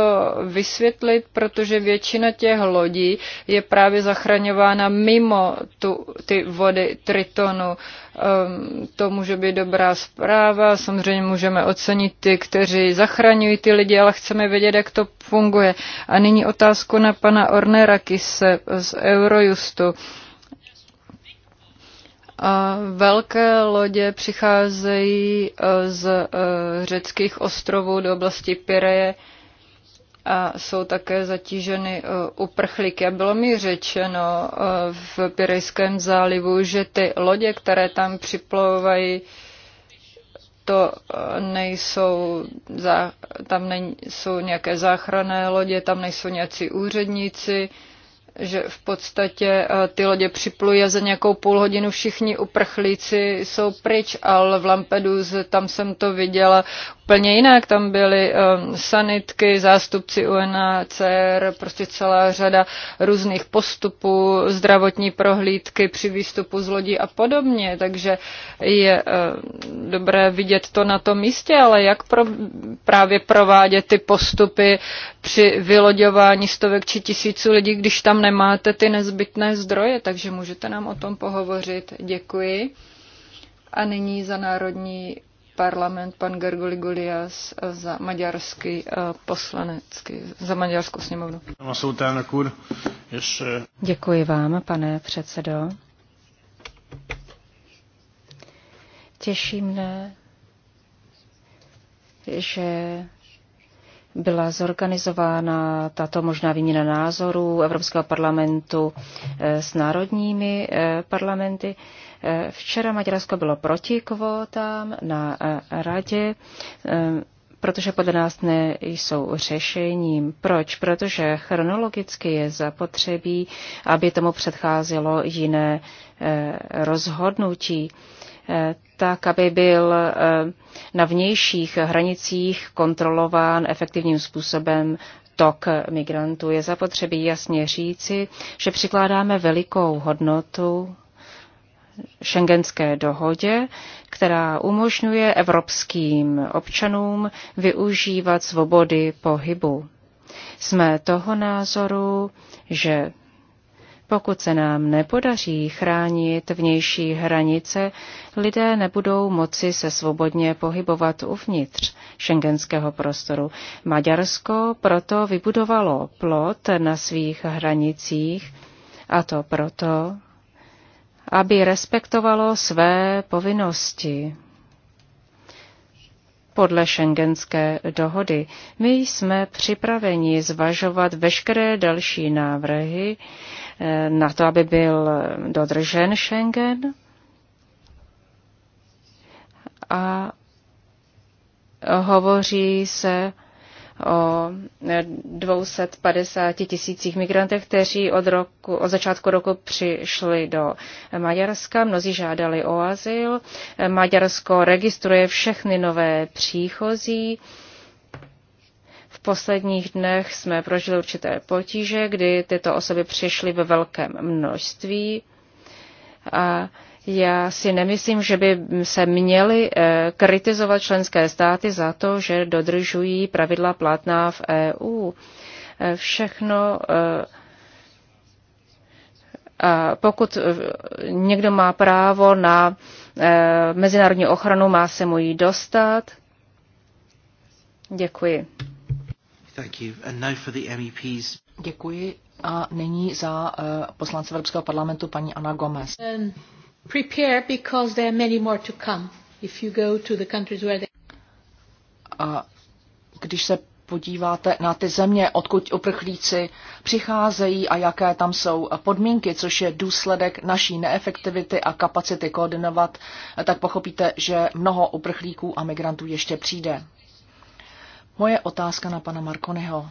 vysvětlit, protože většina těch lodí je právě zachraňována mimo tu, ty vody Tritonu. Um, to může být dobrá zpráva, samozřejmě můžeme ocenit ty, kteří zachraňují ty lidi, ale chceme vědět, jak to funguje. A nyní otázku na pana Ornera Kise z Eurojustu. Velké lodě přicházejí e, z e, řeckých ostrovů do oblasti Pireje a jsou také zatíženy e, uprchlíky. A bylo mi řečeno v Pirejském zálivu, že ty lodě, které tam připlouvají, to nejsou, tam nejsou nějaké záchranné lodě, tam nejsou nějací úředníci, že v podstatě eh, ty lodě připlují za nějakou půl hodinu všichni uprchlíci jsou pryč, ale v Lampeduze tam jsem to viděla úplně jinak. Tam byly ehm, sanitky, zástupci UNHCR, prostě celá řada různých postupů, zdravotní prohlídky při výstupu z lodí a podobně. Takže je eh, dobré vidět to na tom místě, ale jak pro, právě provádět ty postupy při vyloďování stovek či tisíců lidí, když tam ne nemáte ty nezbytné zdroje, takže můžete nám o tom pohovořit. Děkuji. A nyní za Národní parlament pan Gergoli Golias za maďarský eh, poslanecký, za maďarskou sněmovnu. No, eh, Děkuji vám, pane předsedo. Těší mne, že byla zorganizována tato možná výměna názorů Evropského parlamentu eh, s národními eh, parlamenty. Eh, včera Maďarsko bylo proti kvótám na radě, protože podle nás nejsou řešením. Proč? Protože chronologicky je zapotřebí, aby tomu předcházelo jiné rozhodnutí. Eh, tak, aby byl eh, na vnějších hranicích kontrolován efektivním způsobem tok migrantů. Je zapotřebí jasně říci, že přikládáme velikou hodnotu šengenské dohodě, která umožňuje evropským občanům využívat svobody pohybu. Jsme toho názoru, že pokud se nám nepodaří chránit vnější hranice, lidé nebudou moci se svobodně pohybovat uvnitř šengenského prostoru. Maďarsko proto vybudovalo plot na svých hranicích, a to proto, aby respektovalo své povinnosti podle šengenské dohody. My jsme připraveni zvažovat veškeré další návrhy eh, na to, aby byl dodržen Schengen a hovoří se o 250 tisících migrantech, kteří od, roku, od začátku roku přišli do Maďarska. Mnozí žádali o azyl. Maďarsko registruje všechny nové příchozí. V posledních dnech jsme prožili určité potíže, kdy tyto osoby přišly ve velkém množství. A já si nemyslím, že by se měly eh, kritizovat členské státy za to, že dodržují pravidla platná v EU. Eh, všechno eh, a pokud někdo má právo na mezinárodní ochranu, má se mu ji dostat. Děkuji. Děkuji. A nyní za poslance Evropského parlamentu paní Ana Gomez. Um, prepare because there are many more to come if you go to the countries where they... A když se podíváte na ty země, odkud uprchlíci přicházejí a jaké tam jsou podmínky, což je důsledek naší neefektivity a kapacity koordinovat, tak pochopíte, že mnoho uprchlíků a migrantů ještě přijde. Moje otázka na pana Markoneho.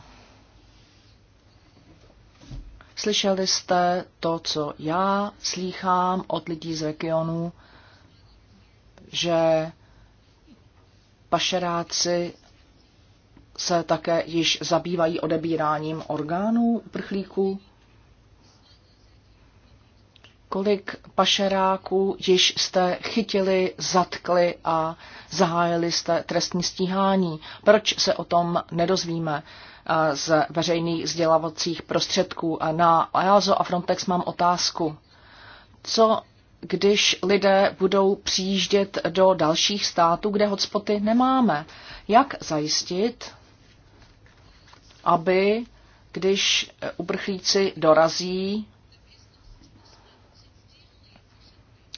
Slyšeli jste to, co já slýchám od lidí z regionu, že pašeráci se také již zabývají odebíráním orgánů uprchlíků. Kolik pašeráků již jste chytili, zatkli a zahájili jste trestní stíhání? Proč se o tom nedozvíme? z veřejných vzdělavacích prostředků. Na EASO a Frontex mám otázku. Co když lidé budou přijíždět do dalších států, kde hotspoty nemáme? Jak zajistit, aby když uprchlíci dorazí,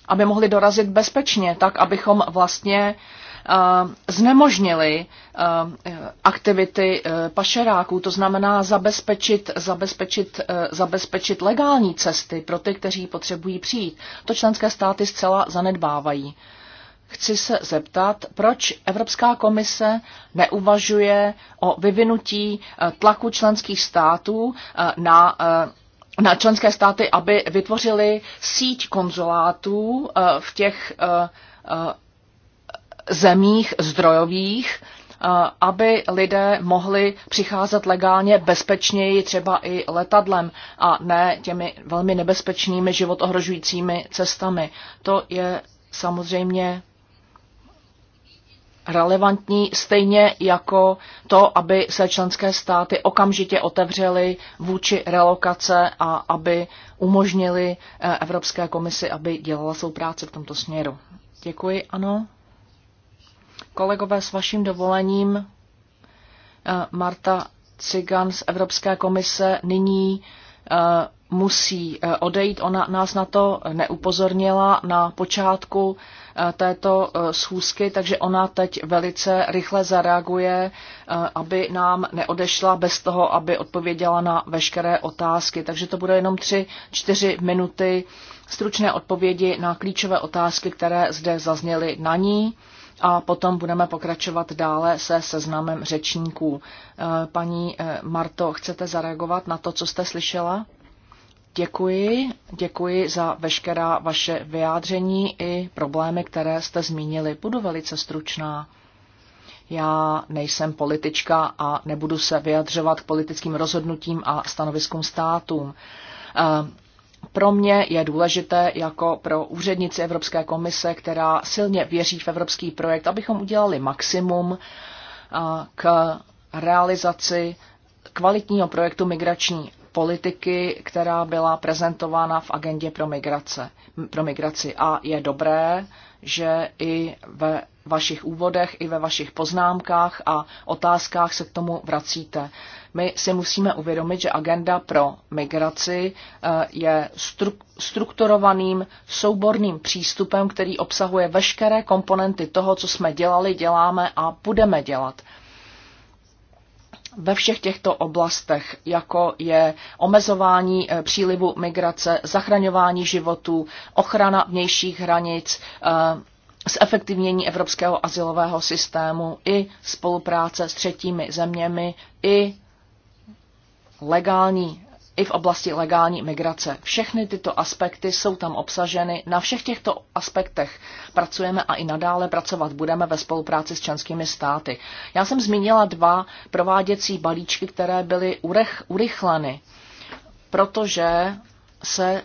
aby mohli dorazit bezpečně, tak abychom vlastně Eh, znemožnili eh, aktivity eh, pašeráků, to znamená zabezpečit, zabezpečit, zabezpečit legální cesty pro ty, kteří potřebují přijít. To členské státy zcela zanedbávají. Chci se zeptat, proč Evropská komise neuvažuje o vyvinutí tlaku členských států na na členské státy, aby vytvořili síť konzulátů v těch zemích zdrojových, eh, aby lidé mohli přicházet legálně bezpečněji třeba i letadlem a ne těmi velmi nebezpečnými životohrožujícími cestami. To je samozřejmě relevantní, stejně jako to, aby se členské státy okamžitě otevřely vůči relokace a aby umožnili eh, Evropské komisi, aby dělala svou práci v tomto směru. Děkuji, ano. Kolegové, s vaším dovolením, eh, Marta Cigan z Evropské komise nyní eh, musí eh, odejít. Ona nás na to neupozornila na počátku této schůzky, takže ona teď velice rychle zareaguje, aby nám neodešla bez toho, aby odpověděla na veškeré otázky. Takže to bude jenom tři, čtyři minuty stručné odpovědi na klíčové otázky, které zde zazněly na ní a potom budeme pokračovat dále se seznamem řečníků. Eh, paní eh, Marto, chcete zareagovat na to, co jste slyšela? Děkuji, děkuji za veškerá vaše vyjádření i problémy, které jste zmínili. Budu velice stručná. Já nejsem politička a nebudu se vyjadřovat k politickým rozhodnutím a stanoviskům státům. Eh, pro mě je důležité jako pro úřednici Evropské komise, která silně věří v evropský projekt, abychom udělali maximum k realizaci kvalitního projektu migrační politiky, která byla prezentována v agendě pro, migrace, pro migraci. A je dobré, že i ve vašich úvodech i ve vašich poznámkách a otázkách se k tomu vracíte. My si musíme uvědomit, že agenda pro migraci eh, je strukturovaným souborným přístupem, který obsahuje veškeré komponenty toho, co jsme dělali, děláme a budeme dělat ve všech těchto oblastech, jako je omezování eh, přílivu migrace, zachraňování životů, ochrana vnějších hranic, eh, zefektivnění evropského asilového systému i spolupráce s třetími zeměmi i legální i v oblasti legální migrace. Všechny tyto aspekty jsou tam obsaženy. Na všech těchto aspektech pracujeme a i nadále pracovat budeme ve spolupráci s členskými státy. Já jsem zmínila dva prováděcí balíčky, které byly urech, urychleny, protože se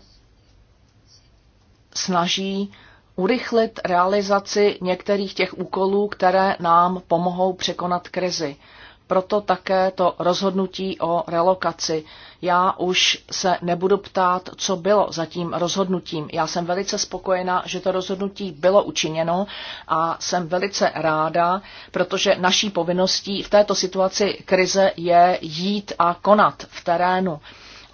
snaží urychlit realizaci některých těch úkolů, které nám pomohou překonat krizi. Proto také to rozhodnutí o relokaci. Já už se nebudu ptát, co bylo za tím rozhodnutím. Já jsem velice spokojená, že to rozhodnutí bylo učiněno a jsem velice ráda, protože naší povinností v této situaci krize je jít a konat v terénu.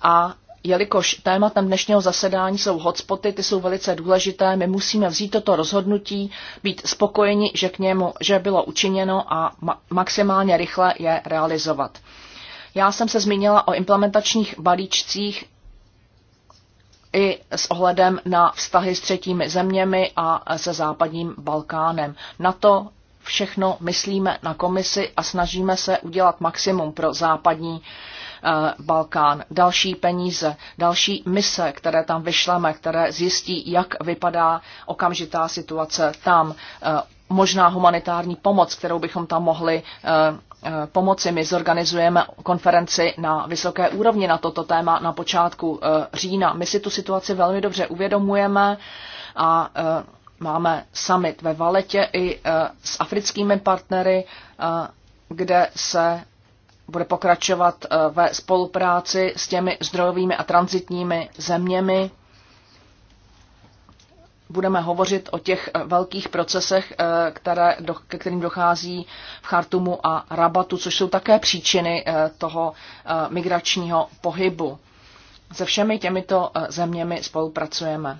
A jelikož tématem dnešního zasedání jsou hotspoty, ty jsou velice důležité, my musíme vzít toto rozhodnutí, být spokojeni, že k němu, že bylo učiněno a ma- maximálně rychle je realizovat. Já jsem se zmínila o implementačních balíčcích i s ohledem na vztahy s třetími zeměmi a se západním Balkánem. Na to všechno myslíme na komisi a snažíme se udělat maximum pro západní Eh, Balkán. Další peníze, další mise, které tam vyšleme, které zjistí, jak vypadá okamžitá situace tam. Eh, možná humanitární pomoc, kterou bychom tam mohli eh, pomoci. My zorganizujeme konferenci na vysoké úrovni na toto téma na počátku října. My si tu situaci velmi dobře uvědomujeme a máme summit ve Valetě i s africkými partnery, kde se bude pokračovat eh, ve spolupráci s těmi zdrojovými a transitními zeměmi. Budeme hovořit o těch eh, velkých procesech, eh, které, ke kterým dochází v Chartumu a Rabatu, což jsou také příčiny toho migračního pohybu. Se všemi těmito zeměmi spolupracujeme.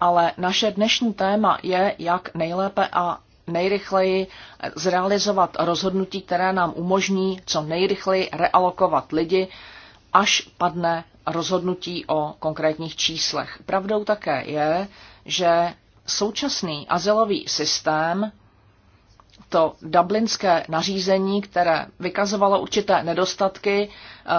Ale naše dnešní téma je, jak nejlépe a nejrychleji zrealizovat rozhodnutí, které nám umožní co nejrychleji realokovat lidi, až padne rozhodnutí o konkrétních číslech. Pravdou také je, že současný azylový systém to dublinské nařízení, které vykazovalo určité nedostatky, eh,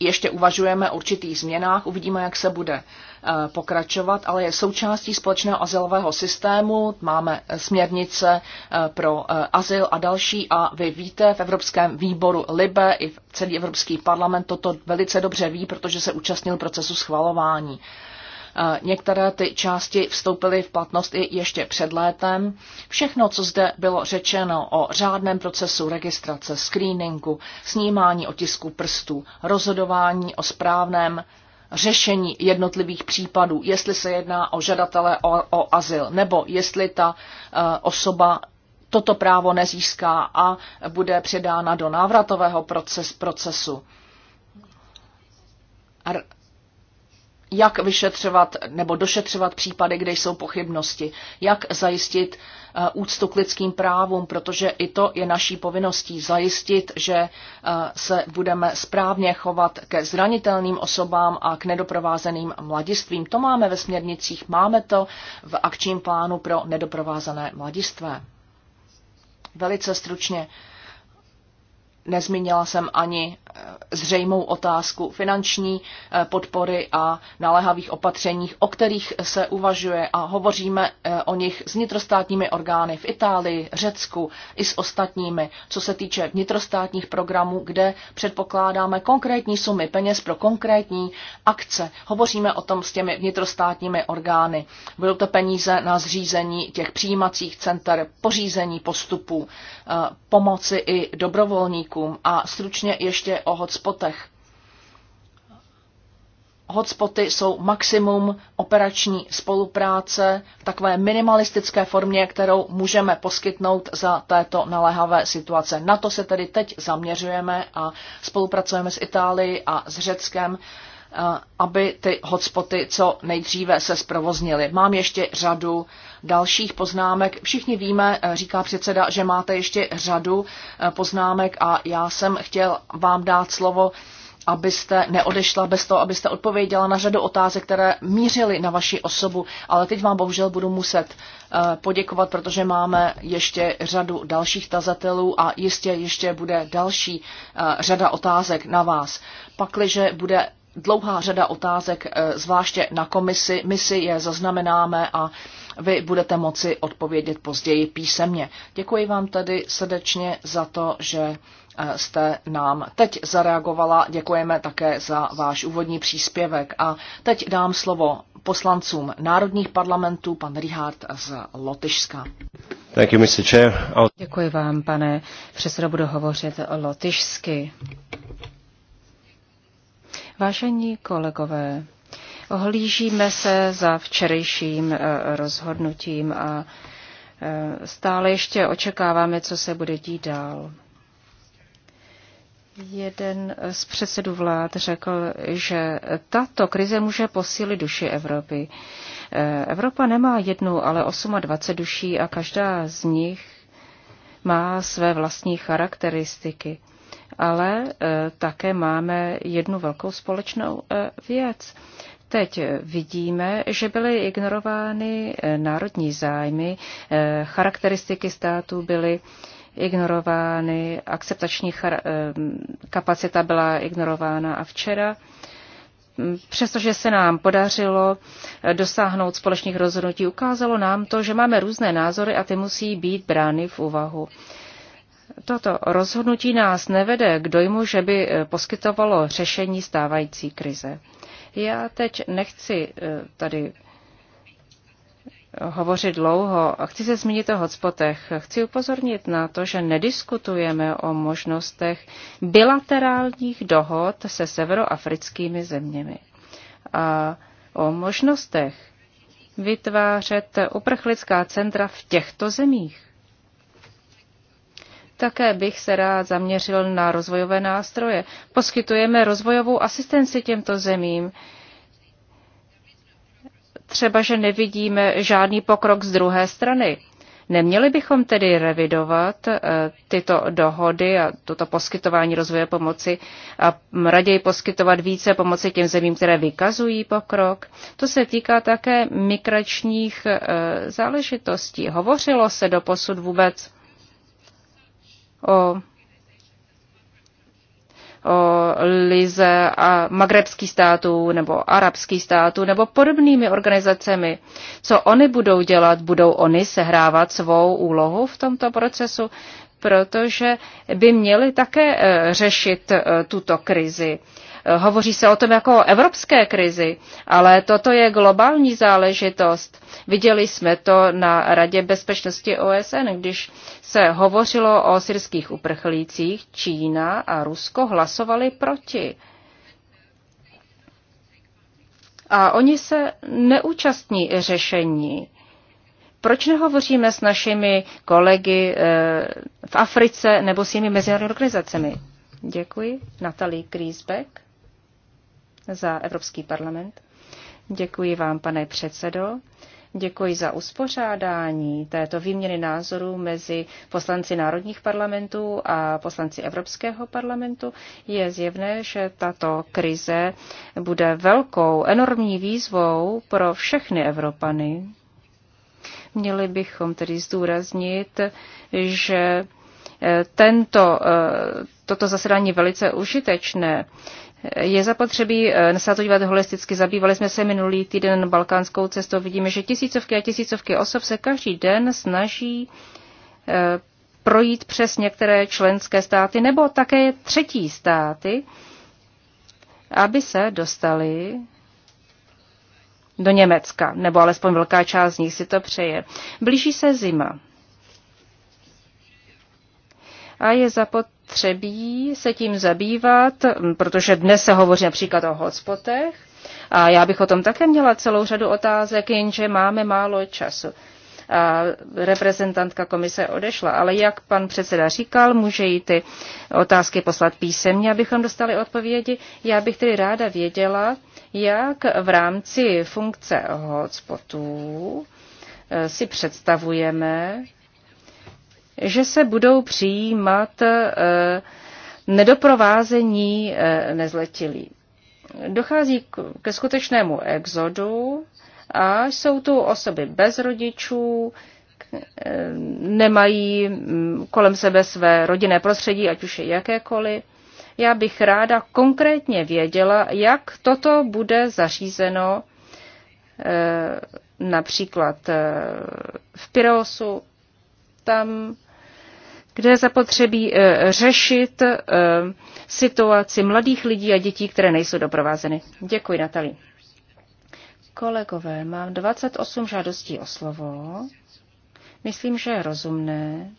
ještě uvažujeme o určitých změnách, uvidíme, jak se bude eh, pokračovat, ale je součástí společného azylového systému. Máme eh, směrnice eh, pro azyl a další a vy víte, v Evropském výboru LIBE i celý Evropský parlament toto velice dobře ví, protože se účastnil procesu schvalování. Eh, některé ty části vstoupily v platnost i ještě před létem. Všechno, co zde bylo řečeno o řádném procesu registrace, screeningu, snímání otisku prstů, rozhodování o správném řešení jednotlivých případů, jestli se jedná o žadatele o, o azyl, nebo jestli ta eh, osoba toto právo nezíská a bude předána do návratového proces, procesu jak vyšetřovat nebo došetřovat případy, kde jsou pochybnosti, jak zajistit eh, úctu k lidským právům, protože i to je naší povinností zajistit, že eh, se budeme správně chovat ke zranitelným osobám a k nedoprovázeným mladistvím. To máme ve směrnicích, máme to v akčním plánu pro nedoprovázané mladistvé. Velice stručně Nezmínila jsem ani eh, zřejmou otázku finanční eh, podpory a naléhavých opatřeních, o kterých se uvažuje a hovoříme eh, o nich s vnitrostátními orgány v Itálii, Řecku i s ostatními, co se týče vnitrostátních programů, kde předpokládáme konkrétní sumy peněz pro konkrétní akce. Hovoříme o tom s těmi vnitrostátními orgány. Budou to peníze na zřízení těch přijímacích center, pořízení postupů, pomoci i dobrovolníků podnikům. A stručně ještě o hotspotech. Hotspoty jsou maximum operační spolupráce v takové minimalistické formě, kterou můžeme poskytnout za této naléhavé situace. Na to se tedy teď zaměřujeme a spolupracujeme s Itálií a s Řeckem Eh, aby ty hotspoty co nejdříve se zprovoznily. Mám ještě řadu dalších poznámek. Všichni víme, eh, říká předseda, že máte ještě řadu eh, poznámek a já jsem chtěl vám dát slovo, abyste neodešla bez toho, abyste odpověděla na řadu otázek, které mířily na vaši osobu, ale teď vám bohužel budu muset poděkovat, protože máme ještě řadu dalších tazatelů a jistě ještě bude další řada otázek na vás. Pakliže bude dlouhá řada otázek, eh, zvláště na komisi. My si je zaznamenáme a vy budete moci odpovědět později písemně. Děkuji vám tedy srdečně za to, že eh, jste nám teď zareagovala. Děkujeme také za váš úvodní příspěvek. A teď dám slovo poslancům národních parlamentů, pan Richard z Lotyšska. Děkuji vám, pane předsedo, budu hovořit lotyšsky. Vážení kolegové, ohlížíme se za včerejším eh, rozhodnutím a eh, stále ještě očekáváme, co se bude dít dál. Jeden z předsedů vlád řekl, že tato krize může posílit duši Evropy. Eh, Evropa nemá jednu, ale 28 duší a každá z nich má své vlastní charakteristiky ale e, také máme jednu velkou společnou e, věc. Teď vidíme, že byly ignorovány e, národní zájmy, charakteristiky států byly ignorovány, akceptační kapacita byla ignorována a včera přestože se nám podařilo dosáhnout společných rozhodnutí, ukázalo nám to, že máme různé názory a ty musí být brány v úvahu. Toto rozhodnutí nás nevede k dojmu, že by eh, poskytovalo řešení stávající krize. Já teď nechci eh, tady eh, hovořit dlouho a chci se zmínit o hotspotech. Chci upozornit na to, že nediskutujeme o možnostech bilaterálních dohod se severoafrickými zeměmi a o možnostech vytvářet uprchlická centra v těchto zemích. Také bych se rád zaměřil na rozvojové nástroje. Poskytujeme rozvojovou asistenci těmto zemím. Třeba, že nevidíme žádný pokrok z druhé strany. Neměli bychom tedy revidovat eh, tyto dohody a toto poskytování rozvoje pomoci a raději poskytovat více pomoci těm zemím, které vykazují pokrok. To se týká také migračních eh, záležitostí. Hovořilo se do posud vůbec o, o lize a magrebský států nebo arabský států nebo podobnými organizacemi. Co oni budou dělat? Budou oni sehrávat svou úlohu v tomto procesu? protože by měli také e, řešit e, tuto krizi. Eh, hovoří se o tom jako o evropské krizi, ale toto je globální záležitost. Viděli jsme to na Radě bezpečnosti OSN, když se hovořilo o syrských uprchlících, Čína a Rusko hlasovali proti. A oni se neúčastní řešení proč nehovoříme s našimi kolegy eh, v Africe nebo s jinými mezinárodními organizacemi? Děkuji. Natalie Griesbeck za Evropský parlament. Děkuji vám, pane předsedo. Děkuji za uspořádání této výměny názorů mezi poslanci národních parlamentů a poslanci Evropského parlamentu. Je zjevné, že tato krize bude velkou, enormní výzvou pro všechny Evropany. Měli bychom tedy zdůraznit, že eh, tento, eh, toto zasedání velice užitečné. Je zapotřebí eh, se to dívat holisticky. Zabývali jsme se minulý týden balkánskou cestou. Vidíme, že tisícovky a tisícovky osob se každý den snaží eh, projít přes některé členské státy nebo také třetí státy, aby se dostali do Německa, nebo alespoň velká část z nich si to přeje. Blíží se zima. A je zapotřebí zapotřebí se tím zabývat, protože dnes se hovoří například o hotspotech a já bych o tom také měla celou řadu otázek, jenže máme málo času. A reprezentantka komise odešla, ale jak pan předseda říkal, může jí ty otázky poslat písemně, abychom dostali odpovědi. Já bych tedy ráda věděla, jak v rámci funkce hotspotů eh, si představujeme že se budou přijímat eh, nedoprovázení eh, nezletilí. Dochází ke skutečnému exodu a jsou tu osoby bez rodičů, eh, nemají mm, kolem sebe své rodinné prostředí, ať už je jakékoliv. Já bych ráda konkrétně věděla, jak toto bude zařízeno například v Pyreosu. Tam kde je zapotřebí eh, řešit eh, situaci mladých lidí a dětí, které nejsou doprovázeny. Děkuji, Natali. Kolegové, mám 28 žádostí o slovo. Myslím, že je rozumné,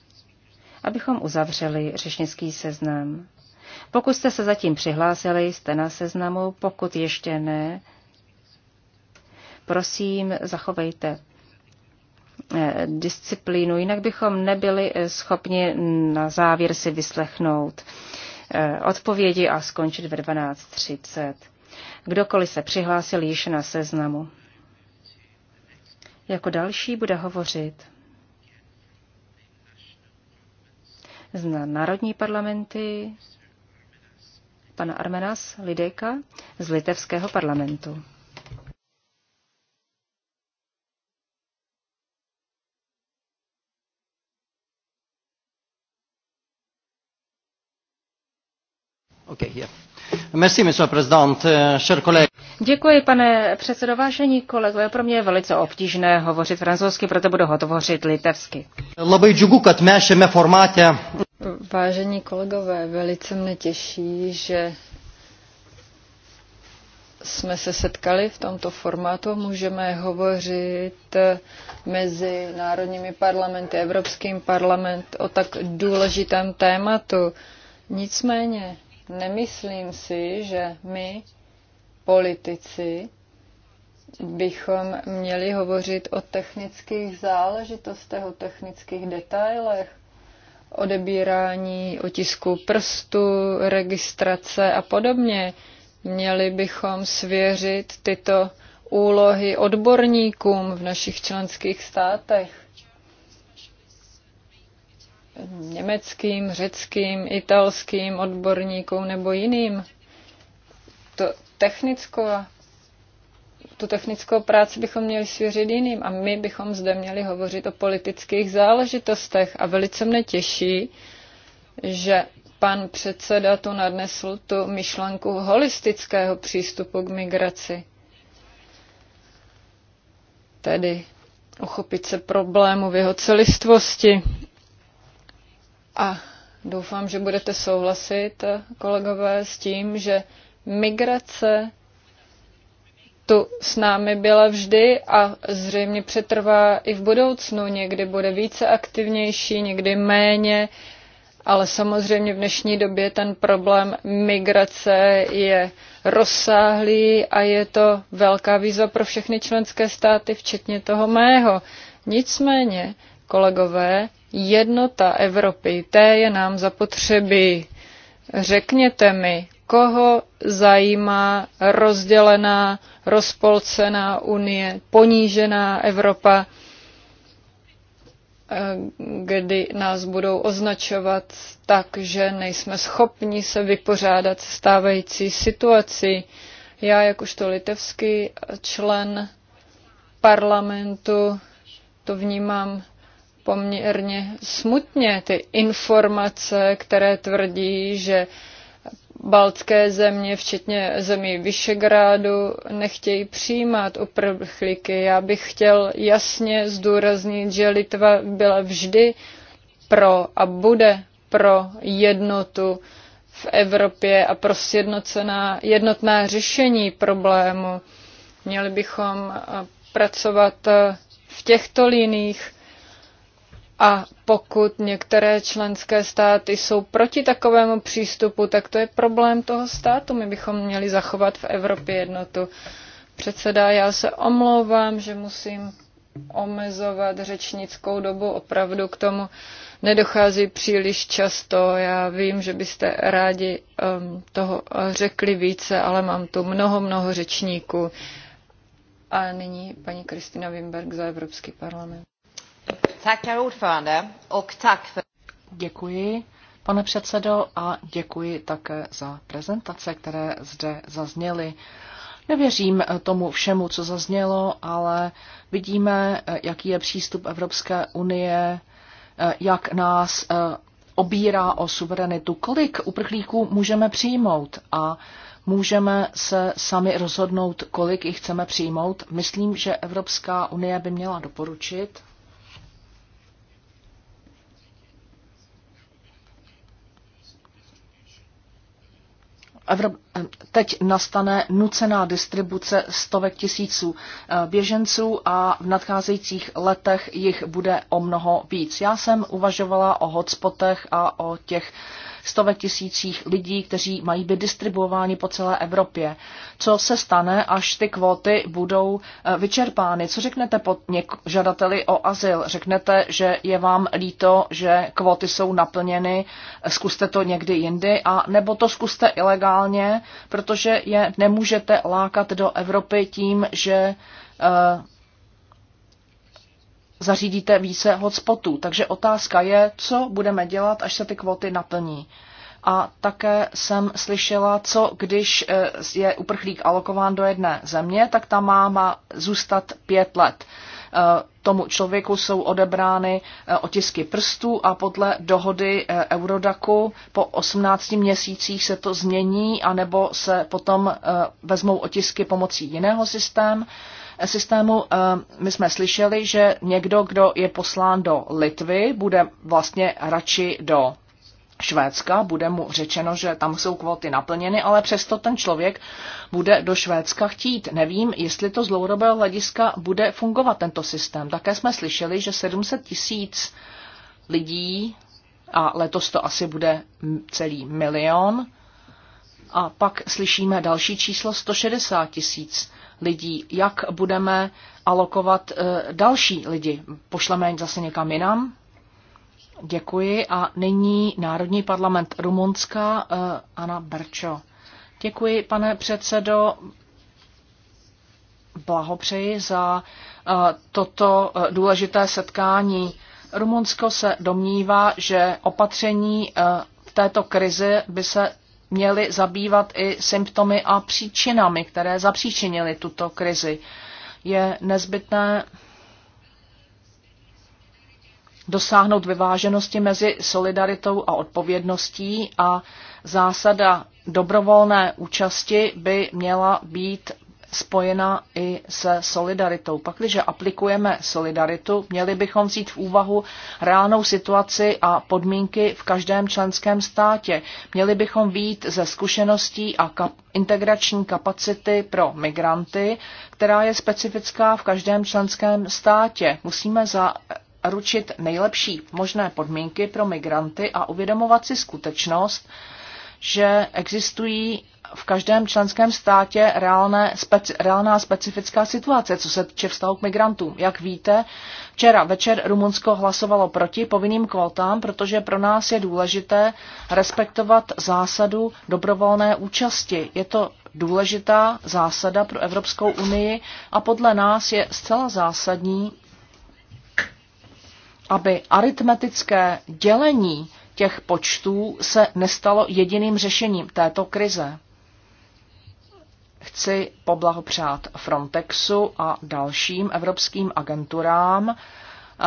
abychom uzavřeli řečnický seznam. Pokud jste se zatím přihlásili, jste na seznamu, pokud ještě ne, prosím, zachovejte Eh, disciplínu, jinak bychom nebyli eh, schopni na závěr si vyslechnout eh, odpovědi a skončit ve 12.30. Kdokoliv se přihlásil již na seznamu. Jako další bude hovořit z národní parlamenty pan Armenas Lidejka z litevského parlamentu. Okay, yeah. Merci, monsieur président, eh, cher collègue. Děkuji, pane předsedo. Vážení kolegové, pro mě je velice obtížné hovořit francouzsky, proto budu hovořit litevsky. Labai džiugu, kad mes šiame formate. Vážení kolegové, velice mne těší, že jsme se setkali v tomto formátu. Můžeme hovořit mezi národními parlamenty, Evropským parlament o tak důležitém tématu. Nicméně Nemyslím si, že my, politici, bychom měli hovořit o technických záležitostech, o technických detailech, odebírání otisku prstu, registrace a podobně. Měli bychom svěřit tyto úlohy odborníkům v našich členských státech německým, řeckým, italským odborníkům nebo jiným. To technickou, tu technickou práci bychom měli svěřit jiným a my bychom zde měli hovořit o politických záležitostech. A velice mne těší, že pan předseda tu nadnesl tu myšlenku holistického přístupu k migraci. Tedy uchopit se problému v jeho celistvosti. A doufám, že budete souhlasit, kolegové, s tím, že migrace tu s námi byla vždy a zřejmě přetrvá i v budoucnu. Někdy bude více aktivnější, někdy méně, ale samozřejmě v dnešní době ten problém migrace je rozsáhlý a je to velká výzva pro všechny členské státy, včetně toho mého. Nicméně Kolegové, jednota Evropy, té je nám zapotřebí. Řekněte mi, koho zajímá rozdělená, rozpolcená unie, ponížená Evropa, eh, kdy nás budou označovat tak, že nejsme schopni se vypořádat stávající situaci. Já jakožto litevský člen parlamentu to vnímám poměrně smutně ty informace, které tvrdí, že baltské země, včetně zemí Vyšegrádu, nechtějí přijímat uprchlíky. Já bych chtěl jasně zdůraznit, že Litva byla vždy pro a bude pro jednotu v Evropě a pro sjednocená, jednotná řešení problému. Měli bychom eh, pracovat eh, v těchto liních a pokud některé členské státy jsou proti takovému přístupu, tak to je problém toho státu. My bychom měli zachovat v Evropě jednotu. Předseda, já se omlouvám, že musím omezovat řečnickou dobu. Opravdu k tomu nedochází příliš často. Já vím, že byste rádi um, toho řekli více, ale mám tu mnoho, mnoho řečníků. A nyní paní Kristina Wimberg za Evropský parlament. Děkuji, pane předsedo, a děkuji také za prezentace, které zde zazněly. Nevěřím eh, tomu všemu, co zaznělo, ale vidíme, eh, jaký je přístup Evropské unie, eh, jak nás obírá o suverenitu, kolik uprchlíků můžeme přijmout a můžeme se sami rozhodnout, kolik jich chceme přijmout. Myslím, že Evropská unie by měla doporučit Eh, teď nastane nucená distribuce stovek tisíců eh, běženců a v nadcházejících letech jich bude o mnoho víc. Já jsem uvažovala o hotspotech a o těch uh, stovek tisících lidí, kteří mají být distribuováni po celé Evropě. Co se stane, až ty kvóty budou eh, vyčerpány? Co řeknete pod něk- žadateli o azyl? Řeknete, že je vám líto, že kvóty jsou naplněny, eh, zkuste to někdy jindy, a nebo to zkuste ilegálně, protože je nemůžete lákat do Evropy tím, že eh, zařídíte více hotspotů. Takže otázka je, co budeme dělat, až se ty kvóty naplní. A také jsem slyšela, co když eh, je uprchlík alokován do jedné země, tak ta má, má zůstat pět let. Eh, tomu člověku jsou odebrány eh, otisky prstů a podle dohody Eurodaku po 18 měsících se to změní, anebo se potom vezmou otisky pomocí jiného systému systému eh, my jsme slyšeli, že někdo, kdo je poslán do Litvy, bude vlastně radši do Švédska, bude mu řečeno, že tam jsou kvóty naplněny, ale přesto ten člověk bude do Švédska chtít. Nevím, jestli to z dlouhodobého hlediska bude fungovat tento systém. Také jsme slyšeli, že 700 tisíc lidí, a letos to asi bude celý milion, a pak slyšíme další číslo 160 tisíc lidí, jak budeme alokovat eh, další lidi. Pošleme je zase někam jinam? Děkuji a nyní Národní parlament Rumunska eh, Ana Berčo. Děkuji, pane předsedo. Blahopřeji za eh, toto důležité setkání. Rumunsko se domnívá, že opatření v této krizi by se měli zabývat i symptomy a příčinami, které zapříčinily tuto krizi. Je nezbytné dosáhnout vyváženosti mezi solidaritou a odpovědností a zásada dobrovolné účasti by měla být spojena i se solidaritou. Pak, když aplikujeme solidaritu, měli bychom vzít v úvahu reálnou situaci a podmínky v každém členském státě. Měli bychom výjít ze zkušeností a kap- integrační kapacity pro migranty, která je specifická v každém členském státě. Musíme za ručit nejlepší možné podmínky pro migranty a uvědomovat si skutečnost, že existují v každém členském státě reálné, speci, reálná specifická situace, co se týče vztahu k migrantům. Jak víte, včera večer Rumunsko hlasovalo proti povinným kvótám, protože pro nás je důležité respektovat zásadu dobrovolné účasti. Je to důležitá zásada pro Evropskou unii a podle nás je zcela zásadní, aby aritmetické dělení těch počtů se nestalo jediným řešením této krize chci poblahopřát Frontexu a dalším evropským agenturám eh,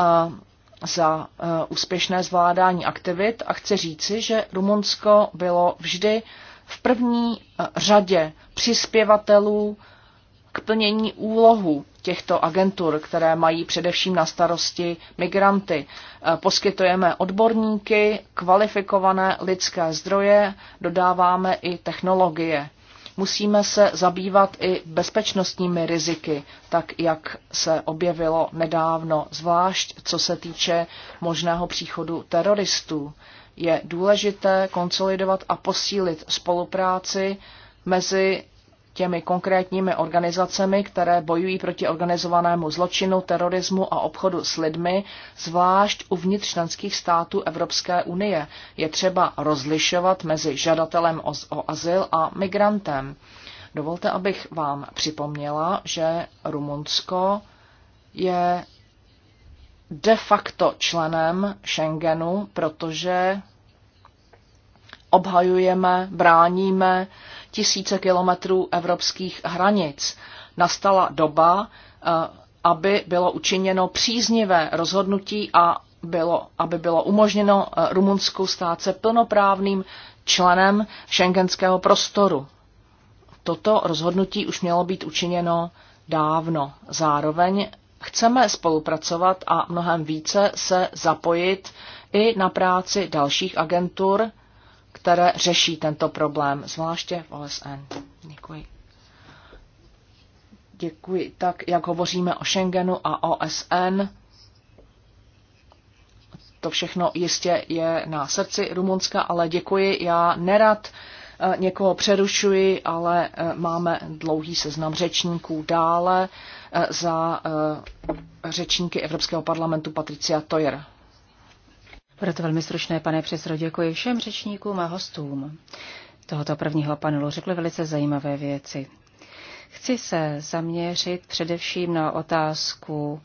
za eh, úspěšné zvládání aktivit a chci říci, že Rumunsko bylo vždy v první eh, řadě přispěvatelů k plnění úlohu těchto agentur, které mají především na starosti migranty. Poskytujeme odborníky, kvalifikované lidské zdroje, dodáváme i technologie. Musíme se zabývat i bezpečnostními riziky, tak jak se objevilo nedávno, zvlášť co se týče možného příchodu teroristů. Je důležité konsolidovat a posílit spolupráci mezi těmi konkrétními organizacemi, které bojují proti organizovanému zločinu, terorismu a obchodu s lidmi, zvlášť uvnitř členských států Evropské unie. Je třeba rozlišovat mezi žadatelem o, o azyl a migrantem. Dovolte, abych vám připomněla, že Rumunsko je de facto členem Schengenu, protože obhajujeme, bráníme tisíce kilometrů evropských hranic. Nastala doba, eh, aby bylo učiněno příznivé rozhodnutí a bylo, aby bylo umožněno eh, Rumunsku stát se plnoprávným členem šengenského prostoru. Toto rozhodnutí už mělo být učiněno dávno. Zároveň chceme spolupracovat a mnohem více se zapojit i na práci dalších agentur, které řeší tento problém, zvláště v OSN. Děkuji. Děkuji. Tak, jak hovoříme o Schengenu a OSN, to všechno jistě je na srdci Rumunska, ale děkuji. Já nerad eh, někoho přerušuji, ale eh, máme dlouhý seznam řečníků dále eh, za řečníky Evropského parlamentu Patricia Tojer. Bude to velmi stručné, pane předsedo. Děkuji všem řečníkům a hostům tohoto prvního panelu. Řekli velice zajímavé věci. Chci se zaměřit především na otázku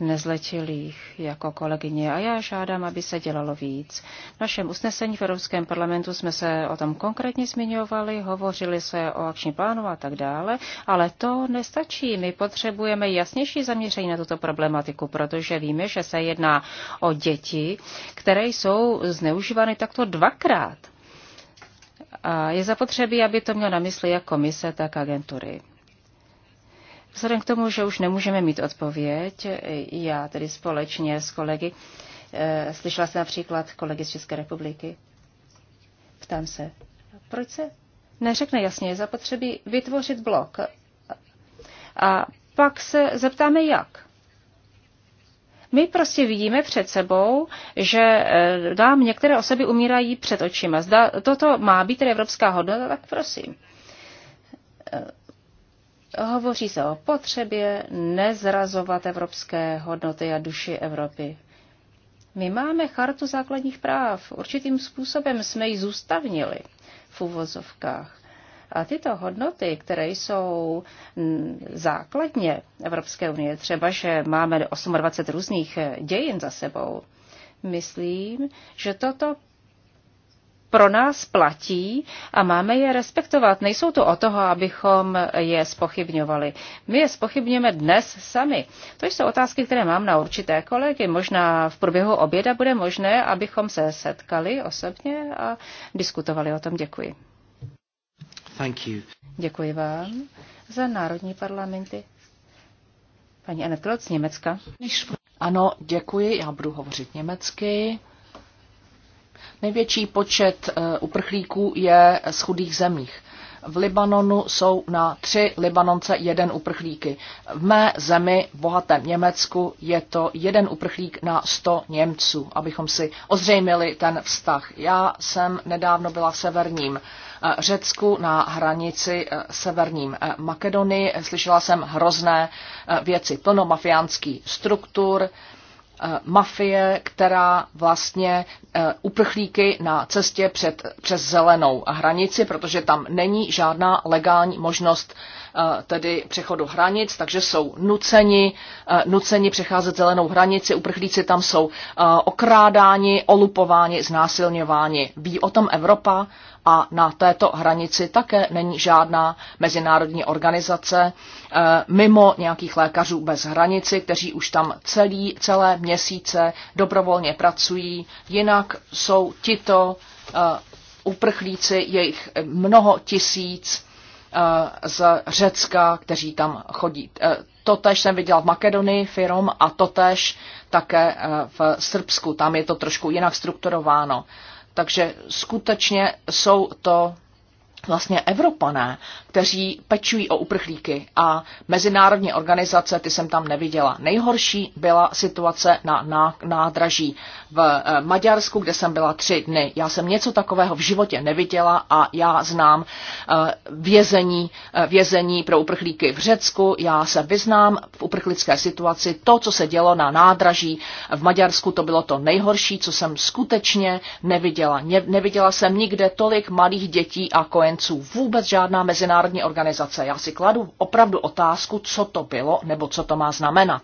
nezletilých jako kolegyně a já žádám, aby se dělalo víc. V našem usnesení v Evropském parlamentu jsme se o tom konkrétně zmiňovali, hovořili se o akční plánu a tak dále, ale to nestačí. My potřebujeme jasnější zaměření na tuto problematiku, protože víme, že se jedná o děti, které jsou zneužívány takto dvakrát. A je zapotřebí, aby to měl na mysli jak komise, tak agentury. Vzhledem k tomu, že už nemůžeme mít odpověď, já tedy společně s kolegy, eh, slyšela jsem například kolegy z České republiky, ptám se, proč se neřekne jasně, je zapotřebí vytvořit blok. A pak se zeptáme, jak. My prostě vidíme před sebou, že eh, nám některé osoby umírají před očima. Zda toto má být tedy evropská hodnota, tak prosím. Eh, Hovoří se o potřebě nezrazovat evropské hodnoty a duši Evropy. My máme chartu základních práv, určitým způsobem jsme ji zůstavnili v uvozovkách. A tyto hodnoty, které jsou základně Evropské unie, třeba že máme 28 různých dějin za sebou, myslím, že toto pro nás platí a máme je respektovat. Nejsou to o toho, abychom je spochybňovali. My je spochybňujeme dnes sami. To jsou otázky, které mám na určité kolegy. Možná v průběhu oběda bude možné, abychom se setkali osobně a diskutovali o tom. Děkuji. Thank you. Děkuji vám za národní parlamenty. Paní Anet Kloc, Německa. Ano, děkuji, já budu hovořit německy. Největší počet eh, uprchlíků je z chudých zemích. V Libanonu jsou na tři Libanonce jeden uprchlíky. V mé zemi, v bohatém Německu, je to jeden uprchlík na sto Němců, abychom si ozřejmili ten vztah. Já jsem nedávno byla v severním eh, Řecku na hranici eh, severním Makedonii. Slyšela jsem hrozné věci, plno mafiánských struktur, Eh, mafie, která vlastně eh, uprchlíky na cestě před, přes zelenou hranici, protože tam není žádná legální možnost Eh, tedy přechodu hranic, takže jsou nuceni, eh, nuceni přecházet zelenou hranici, uprchlíci tam jsou eh, okrádáni, olupováni, znásilňováni. Ví o tom Evropa a na této hranici také není žádná mezinárodní organizace mimo nějakých lékařů bez hranici, kteří už tam celý, celé měsíce dobrovolně pracují. Jinak jsou tito uprchlíci, jejich mnoho tisíc, Eh, z Řecka, kteří tam chodí. Eh, totež jsem viděla v Makedonii firm a totež také eh, v Srbsku. Tam je to trošku jinak strukturováno. Takže skutečně jsou to vlastně Evropané, kteří pečují o uprchlíky a mezinárodní organizace ty jsem tam neviděla. Nejhorší byla situace na nádraží v eh, Maďarsku, kde jsem byla tři dny. Já jsem něco takového v životě neviděla a já znám eh, vězení, eh, vězení pro uprchlíky v Řecku. Já se vyznám v uprchlické situaci. To, co se dělo na nádraží v Maďarsku, to bylo to nejhorší, co jsem skutečně neviděla. Neviděla jsem nikde tolik malých dětí a kojenců. Vůbec žádná mezinárodní mezinárodní organizace. Já si kladu opravdu otázku, co to bylo nebo co to má znamenat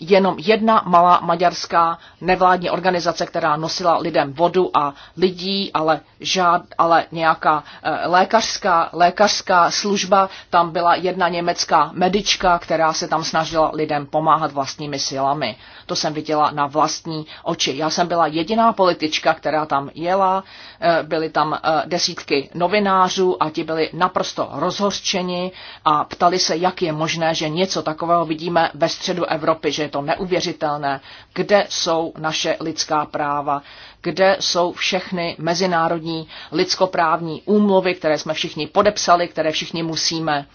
jenom jedna malá maďarská nevládní organizace, která nosila lidem vodu a lidí, ale, žád, ale nějaká eh, lékařská, lékařská služba. Tam byla jedna německá medička, která se tam snažila lidem pomáhat vlastními silami. To jsem viděla na vlastní oči. Já jsem byla jediná politička, která tam jela. Eh, byly tam eh, desítky novinářů a ti byli naprosto rozhořčeni a ptali se, jak je možné, že něco takového vidíme ve středu Evropy, že to neuvěřitelné. Kde jsou naše lidská práva? Kde jsou všechny mezinárodní lidskoprávní úmluvy, které jsme všichni podepsali, které všichni musíme,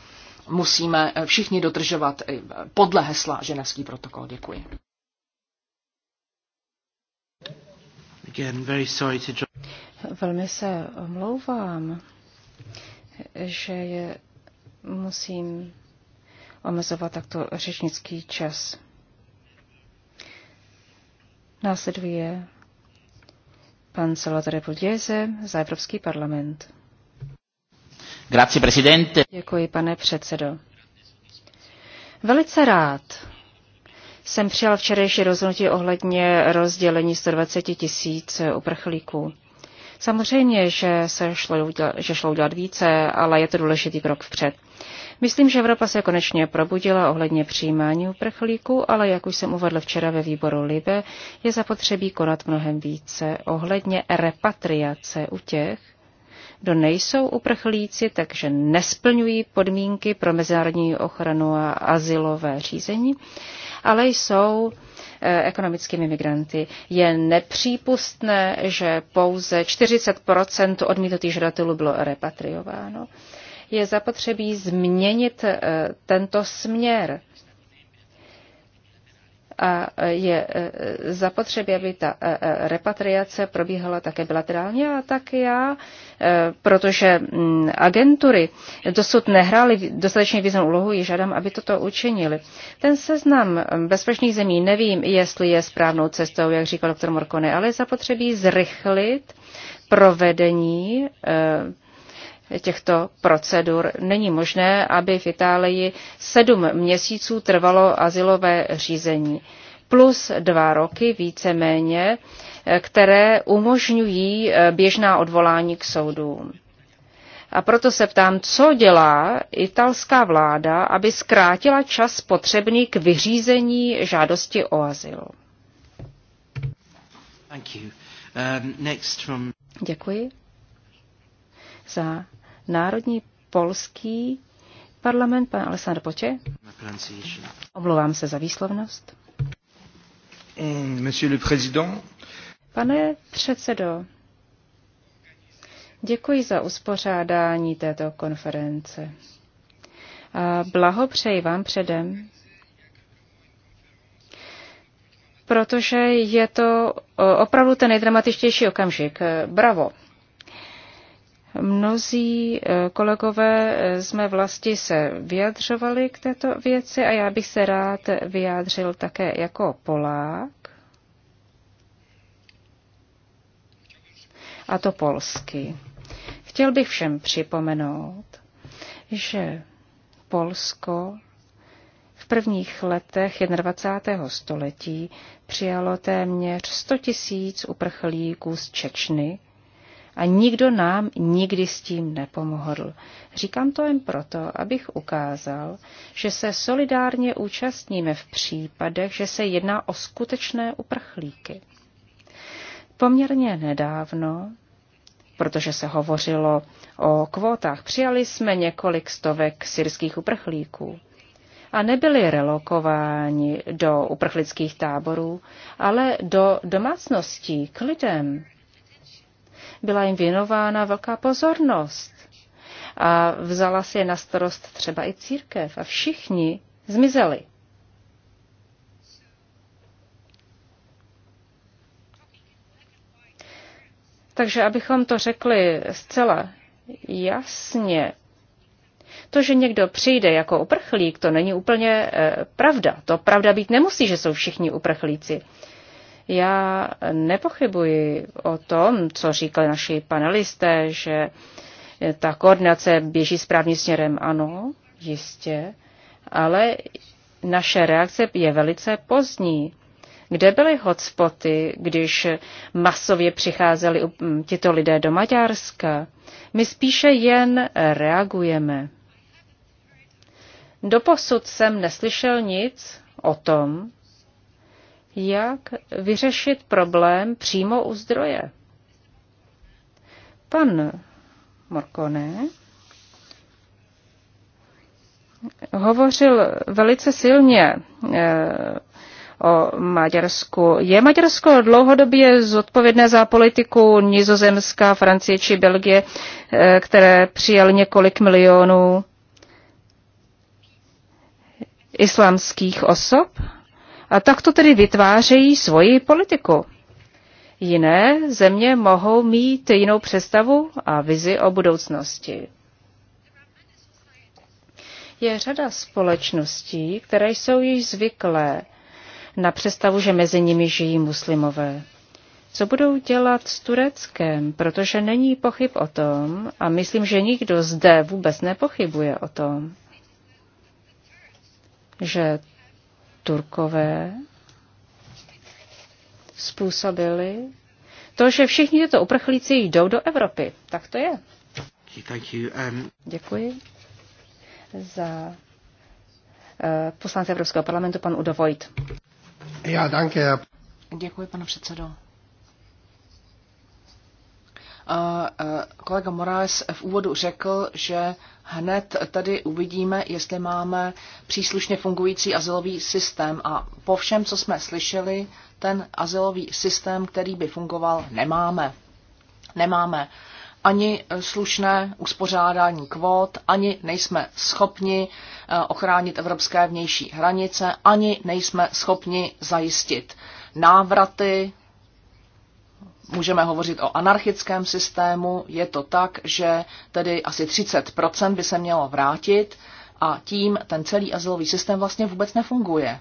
musíme eh, všichni dodržovat eh, podle hesla Ženevský protokol? Děkuji. Velmi se omlouvám, že je, musím omezovat takto řečnický čas. Následuje pan Salvatore Pugliese za Evropský parlament. Grazie, presidente. Děkuji, pane předsedo. Velice rád jsem přijal včerejší rozhodnutí ohledně rozdělení 120 tisíc uprchlíků. Samozřejmě, že, se šlo udělat, že šlo udělat více, ale je to důležitý krok vpřed. Myslím, že Evropa se konečně probudila ohledně přijímání uprchlíků, ale jak už jsem uvedl včera ve výboru Libe, je zapotřebí konat mnohem více ohledně repatriace u těch, kdo nejsou uprchlíci, takže nesplňují podmínky pro mezinárodní ochranu a asilové řízení, ale jsou eh, ekonomickými migranty. Je nepřípustné, že pouze 40 odmítnutých žadatelů bylo repatriováno. Je zapotřebí změnit eh, tento směr a je e, zapotřebí, aby ta e, e, repatriace probíhala také bilaterálně a tak já, protože mm, agentury dosud nehrály dostatečně významnou úlohu, ji žádám, aby toto učinili. Ten seznam bezpečných zemí, nevím, jestli je správnou cestou, jak říkal doktor Morkone, ale je zapotřebí zrychlit provedení těchto procedur. Není možné, aby v Itálii sedm měsíců trvalo asilové řízení plus dva roky víceméně, které umožňují eh, běžná odvolání k soudům. A proto se ptám, co dělá italská vláda, aby zkrátila čas potřebný k vyřízení žádosti o azyl. Um, Děkuji za Národní polský parlament, pan Alessandro Poče. Omlouvám se za výslovnost. Mm, monsieur le président. Pane předsedo, děkuji za uspořádání této konference. A blahopřeji vám předem, protože je to opravdu ten nejdramatičtější okamžik. Bravo. Mnozí eh, kolegové eh, z mé vlasti se vyjadřovali k této věci a já bych se rád vyjádřil také jako Polák. A to polsky. Chtěl bych všem připomenout, že Polsko v prvních letech 21. století přijalo téměř 100 tisíc uprchlíků z Čečny, a nikdo nám nikdy s tím nepomohl. Říkám to jen proto, abych ukázal, že se solidárně účastníme v případech, že se jedná o skutečné uprchlíky. Poměrně nedávno, protože se hovořilo o kvótách, přijali jsme několik stovek syrských uprchlíků a nebyli relokováni do uprchlických táborů, ale do domácností k lidem byla jim věnována velká pozornost. A vzala si je na starost třeba i církev a všichni zmizeli. Takže abychom to řekli zcela jasně, to, že někdo přijde jako uprchlík, to není úplně eh, pravda. To pravda být nemusí, že jsou všichni uprchlíci. Já nepochybuji o tom, co říkali naši panelisté, že ta koordinace běží správným směrem, ano, jistě, ale naše reakce je velice pozdní. Kde byly hotspoty, když masově přicházeli tito lidé do Maďarska? My spíše jen reagujeme. Doposud jsem neslyšel nic o tom, jak vyřešit problém přímo u zdroje. Pan Morkone hovořil velice silně eh, o Maďarsku. Je Maďarsko dlouhodobě zodpovědné za politiku Nizozemská, Francie či Belgie, eh, které přijali několik milionů islámských osob? A takto tedy vytvářejí svoji politiku. Jiné země mohou mít jinou představu a vizi o budoucnosti. Je řada společností, které jsou již zvyklé na představu, že mezi nimi žijí muslimové. Co budou dělat s Tureckem, protože není pochyb o tom, a myslím, že nikdo zde vůbec nepochybuje o tom, že Turkové způsobili to, že všichni tyto uprchlíci jdou do Evropy. Tak to je. Um, Děkuji za eh, poslance Evropského parlamentu, pan Udo Vojt. Já, danke. Děkuji, pane předsedo kolega Moraes v úvodu řekl, že hned tady uvidíme, jestli máme příslušně fungující azylový systém. A po všem, co jsme slyšeli, ten azylový systém, který by fungoval, nemáme. Nemáme ani slušné uspořádání kvót, ani nejsme schopni eh, ochránit evropské vnější hranice, ani nejsme schopni zajistit návraty můžeme hovořit o anarchickém systému. Je to tak, že tedy asi 30% by se mělo vrátit a tím ten celý azylový systém vlastně vůbec nefunguje.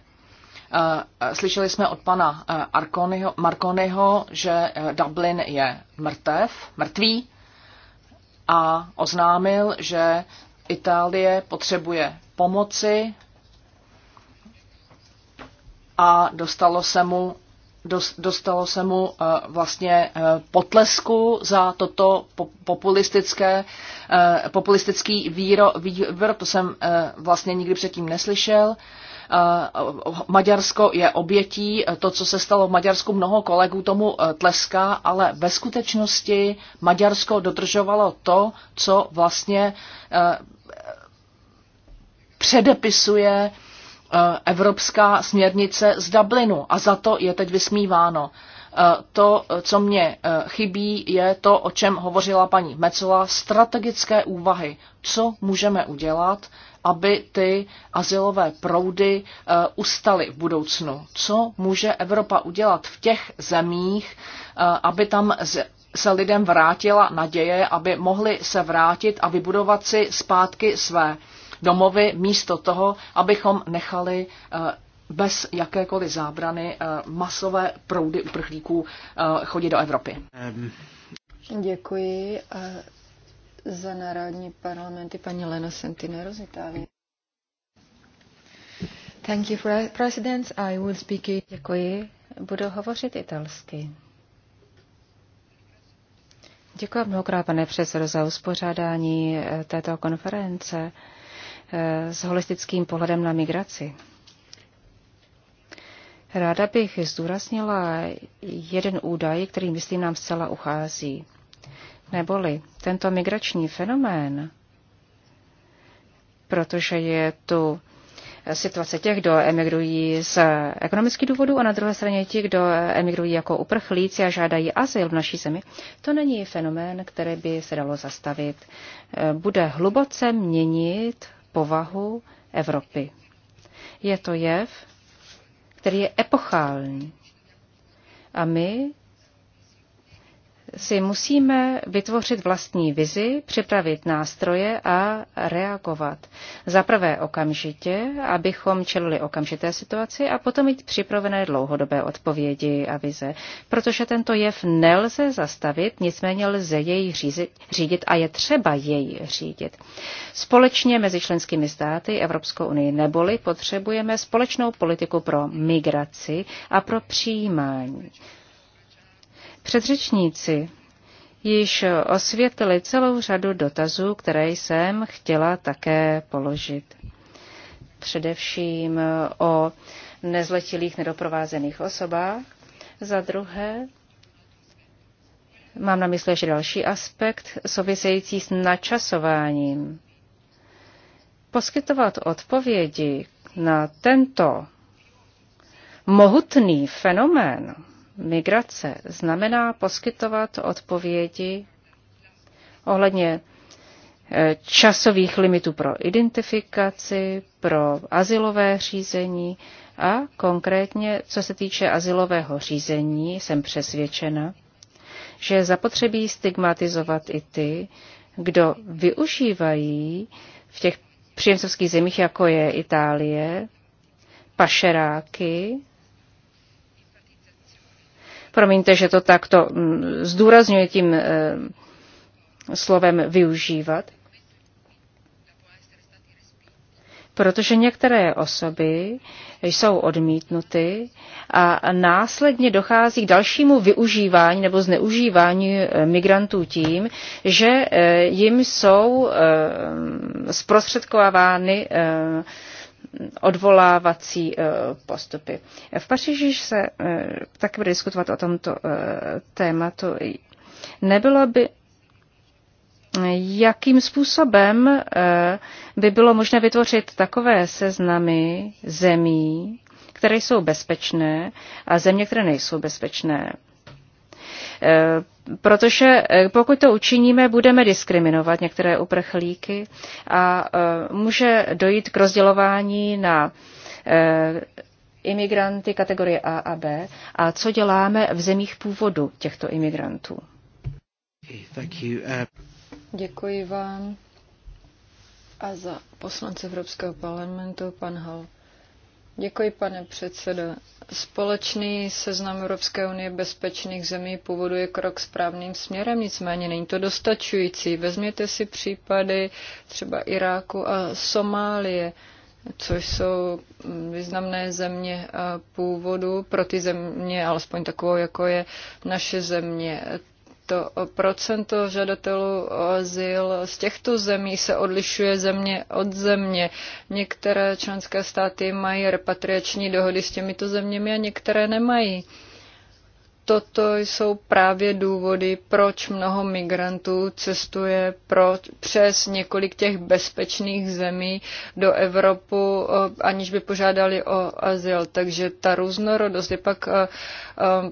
Eh, eh, slyšeli jsme od pana eh, Marconiho, že Dublin je mrtev, mrtvý a oznámil, že Itálie potřebuje pomoci a dostalo se mu dostalo se mu eh, vlastně eh, potlesku za toto populistické, eh, populistický výro, vývr, to jsem vlastně nikdy předtím neslyšel. Maďarsko je obětí, to, co se stalo v Maďarsku, mnoho kolegů tomu tleská, ale ve skutečnosti Maďarsko dodržovalo to, co vlastně předepisuje Eh, evropská směrnice z Dublinu a za to je teď vysmíváno. Eh, to, co mě eh, chybí, je to, o čem hovořila paní Mecola, strategické úvahy. Co můžeme udělat, aby ty asilové proudy ustaly v budoucnu? Co může Evropa udělat v těch zemích, aby tam se lidem vrátila naděje, aby mohli se vrátit a vybudovat si zpátky své domovy místo toho, abychom nechali eh, bez jakékoliv zábrany eh, masové proudy uprchlíků eh, chodit do Evropy. Děkuji za národní parlamenty paní Lena Sentinero z Itálie. Thank you, President. I will speak it. Děkuji. Budu hovořit italsky. Děkuji mnohokrát, pane předsedo, za uspořádání této konference. Eh, s holistickým pohledem na migraci. Ráda bych zdůraznila jeden údaj, který, myslím, nám zcela uchází. Neboli tento migrační fenomén, protože je tu situace těch, kdo emigrují z ekonomických důvodů a na druhé straně ti, kdo emigrují jako uprchlíci a žádají azyl v naší zemi, to není fenomén, který by se dalo zastavit. Eh, bude hluboce měnit povahu Evropy. Je to jev, který je epochální. A my si musíme vytvořit vlastní vizi, připravit nástroje a reagovat. Za prvé okamžitě, abychom čelili okamžité situaci a potom mít připravené dlouhodobé odpovědi a vize. Protože tento jev nelze zastavit, nicméně lze jej řízit, řídit a je třeba jej řídit. Společně mezi členskými státy Evropskou unii neboli potřebujeme společnou politiku pro migraci a pro přijímání. Předřečníci již osvětlili celou řadu dotazů, které jsem chtěla také položit. Především o nezletilých nedoprovázených osobách. Za druhé, mám na mysli ještě další aspekt související s načasováním. Poskytovat odpovědi na tento mohutný fenomén migrace znamená poskytovat odpovědi ohledně e, časových limitů pro identifikaci, pro asilové řízení a konkrétně, co se týče asilového řízení, jsem přesvědčena, že zapotřebí stigmatizovat i ty, kdo využívají v těch příjemcovských zemích, jako je Itálie, pašeráky, Promiňte, že to takto mm, zdůrazňuji tím eh, slovem využívat. protože některé osoby jsou odmítnuty a následně dochází k dalšímu využívání nebo zneužívání eh, migrantů tím, že eh, jim jsou zprostředkovávány odvolávací eh, postupy. V Paříži se eh, také bude diskutovat o tomto eh, tématu. Nebylo by jakým způsobem by bylo možné vytvořit takové seznamy zemí, které jsou bezpečné a země, které nejsou bezpečné. Eh, protože eh, pokud to učiníme, budeme diskriminovat některé uprchlíky a eh, může dojít k rozdělování na imigranty kategorie A a B a co děláme v zemích původu těchto imigrantů. Uh, Děkuji vám. A za poslance Evropského parlamentu pan Hall. Děkuji, pane předsedo. Společný seznam Evropské unie bezpečných zemí je krok správným směrem, nicméně není to dostačující. Vezměte si případy třeba Iráku a Somálie, což jsou významné země původu pro ty země, alespoň takovou, jako je naše země to procento žadatelů o azyl z těchto zemí se odlišuje země od země. Některé členské státy mají repatriační dohody s těmito zeměmi a některé nemají toto jsou právě důvody, proč mnoho migrantů cestuje pro, přes několik těch bezpečných zemí do Evropu, aniž by požádali o azyl. Takže ta různorodost je pak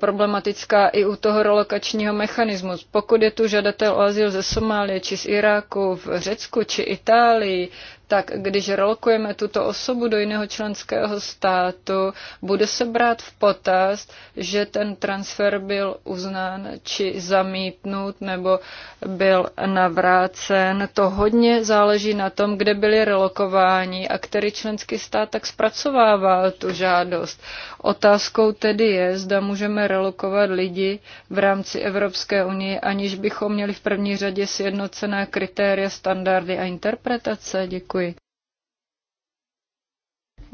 problematická i u toho relokačního mechanismu. Pokud je tu žadatel o azyl ze Somálie, či z Iráku, v Řecku, či Itálii, tak když relokujeme tuto osobu do jiného členského státu, bude se brát v potaz, že ten transfer byl uznán či zamítnut nebo byl navrácen. To hodně záleží na tom, kde byli relokováni a který členský stát tak zpracovává tu žádost. Otázkou tedy je, zda můžeme relokovat lidi v rámci Evropské unie, aniž bychom měli v první řadě sjednocená kritéria, standardy a interpretace. Děkuji.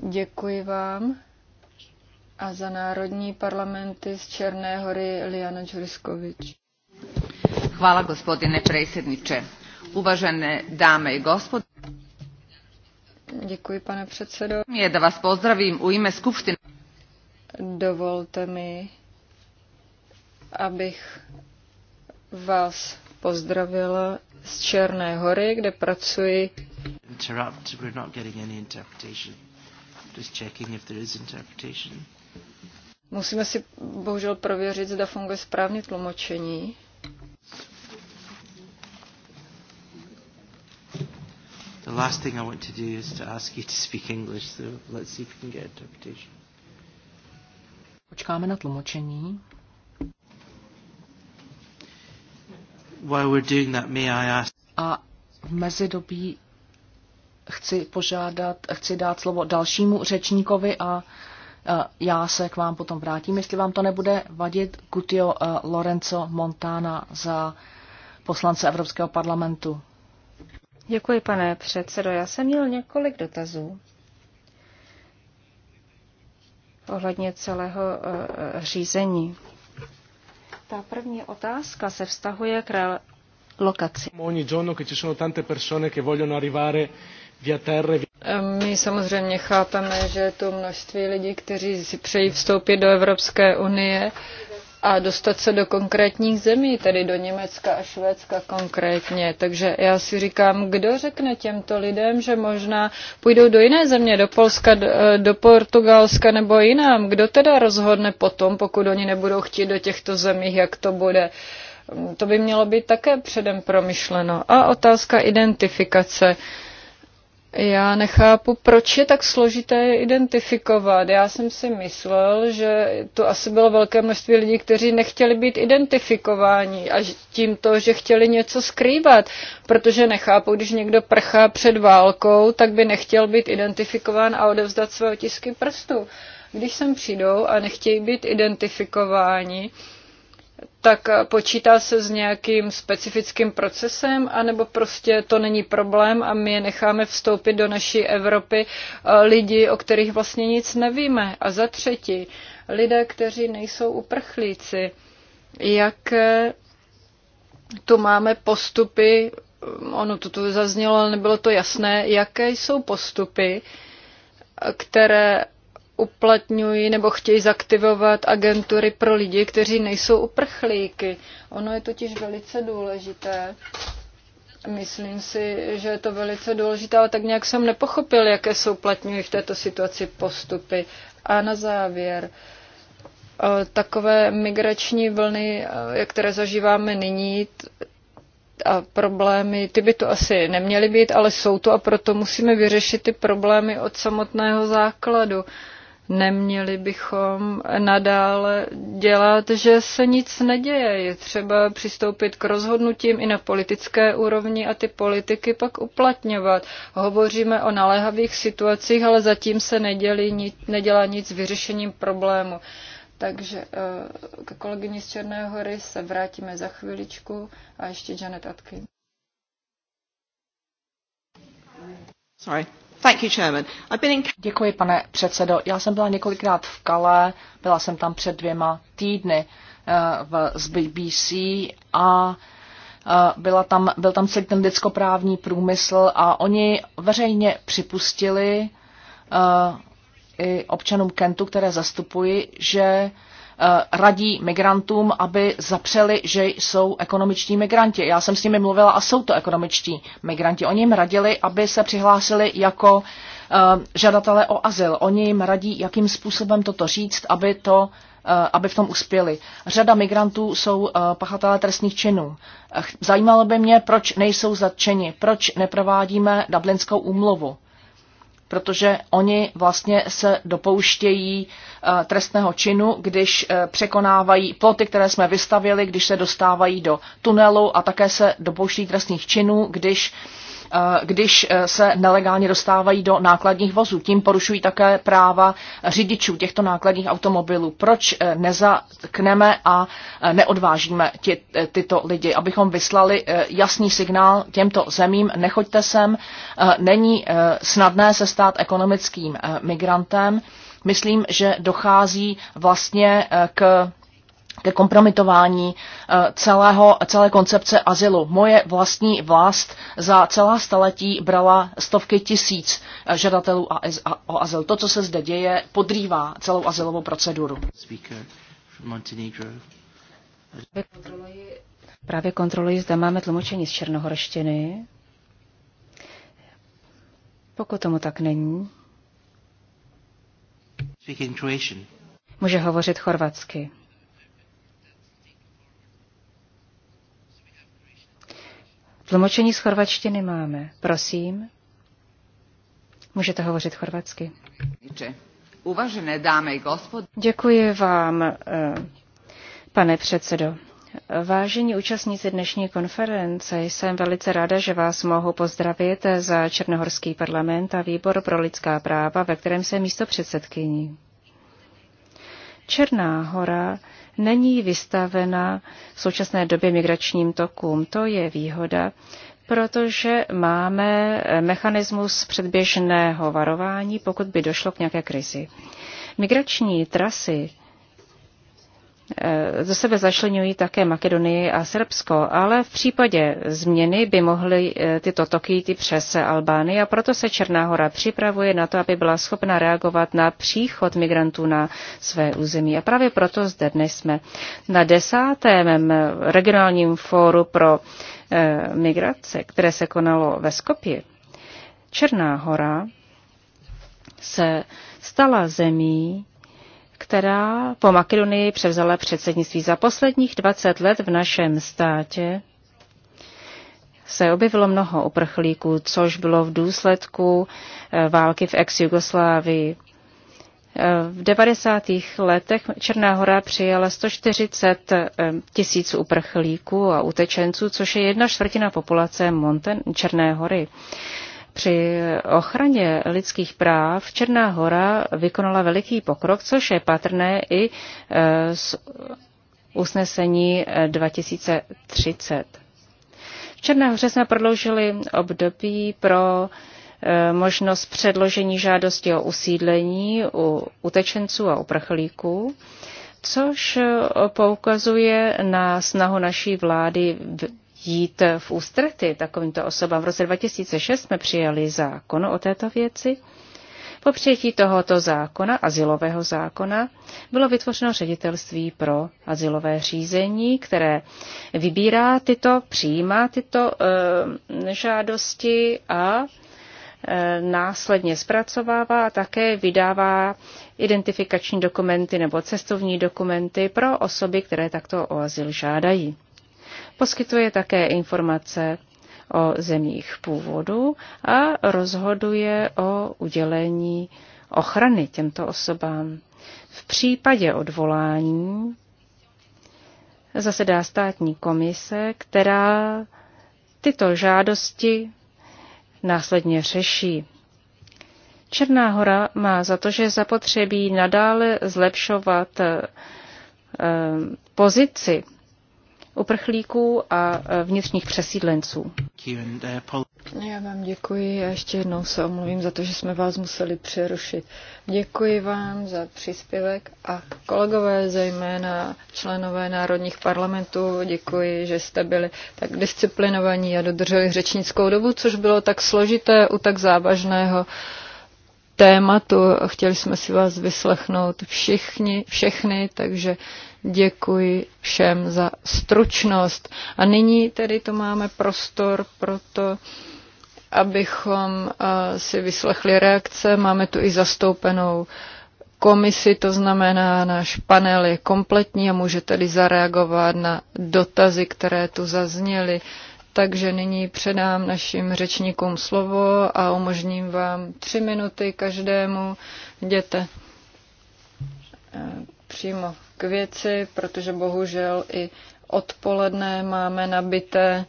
Děkuji vám. A za národní parlamenty z Černé hory Liana Đuriskovič. Hvala, gospodine predsjedniče. Uvažene dame i gospod. Děkuji, pane předsedo. Je da vás pozdravím u ime skupštiny. Dovolte mi, abych vás pozdravila z Černé hory, kde pracuji. Interrupt, we're not getting any interpretation. Just checking if there is interpretation. Musíme si bohužel prověřit, zda funguje správně tlumočení. The last thing I want to do is to ask you to speak English, so let's see if we can get interpretation. Počkáme na tlumočení. While we're doing that, may I ask... A v mezidobí chci požádat, chci dát slovo dalšímu řečníkovi a já se k vám potom vrátím, jestli vám to nebude vadit. Gutio eh, Lorenzo Montana za poslance Evropského parlamentu. Děkuji, pane předsedo. Já jsem měl několik dotazů ohledně celého eh, řízení. Ta první otázka se vztahuje k lokaci. Ogni giorno che ci sono tante persone che vogliono arrivare my samozřejmě chápeme, že je to množství lidí, kteří si přejí vstoupit do Evropské unie a dostat se do konkrétních zemí, tedy do Německa a Švédska konkrétně. Takže já si říkám, kdo řekne těmto lidem, že možná půjdou do jiné země, do Polska, do Portugalska nebo jinam. Kdo teda rozhodne potom, pokud oni nebudou chtít do těchto zemí, jak to bude? To by mělo být také předem promyšleno. A otázka identifikace. Já nechápu, proč je tak složité je identifikovat. Já jsem si myslel, že to asi bylo velké množství lidí, kteří nechtěli být identifikováni a tímto, že chtěli něco skrývat, protože nechápu, když někdo prchá před válkou, tak by nechtěl být identifikován a odevzdat své otisky prstů. Když sem přijdou a nechtějí být identifikováni, tak eh, počítá se s nějakým specifickým procesem, anebo prostě to není problém a my je necháme vstoupit do naší Evropy eh, lidi, o kterých vlastně nic nevíme. A za třetí, lidé, kteří nejsou uprchlíci, jak eh, tu máme postupy, ono to tu zaznělo, nebylo to jasné, jaké jsou postupy, které uplatňují nebo chtějí zaktivovat agentury pro lidi, kteří nejsou uprchlíky. Ono je totiž velice důležité. Myslím si, že je to velice důležité, ale tak nějak jsem nepochopil, jaké jsou uplatňují v této situaci postupy. A na závěr, eh, takové migrační vlny, eh, které zažíváme nyní, a problémy, ty by tu asi neměly být, ale jsou tu a proto musíme vyřešit ty problémy od samotného základu. Uh, Neměli bychom nadále dělat, že se nic neděje. Je třeba přistoupit k rozhodnutím i na politické úrovni a ty politiky pak uplatňovat. Hovoříme o naléhavých situacích, ale zatím se nedělí, nedělá nic s vyřešením problému. Takže eh, k kolegyni z Černé hory se vrátíme za chviličku a ještě Janet Atkin. Sorry. Děkuji, pane předsedo. Já jsem byla několikrát v Kale, byla jsem tam před dvěma týdny eh, v, BBC a eh, byla tam, byl tam celý ten lidskoprávní průmysl a oni veřejně připustili eh, i občanům Kentu, které zastupuji, že Eh, radí migrantům, aby zapřeli, že jsou ekonomičtí migranti. Já jsem s nimi mluvila a jsou to ekonomičtí migranti. Oni jim radili, aby se přihlásili jako eh, žadatelé o azyl. Oni jim radí, jakým způsobem toto říct, aby, to, eh, aby v tom uspěli. Řada migrantů jsou pachatelé trestných činů. Zajímalo by mě, proč nejsou zatčeni, proč neprovádíme Dublinskou úmluvu protože oni vlastně se dopouštějí eh, trestného činu, když eh, překonávají ploty, které jsme vystavili, když se dostávají do tunelu a také se dopouští trestných činů, když Eh, když eh, se nelegálně dostávají do nákladních vozů. Tím porušují také práva řidičů těchto nákladních automobilů. Proč eh, nezakneme a neodvážíme tě, tyto lidi, abychom vyslali jasný signál těmto zemím, nechoďte sem, není snadné se stát ekonomickým migrantem. Myslím, že dochází vlastně k ke kompromitování eh, celého, celé koncepce azylu. Moje vlastní vlast za celá staletí brala stovky tisíc eh, žadatelů o azyl. To, co se zde děje, podrývá celou azylovou proceduru. Právě kontroluji, právě kontroluji, zda máme tlumočení z černohorštiny. Pokud tomu tak není. Může hovořit chorvatsky. Tlumočení z chorvačtiny máme. Prosím. Můžete hovořit chorvatsky. Uvažené dámy i gospod... Děkuji vám, eh, pane předsedo. Vážení účastníci dnešní konference, jsem velice ráda, že vás mohu pozdravit za Černohorský parlament a výbor pro lidská práva, ve kterém jsem místo předsedkyní. Černá hora není vystavena v současné době migračním tokům. To je výhoda, protože máme eh, mechanismus předběžného varování, pokud by došlo k nějaké krizi. Migrační trasy Eh, ze sebe začlenují také Makedonii a Srbsko, ale v případě změny by mohly eh, tyto toky jít přes Albánii a proto se Černá hora připravuje na to, aby byla schopna reagovat na příchod migrantů na své území. A právě proto zde dnes jsme na desátém eh, regionálním fóru pro migrace, které se konalo ve Skopě. Černá hora se stala zemí, která po Makedonii převzala předsednictví. Za posledních 20 let v našem státě se objevilo mnoho uprchlíků, což bylo v důsledku eh, války v ex-Jugoslávii. Eh, v 90. letech Černá hora přijala 140 eh, tisíc uprchlíků a utečenců, což je jedna čtvrtina populace Monten- Černé hory. Při ochraně lidských práv Černá hora vykonala veliký pokrok, což je patrné i e, z usnesení 2030. E, v Černé hoře jsme prodloužili období pro e, možnost předložení žádosti o usídlení u utečenců a uprchlíků, což poukazuje na snahu naší vlády jít v ústrety takovýmto osobám. V roce 2006 jsme přijali zákon o této věci. Po přijetí tohoto zákona, asilového zákona, bylo vytvořeno ředitelství pro asilové řízení, které vybírá tyto, přijímá tyto e, žádosti a e, následně zpracovává a také vydává identifikační dokumenty nebo cestovní dokumenty pro osoby, které takto o azyl žádají. Poskytuje také informace o zemích původu a rozhoduje o udělení ochrany těmto osobám. V případě odvolání zasedá státní komise, která tyto žádosti následně řeší. Černá hora má za to, že zapotřebí nadále zlepšovat eh, pozici uprchlíků a e, vnitřních přesídlenců. Uh, Já vám děkuji a ještě jednou se omluvím za to, že jsme vás museli přerušit. Děkuji vám za příspěvek a kolegové, zejména členové národních parlamentů, děkuji, že jste byli tak disciplinovaní a dodrželi řečnickou dobu, což bylo tak složité u tak závažného tématu. Chtěli jsme si vás vyslechnout všichni, všechny, takže Děkuji všem za stručnost. A nyní tedy to máme prostor pro to, abychom eh, si vyslechli reakce. Máme tu i zastoupenou komisi, to znamená, náš panel je kompletní a může tedy zareagovat na dotazy, které tu zazněly. Takže nyní předám našim řečníkům slovo a umožním vám tři minuty každému. Jděte eh, přímo k věci, protože bohužel i odpoledne máme nabité.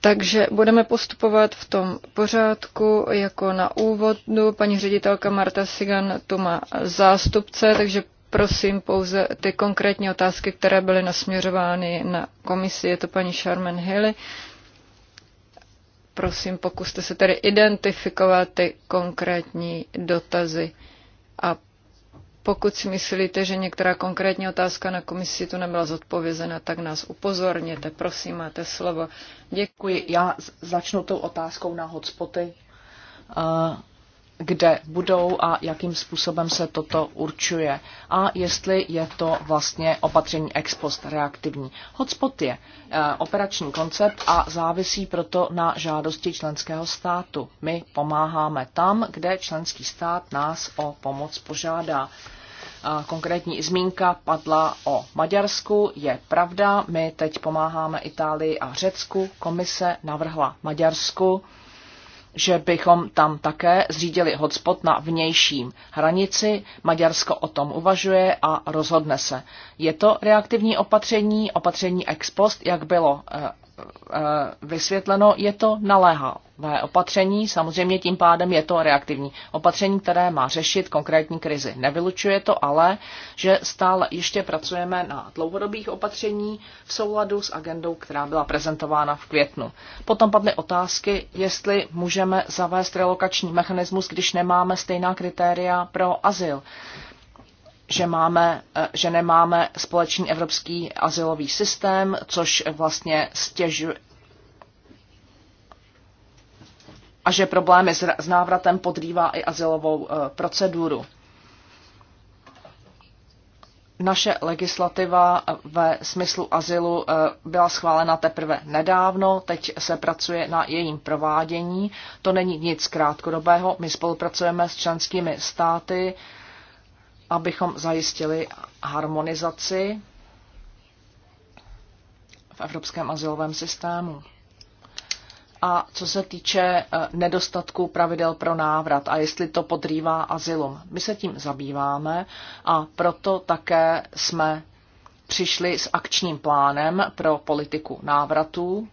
Takže budeme postupovat v tom pořádku jako na úvodu. Paní ředitelka Marta Sigan tu má zástupce, takže prosím pouze ty konkrétní otázky, které byly nasměřovány na komisi. Je to paní Sharman Hilly. Prosím, pokuste se tedy identifikovat ty konkrétní dotazy a pokud si myslíte, že některá konkrétní otázka na komisi tu nebyla zodpovězena, tak nás upozorněte. Prosím, máte slovo. Děkuji. Já začnu tou otázkou na hotspoty. Eh, kde budou a jakým způsobem se toto určuje a jestli je to vlastně opatření ex post reaktivní. Hotspot je eh, operační koncept a závisí proto na žádosti členského státu. My pomáháme tam, kde členský stát nás o pomoc požádá konkrétní zmínka padla o Maďarsku. Je pravda, my teď pomáháme Itálii a Řecku. Komise navrhla Maďarsku, že bychom tam také zřídili hotspot na vnějším hranici. Maďarsko o tom uvažuje a rozhodne se. Je to reaktivní opatření, opatření ex post, jak bylo eh, Eh, vysvětleno, je to naléhavé opatření, samozřejmě tím pádem je to reaktivní opatření, které má řešit konkrétní krizi. Nevylučuje to ale, že stále ještě pracujeme na dlouhodobých opatření v souladu s agendou, která byla prezentována v květnu. Potom padly otázky, jestli můžeme zavést relokační mechanismus, když nemáme stejná kritéria pro azyl že, máme, eh, že nemáme společný evropský asilový systém, což vlastně stěžuje a že problémy s návratem podrývá i asilovou eh, proceduru. Naše legislativa eh, ve smyslu azylu byla schválena teprve nedávno, teď se pracuje na jejím provádění. To není nic krátkodobého, my spolupracujeme s členskými státy, abychom zajistili harmonizaci v evropském asilovém systému. A co se týče eh, nedostatku pravidel pro návrat a jestli to podrývá asilum, my se tím zabýváme a proto také jsme přišli s akčním plánem pro politiku návratu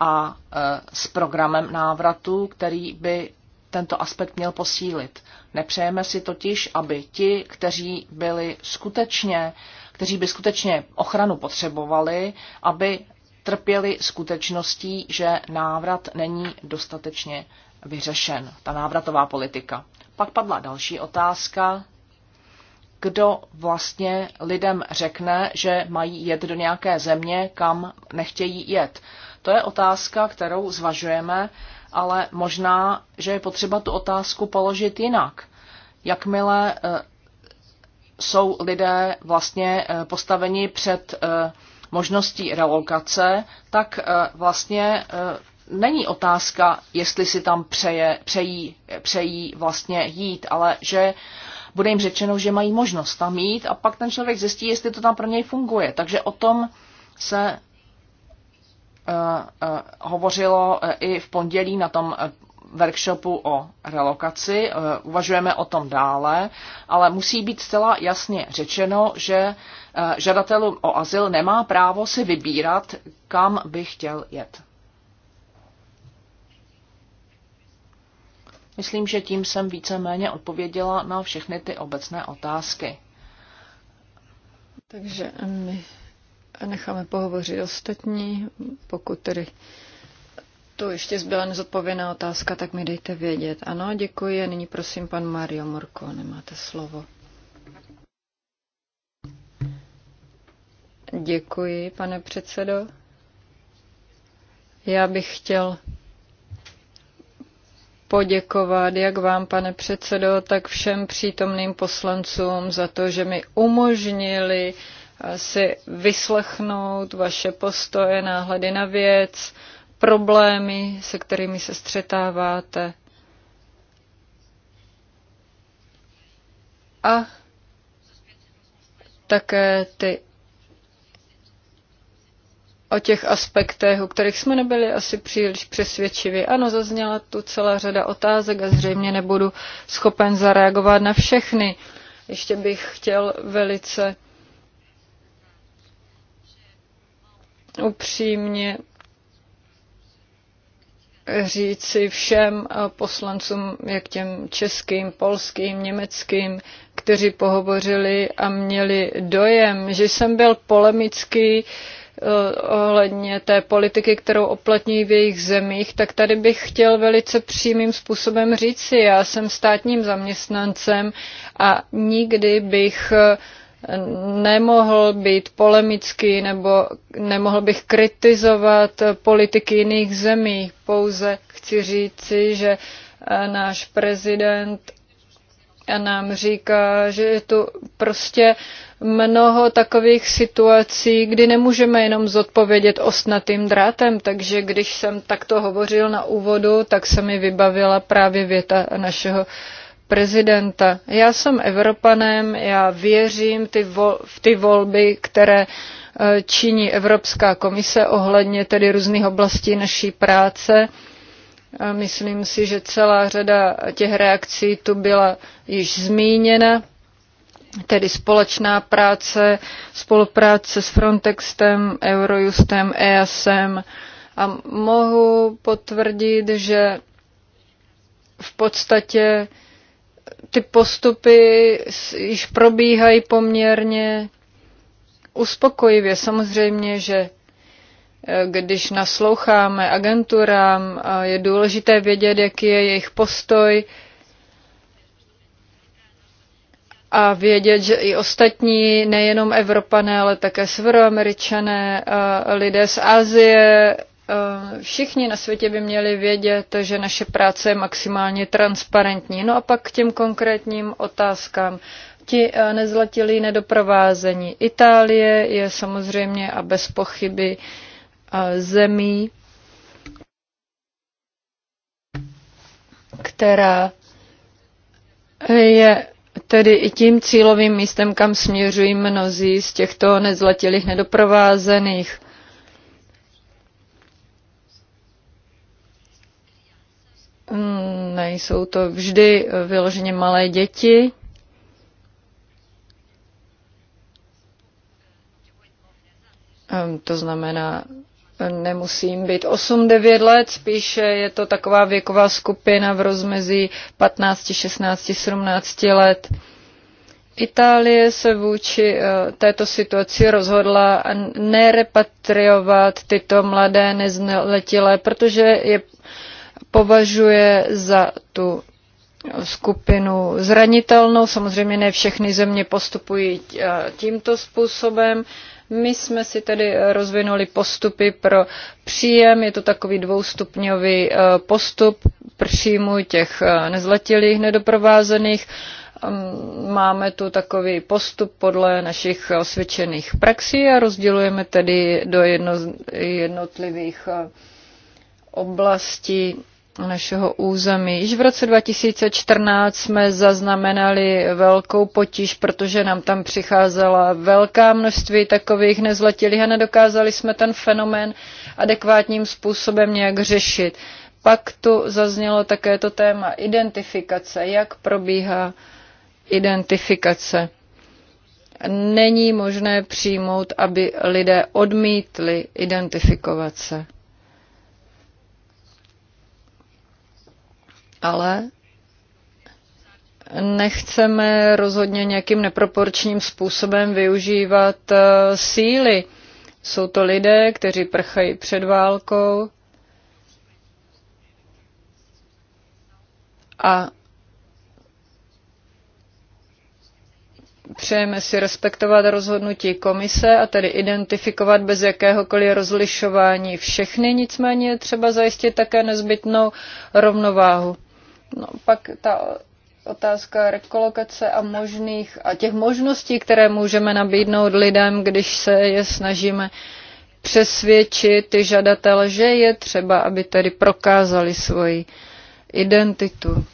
a eh, s programem návratu, který by tento aspekt měl posílit. Nepřejeme si totiž, aby ti, kteří byli skutečně, kteří by skutečně ochranu potřebovali, aby trpěli skutečností, že návrat není dostatečně vyřešen, ta návratová politika. Pak padla další otázka, kdo vlastně lidem řekne, že mají jet do nějaké země, kam nechtějí jet. To je otázka, kterou zvažujeme ale možná, že je potřeba tu otázku položit jinak. Jakmile eh, jsou lidé vlastně eh, postaveni před eh, možností relokace, tak vlastně není otázka, jestli si tam přeje, přejí, přejí vlastně jít, ale že bude jim řečeno, že mají možnost tam jít a pak ten člověk zjistí, jestli to tam pro něj funguje. Takže o tom se Eh, eh, hovořilo eh, i v pondělí na tom workshopu o relokaci. Uvažujeme o tom dále, ale musí být zcela jasně řečeno, že žadatelům o azyl nemá právo si vybírat, kam by chtěl jet. Myslím, že tím jsem víceméně odpověděla na všechny ty obecné otázky. Takže my necháme pohovořit ostatní. Pokud tedy to ještě zbyla nezodpovědná otázka, tak mi dejte vědět. Ano, děkuji. A nyní prosím pan Mario Morko, nemáte slovo. Děkuji, pane předsedo. Já bych chtěl poděkovat jak vám, pane předsedo, tak všem přítomným poslancům za to, že mi umožnili si vyslechnout vaše postoje, náhledy na věc, problémy, se kterými se střetáváte. A také ty o těch aspektech, o kterých jsme nebyli asi příliš přesvědčivi. Ano, zazněla tu celá řada otázek a zřejmě nebudu schopen zareagovat na všechny. Ještě bych chtěl velice upřímně říci všem poslancům, jak těm českým, polským, německým, kteří pohovořili a měli dojem, že jsem byl polemický eh, ohledně té politiky, kterou oplatňují v jejich zemích, tak tady bych chtěl velice přímým způsobem říci, já jsem státním zaměstnancem a nikdy bych eh, nemohl být polemický nebo nemohl bych kritizovat politiky jiných zemí. Pouze chci říci, že eh, náš prezident nám říká, že je tu prostě mnoho takových situací, kdy nemůžeme jenom zodpovědět osnatým drátem, takže když jsem takto hovořil na úvodu, tak se mi vybavila právě věta našeho uh, prezidenta. Já jsem Evropanem, já věřím ty vo, v ty volby, které e, činí Evropská komise ohledně tedy různých oblastí naší práce. A e, myslím si, že celá řada těch reakcí tu byla již zmíněna, tedy společná práce, spolupráce s Frontextem, Eurojustem, EASem. A mohu potvrdit, že v podstatě ty postupy již probíhají poměrně uspokojivě. Samozřejmě, že e, když nasloucháme agenturám, je důležité vědět, jaký je jejich postoj a vědět, že i ostatní, nejenom Evropané, ale také severoameričané, lidé z Asie, Eh, všichni na světě by měli vědět, že naše práce je maximálně transparentní. No a pak k těm konkrétním otázkám ti eh, nezlatili, nedoprovázení. Itálie je samozřejmě a bez pochyby eh, zemí, která je tedy i tím cílovým místem, kam směřují mnozí z těchto nezlatilých nedoprovázených. Mm, nejsou to vždy vyloženě malé děti. Ehm, to znamená, nemusím být 8-9 let, spíše je to taková věková skupina v rozmezí 15, 16, 17 let. Itálie se vůči eh, této situaci rozhodla nerepatriovat tyto mladé nezletilé, protože je považuje za tu skupinu zranitelnou. Samozřejmě ne všechny země postupují eh, tímto způsobem. My jsme si tedy rozvinuli postupy pro příjem, je to takový dvoustupňový eh, postup příjmu těch eh, nezletilých nedoprovázených. Ehm, máme tu takový postup podle našich osvědčených praxí a rozdělujeme tedy do jednotlivých oblasti našeho území. Již v roce 2014 jsme zaznamenali velkou potíž, protože nám tam přicházela velká množství takových nezletilých a nedokázali jsme ten fenomén adekvátním způsobem nějak řešit. Pak tu zaznělo také to téma identifikace. Jak probíhá identifikace? Není možné přijmout, aby lidé odmítli identifikovat se. ale nechceme rozhodně nějakým neproporčním způsobem využívat eh, síly. Jsou to lidé, kteří prchají před válkou a Přejeme si respektovat rozhodnutí komise a tedy identifikovat bez jakéhokoliv rozlišování všechny, nicméně je třeba zajistit také nezbytnou rovnováhu. No, pak ta otázka rekolokace a možných a těch možností, které můžeme nabídnout lidem, když se je snažíme přesvědčit ty žadatele, že je třeba, aby tedy prokázali svoji identitu.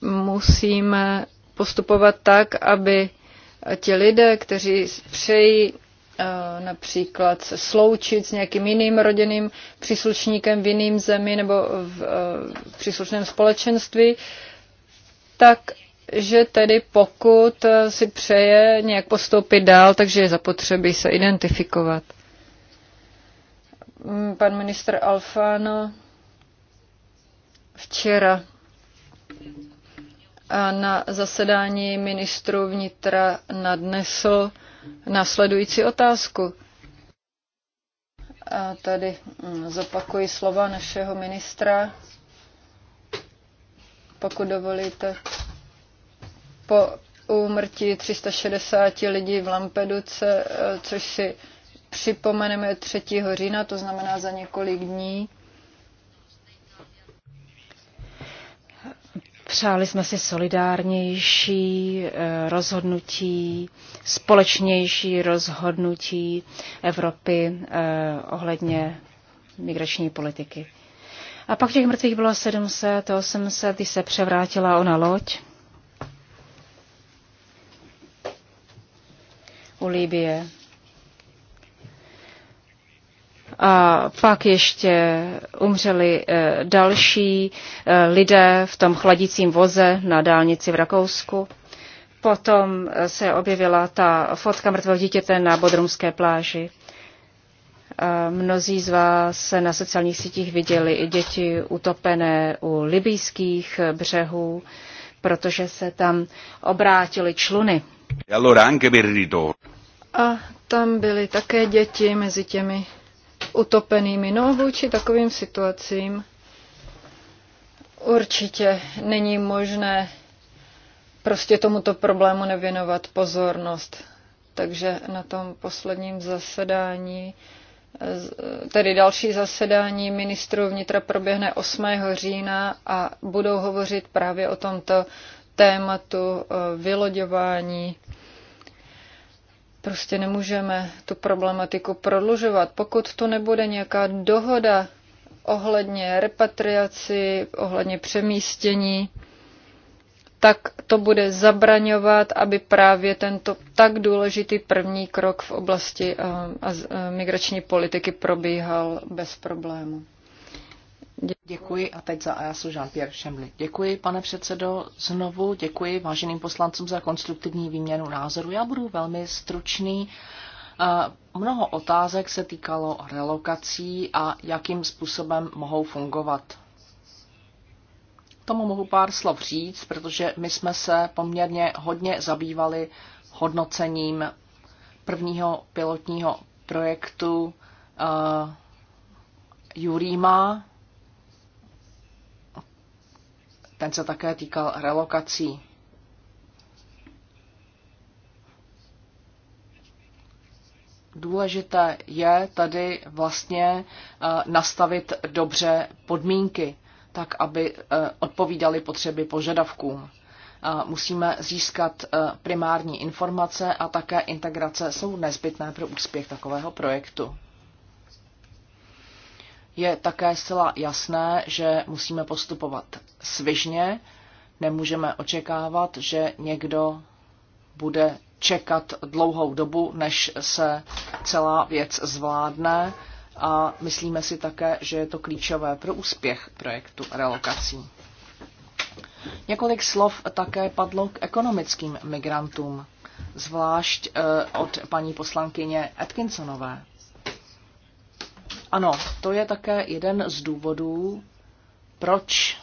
Musíme postupovat tak, aby ti lidé, kteří přejí Eh, například se sloučit s nějakým jiným rodinným příslušníkem v jiným zemi nebo v eh, příslušném společenství, tak že tedy pokud eh, si přeje nějak postoupit dál, takže je zapotřebí se identifikovat. Mm, pan ministr Alfano včera na zasedání ministru vnitra nadnesl, následující otázku. A tady mm, zopakuji slova našeho ministra. Pokud dovolíte, po úmrtí 360 lidí v Lampeduce, eh, což si připomeneme 3. října, to znamená za několik dní, Přáli jsme si solidárnější eh, rozhodnutí, společnější rozhodnutí Evropy eh, ohledně migrační politiky. A pak těch mrtvých bylo 700, 800, když se převrátila ona loď u Libie a pak ještě umřeli eh, další eh, lidé v tom chladicím voze na dálnici v Rakousku. Potom eh, se objevila ta fotka mrtvého dítěte na Bodrumské pláži. Mnozí z vás se na sociálních sítích viděli i děti utopené u libijských břehů, protože se tam obrátily čluny. E a tam byly také děti mezi těmi utopenými. No a vůči takovým situacím určitě není možné prostě tomuto problému nevěnovat pozornost. Takže na tom posledním zasedání, tedy další zasedání ministrů vnitra proběhne 8. října a budou hovořit právě o tomto tématu vyloďování Prostě nemůžeme tu problematiku prodlužovat. Pokud tu nebude nějaká dohoda ohledně repatriaci, ohledně přemístění, tak to bude zabraňovat, aby právě tento tak důležitý první krok v oblasti eh, eh, migrační politiky probíhal bez problému. Děkuji a teď za EASu Jean-Pierre Šemli. Děkuji, pane předsedo, znovu děkuji váženým poslancům za konstruktivní výměnu názoru. Já budu velmi stručný. Eh, mnoho otázek se týkalo relokací a jakým způsobem mohou fungovat. Tomu mohu pár slov říct, protože my jsme se poměrně hodně zabývali hodnocením prvního pilotního projektu uh, eh, Juríma, ten se také týkal relokací. Důležité je tady vlastně eh, nastavit dobře podmínky, tak aby eh, odpovídaly potřeby požadavkům eh, musíme získat primární informace a také integrace jsou nezbytné pro úspěch takového projektu je také zcela jasné, že musíme postupovat svižně. Nemůžeme očekávat, že někdo bude čekat dlouhou dobu, než se celá věc zvládne a myslíme si také, že je to klíčové pro úspěch projektu relokací. Několik slov také padlo k ekonomickým migrantům, zvlášť eh, od paní poslankyně Atkinsonové. Ano, to je také jeden z důvodů, proč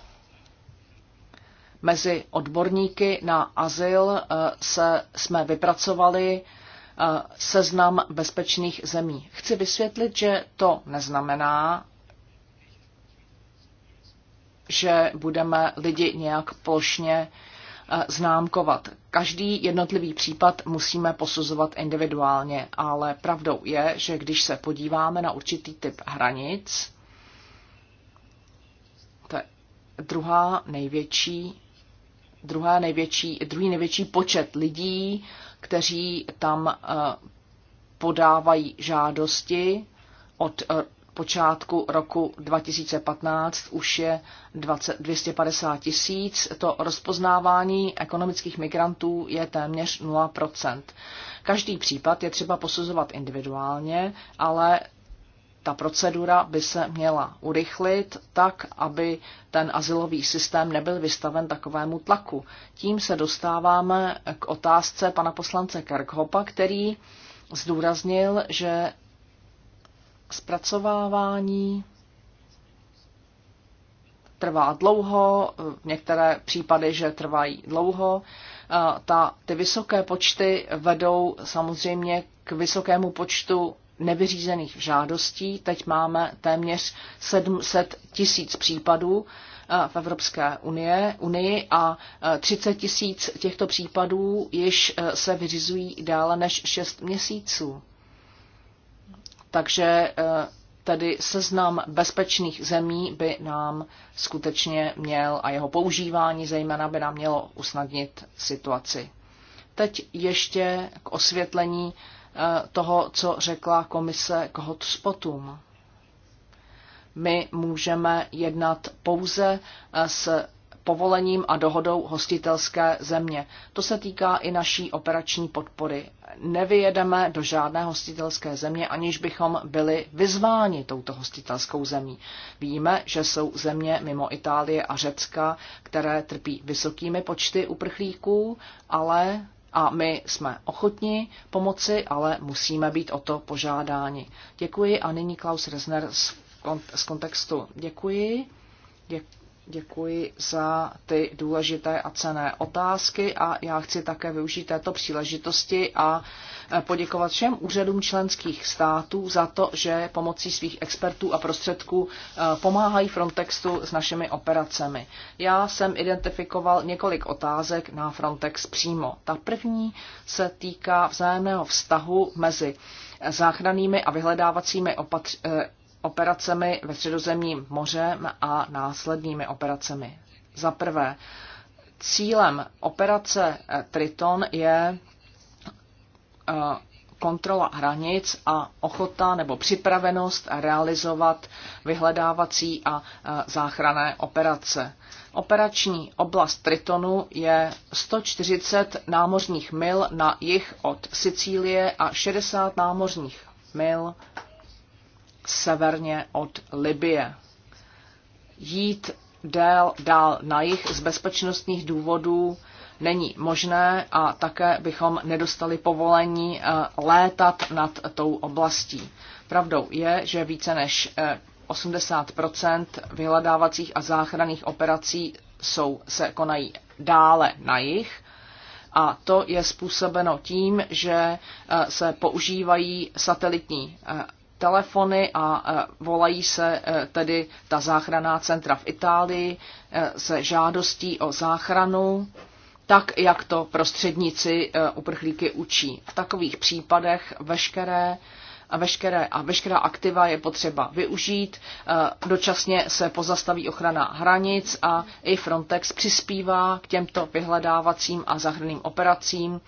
mezi odborníky na azyl eh, se, jsme vypracovali eh, seznam bezpečných zemí. Chci vysvětlit, že to neznamená, že budeme lidi nějak plošně Eh, známkovat. Každý jednotlivý případ musíme posuzovat individuálně, ale pravdou je, že když se podíváme na určitý typ hranic, to je druhá největší, druhá největší, druhý největší počet lidí, kteří tam eh, podávají žádosti od eh, počátku roku 2015 už je 20, 250 tisíc. To rozpoznávání ekonomických migrantů je téměř 0 Každý případ je třeba posuzovat individuálně, ale ta procedura by se měla urychlit tak, aby ten asilový systém nebyl vystaven takovému tlaku. Tím se dostáváme k otázce pana poslance Kerkhopa, který zdůraznil, že k zpracovávání trvá dlouho, v některé případy, že trvají dlouho. Ta, ty vysoké počty vedou samozřejmě k vysokému počtu nevyřízených žádostí. Teď máme téměř 700 tisíc případů v Evropské unie, unii a 30 tisíc těchto případů již se vyřizují déle než 6 měsíců. Takže eh, tedy seznam bezpečných zemí by nám skutečně měl a jeho používání zejména by nám mělo usnadnit situaci. Teď ještě k osvětlení eh, toho, co řekla komise k hotspotům. My můžeme jednat pouze eh, s povolením a dohodou hostitelské země. To se týká i naší operační podpory. Nevyjedeme do žádné hostitelské země, aniž bychom byli vyzváni touto hostitelskou zemí. Víme, že jsou země mimo Itálie a Řecka, které trpí vysokými počty uprchlíků, ale a my jsme ochotni pomoci, ale musíme být o to požádáni. Děkuji a nyní Klaus Resner z kontextu. Děkuji. Děkuji Děkuji za ty důležité a cené otázky a já chci také využít této příležitosti a poděkovat všem úřadům členských států za to, že pomocí svých expertů a prostředků eh, pomáhají Frontexu s našimi operacemi. Já jsem identifikoval několik otázek na Frontex přímo. Ta první se týká vzájemného vztahu mezi záchrannými a vyhledávacími opatřeními. Eh, operacemi ve Středozemním mořem a následnými operacemi. Za prvé, cílem operace eh, Triton je eh, kontrola hranic a ochota nebo připravenost realizovat vyhledávací a eh, záchranné operace. Operační oblast Tritonu je 140 námořních mil na jih od Sicílie a 60 námořních mil severně od Libie. Jít dél, dál na jich z bezpečnostních důvodů není možné a také bychom nedostali povolení eh, létat nad tou oblastí. Pravdou je, že více než 80 eh, vyhledávacích a záchranných operací jsou, se konají dále na jich a to je způsobeno tím, že eh, se používají satelitní telefony a e, volají se e, tedy ta záchranná centra v Itálii e, se žádostí o záchranu, tak jak to prostředníci uprchlíky učí. V takových případech veškeré a veškeré a veškerá aktiva je potřeba využít. Dočasně se pozastaví ochrana hranic a i Frontex přispívá k těmto vyhledávacím a zahrným operacím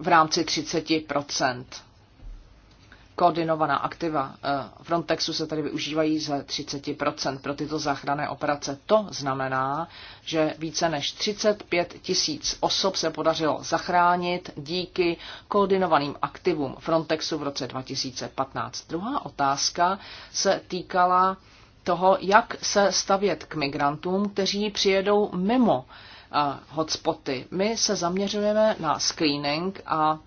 v rámci 30 koordinovaná aktiva eh, Frontexu se tady využívají ze 30% pro tyto záchranné operace. To znamená, že více než 35 tisíc osob se podařilo zachránit díky koordinovaným aktivům Frontexu v roce 2015. Druhá otázka se týkala toho, jak se stavět k migrantům, kteří přijedou mimo eh, hotspoty. My se zaměřujeme na screening a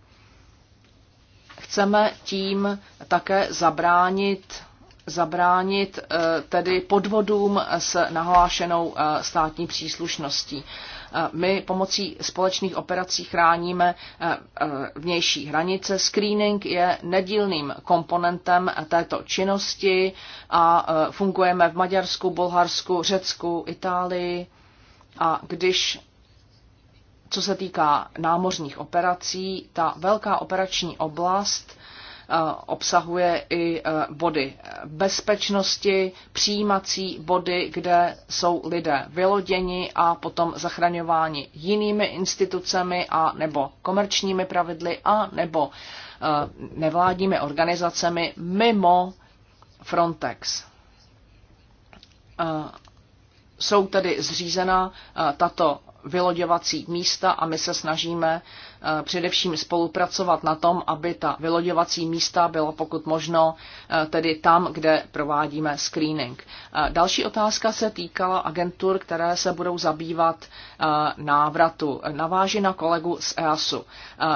Chceme tím také zabránit zabránit eh, tedy podvodům s nahlášenou eh, státní příslušností. Eh, my pomocí společných operací chráníme vnější hranice. Screening je nedílným komponentem této činnosti a fungujeme v Maďarsku, Bulharsku, Řecku, Itálii. A když co se týká námořních operací, ta velká operační oblast eh, obsahuje i eh, body bezpečnosti, přijímací body, kde jsou lidé vyloděni a potom zachraňováni jinými institucemi a nebo komerčními pravidly a nebo eh, nevládními organizacemi mimo Frontex. Jsou tedy zřízena tato vyloděvací místa a my se snažíme eh, především spolupracovat na tom, aby ta vyloděvací místa byla pokud možno eh, tedy tam, kde provádíme screening. Eh, další otázka se týkala agentur, které se budou zabývat návratu. Naváži na kolegu z EASu.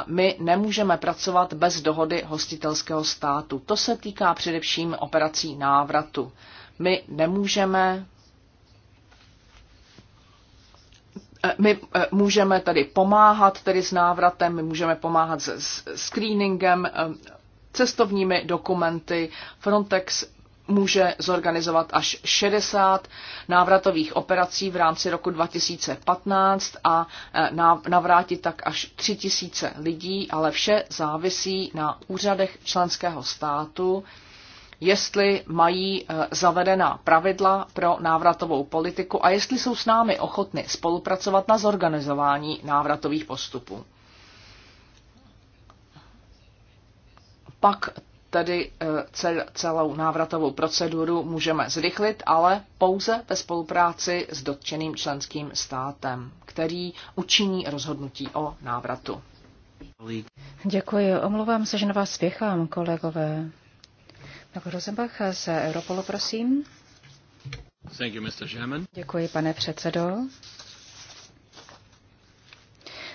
My nemůžeme pracovat bez dohody hostitelského státu. To se týká především operací návratu. My nemůžeme Eh, my eh, můžeme tedy pomáhat tedy s návratem, my můžeme pomáhat s screeningem, eh, cestovními dokumenty. Frontex může zorganizovat až 60 návratových operací v rámci roku 2015 a navrátit tak až 3000 lidí, ale vše závisí na úřadech členského státu, jestli mají eh, zavedená pravidla pro návratovou politiku a jestli jsou s námi ochotny spolupracovat na zorganizování návratových postupů. Pak tedy eh, celou návratovou proceduru můžeme zrychlit, ale pouze ve spolupráci s dotčeným členským státem, který učiní rozhodnutí o návratu. Děkuji. Omlouvám se, že na vás spěchám, kolegové. Tak Rosenbach z Europolu, prosím. Thank you, Mr. Chairman. Děkuji, pane předsedo.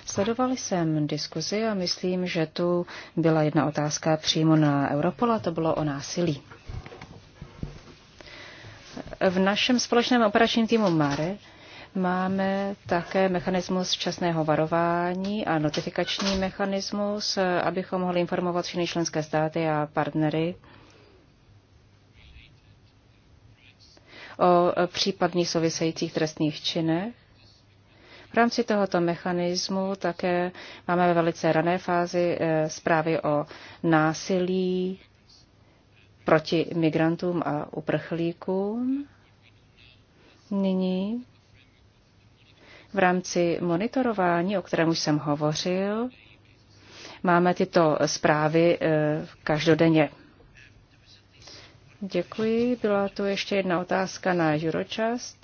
Sledoval jsem diskuzi a myslím, že tu byla jedna otázka přímo na a to bylo o násilí. V našem společném operačním týmu MARE máme také mechanismus včasného varování a notifikační mechanismus, abychom mohli informovat všechny členské státy a partnery o případných souvisejících trestných činech. V rámci tohoto mechanismu také máme ve velice rané fázi e, zprávy o násilí proti migrantům a uprchlíkům. Nyní v rámci monitorování, o kterém už jsem hovořil, máme tyto zprávy e, každodenně. Děkuji. Byla tu ještě jedna otázka na Juročast.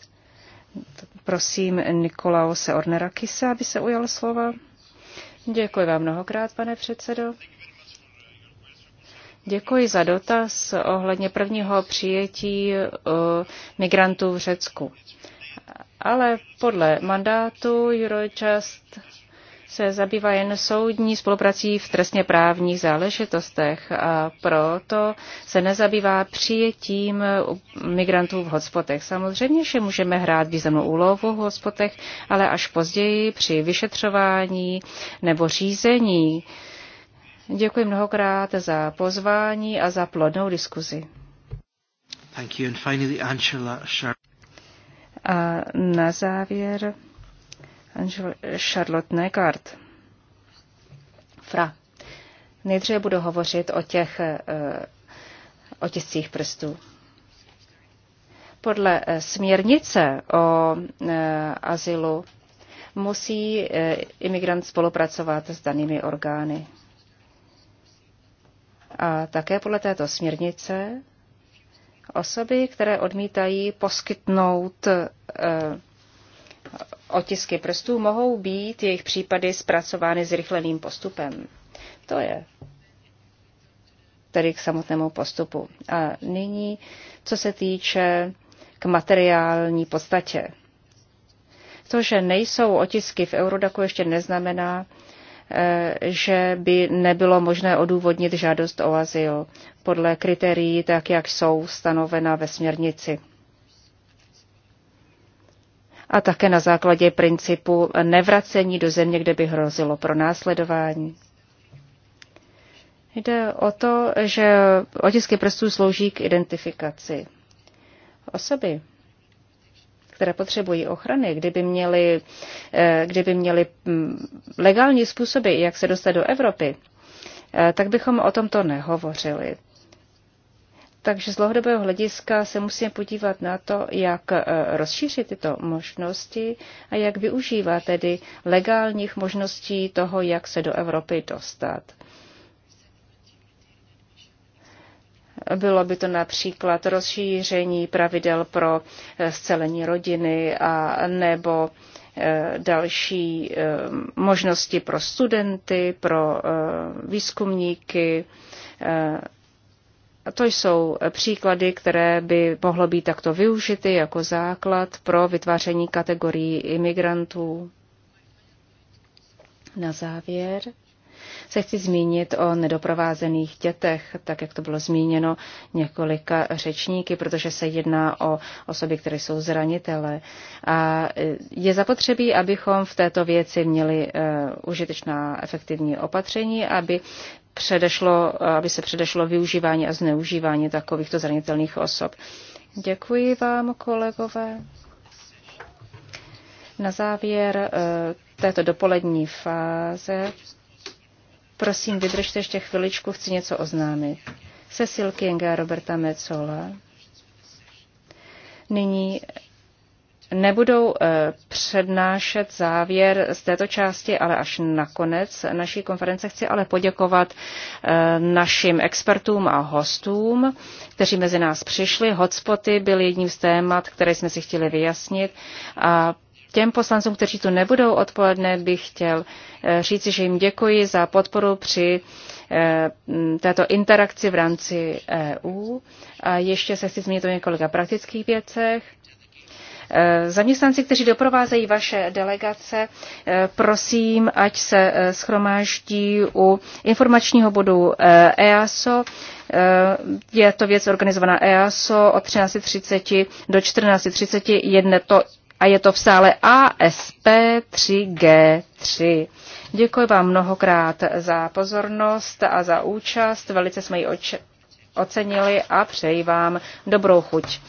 Prosím Nikolaose Ornerakise, aby se ujal slova. Děkuji vám mnohokrát, pane předsedo. Děkuji za dotaz ohledně prvního přijetí eh, migrantů v Řecku. Ale podle mandátu Eurojust se zabývá jen soudní spoluprací v trestně právních záležitostech a proto se nezabývá přijetím migrantů v hotspotech. Samozřejmě, že můžeme hrát významnou úlohu v hotspotech, ale až později při vyšetřování nebo řízení. Děkuji mnohokrát za pozvání a za plodnou diskuzi. Thank you. And finally, Angela A na závěr Angel Charlotte Neckart. Fra. Nejdříve budu hovořit o těch eh, o tiscích prstů. Podle eh, směrnice o eh, azylu musí imigrant spolupracovat s danými orgány. A také podle této směrnice osoby, které odmítají poskytnout otisky prstů mohou být jejich případy zpracovány zrychleným postupem. To je tedy k samotnému postupu. A nyní, co se týče k materiální podstatě. To, že nejsou otisky v Eurodaku, ještě neznamená, e, že by nebylo možné odůvodnit žádost o azyl podle kritérií, tak jak jsou stanovena ve směrnici a také na základě principu nevracení do země, kde by hrozilo pro následování. Jde o to, že otisky prstů slouží k identifikaci osoby, které potřebují ochrany, kdyby měly, eh, kdyby měly mm, legální způsoby, jak se dostat do Evropy, eh, tak bychom o tomto nehovořili. Takže z dlouhodobého hlediska se musíme podívat na to, jak eh, rozšířit tyto možnosti a jak využívat tedy legálních možností toho, jak se do Evropy dostat. Bylo by to například rozšíření pravidel pro eh, scelení rodiny a nebo eh, další možnosti pro studenty, pro výzkumníky, to jsou eh, příklady, které by mohlo být takto využity jako základ pro vytváření kategorií imigrantů. Na závěr se chci zmínit o nedoprovázených dětech, tak jak to bylo zmíněno několika řečníky, protože se jedná o osoby, které jsou zranitelé. A eh, je zapotřebí, abychom v této věci měli uh, užitečná efektivní opatření, aby předešlo, aby se předešlo využívání a zneužívání takovýchto zranitelných osob. Děkuji vám, kolegové. Na závěr eh, této dopolední fáze prosím, vydržte ještě chviličku, chci něco oznámit. Cecil King a Roberta Mecola. Nyní Nebudou eh, přednášet závěr z této části, ale až nakonec naší konference chci ale poděkovat eh, našim expertům a hostům, kteří mezi nás přišli. Hotspoty byl jedním z témat, které jsme si chtěli vyjasnit a Těm poslancům, kteří tu nebudou odpoledne, bych chtěl eh, říci, že jim děkuji za podporu při této interakci v rámci EU. A ještě se chci zmínit o několika praktických věcech. Eh, zaměstnanci, kteří doprovázejí vaše delegace, eh, prosím, ať se eh, schromáždí u informačního bodu EASO. E je to věc organizovaná EASO od 13.30 do 14.30 jedne to, a je to v sále ASP 3G3. Děkuji vám mnohokrát za pozornost a za účast. Velice jsme ji oč- ocenili a přeji vám dobrou chuť.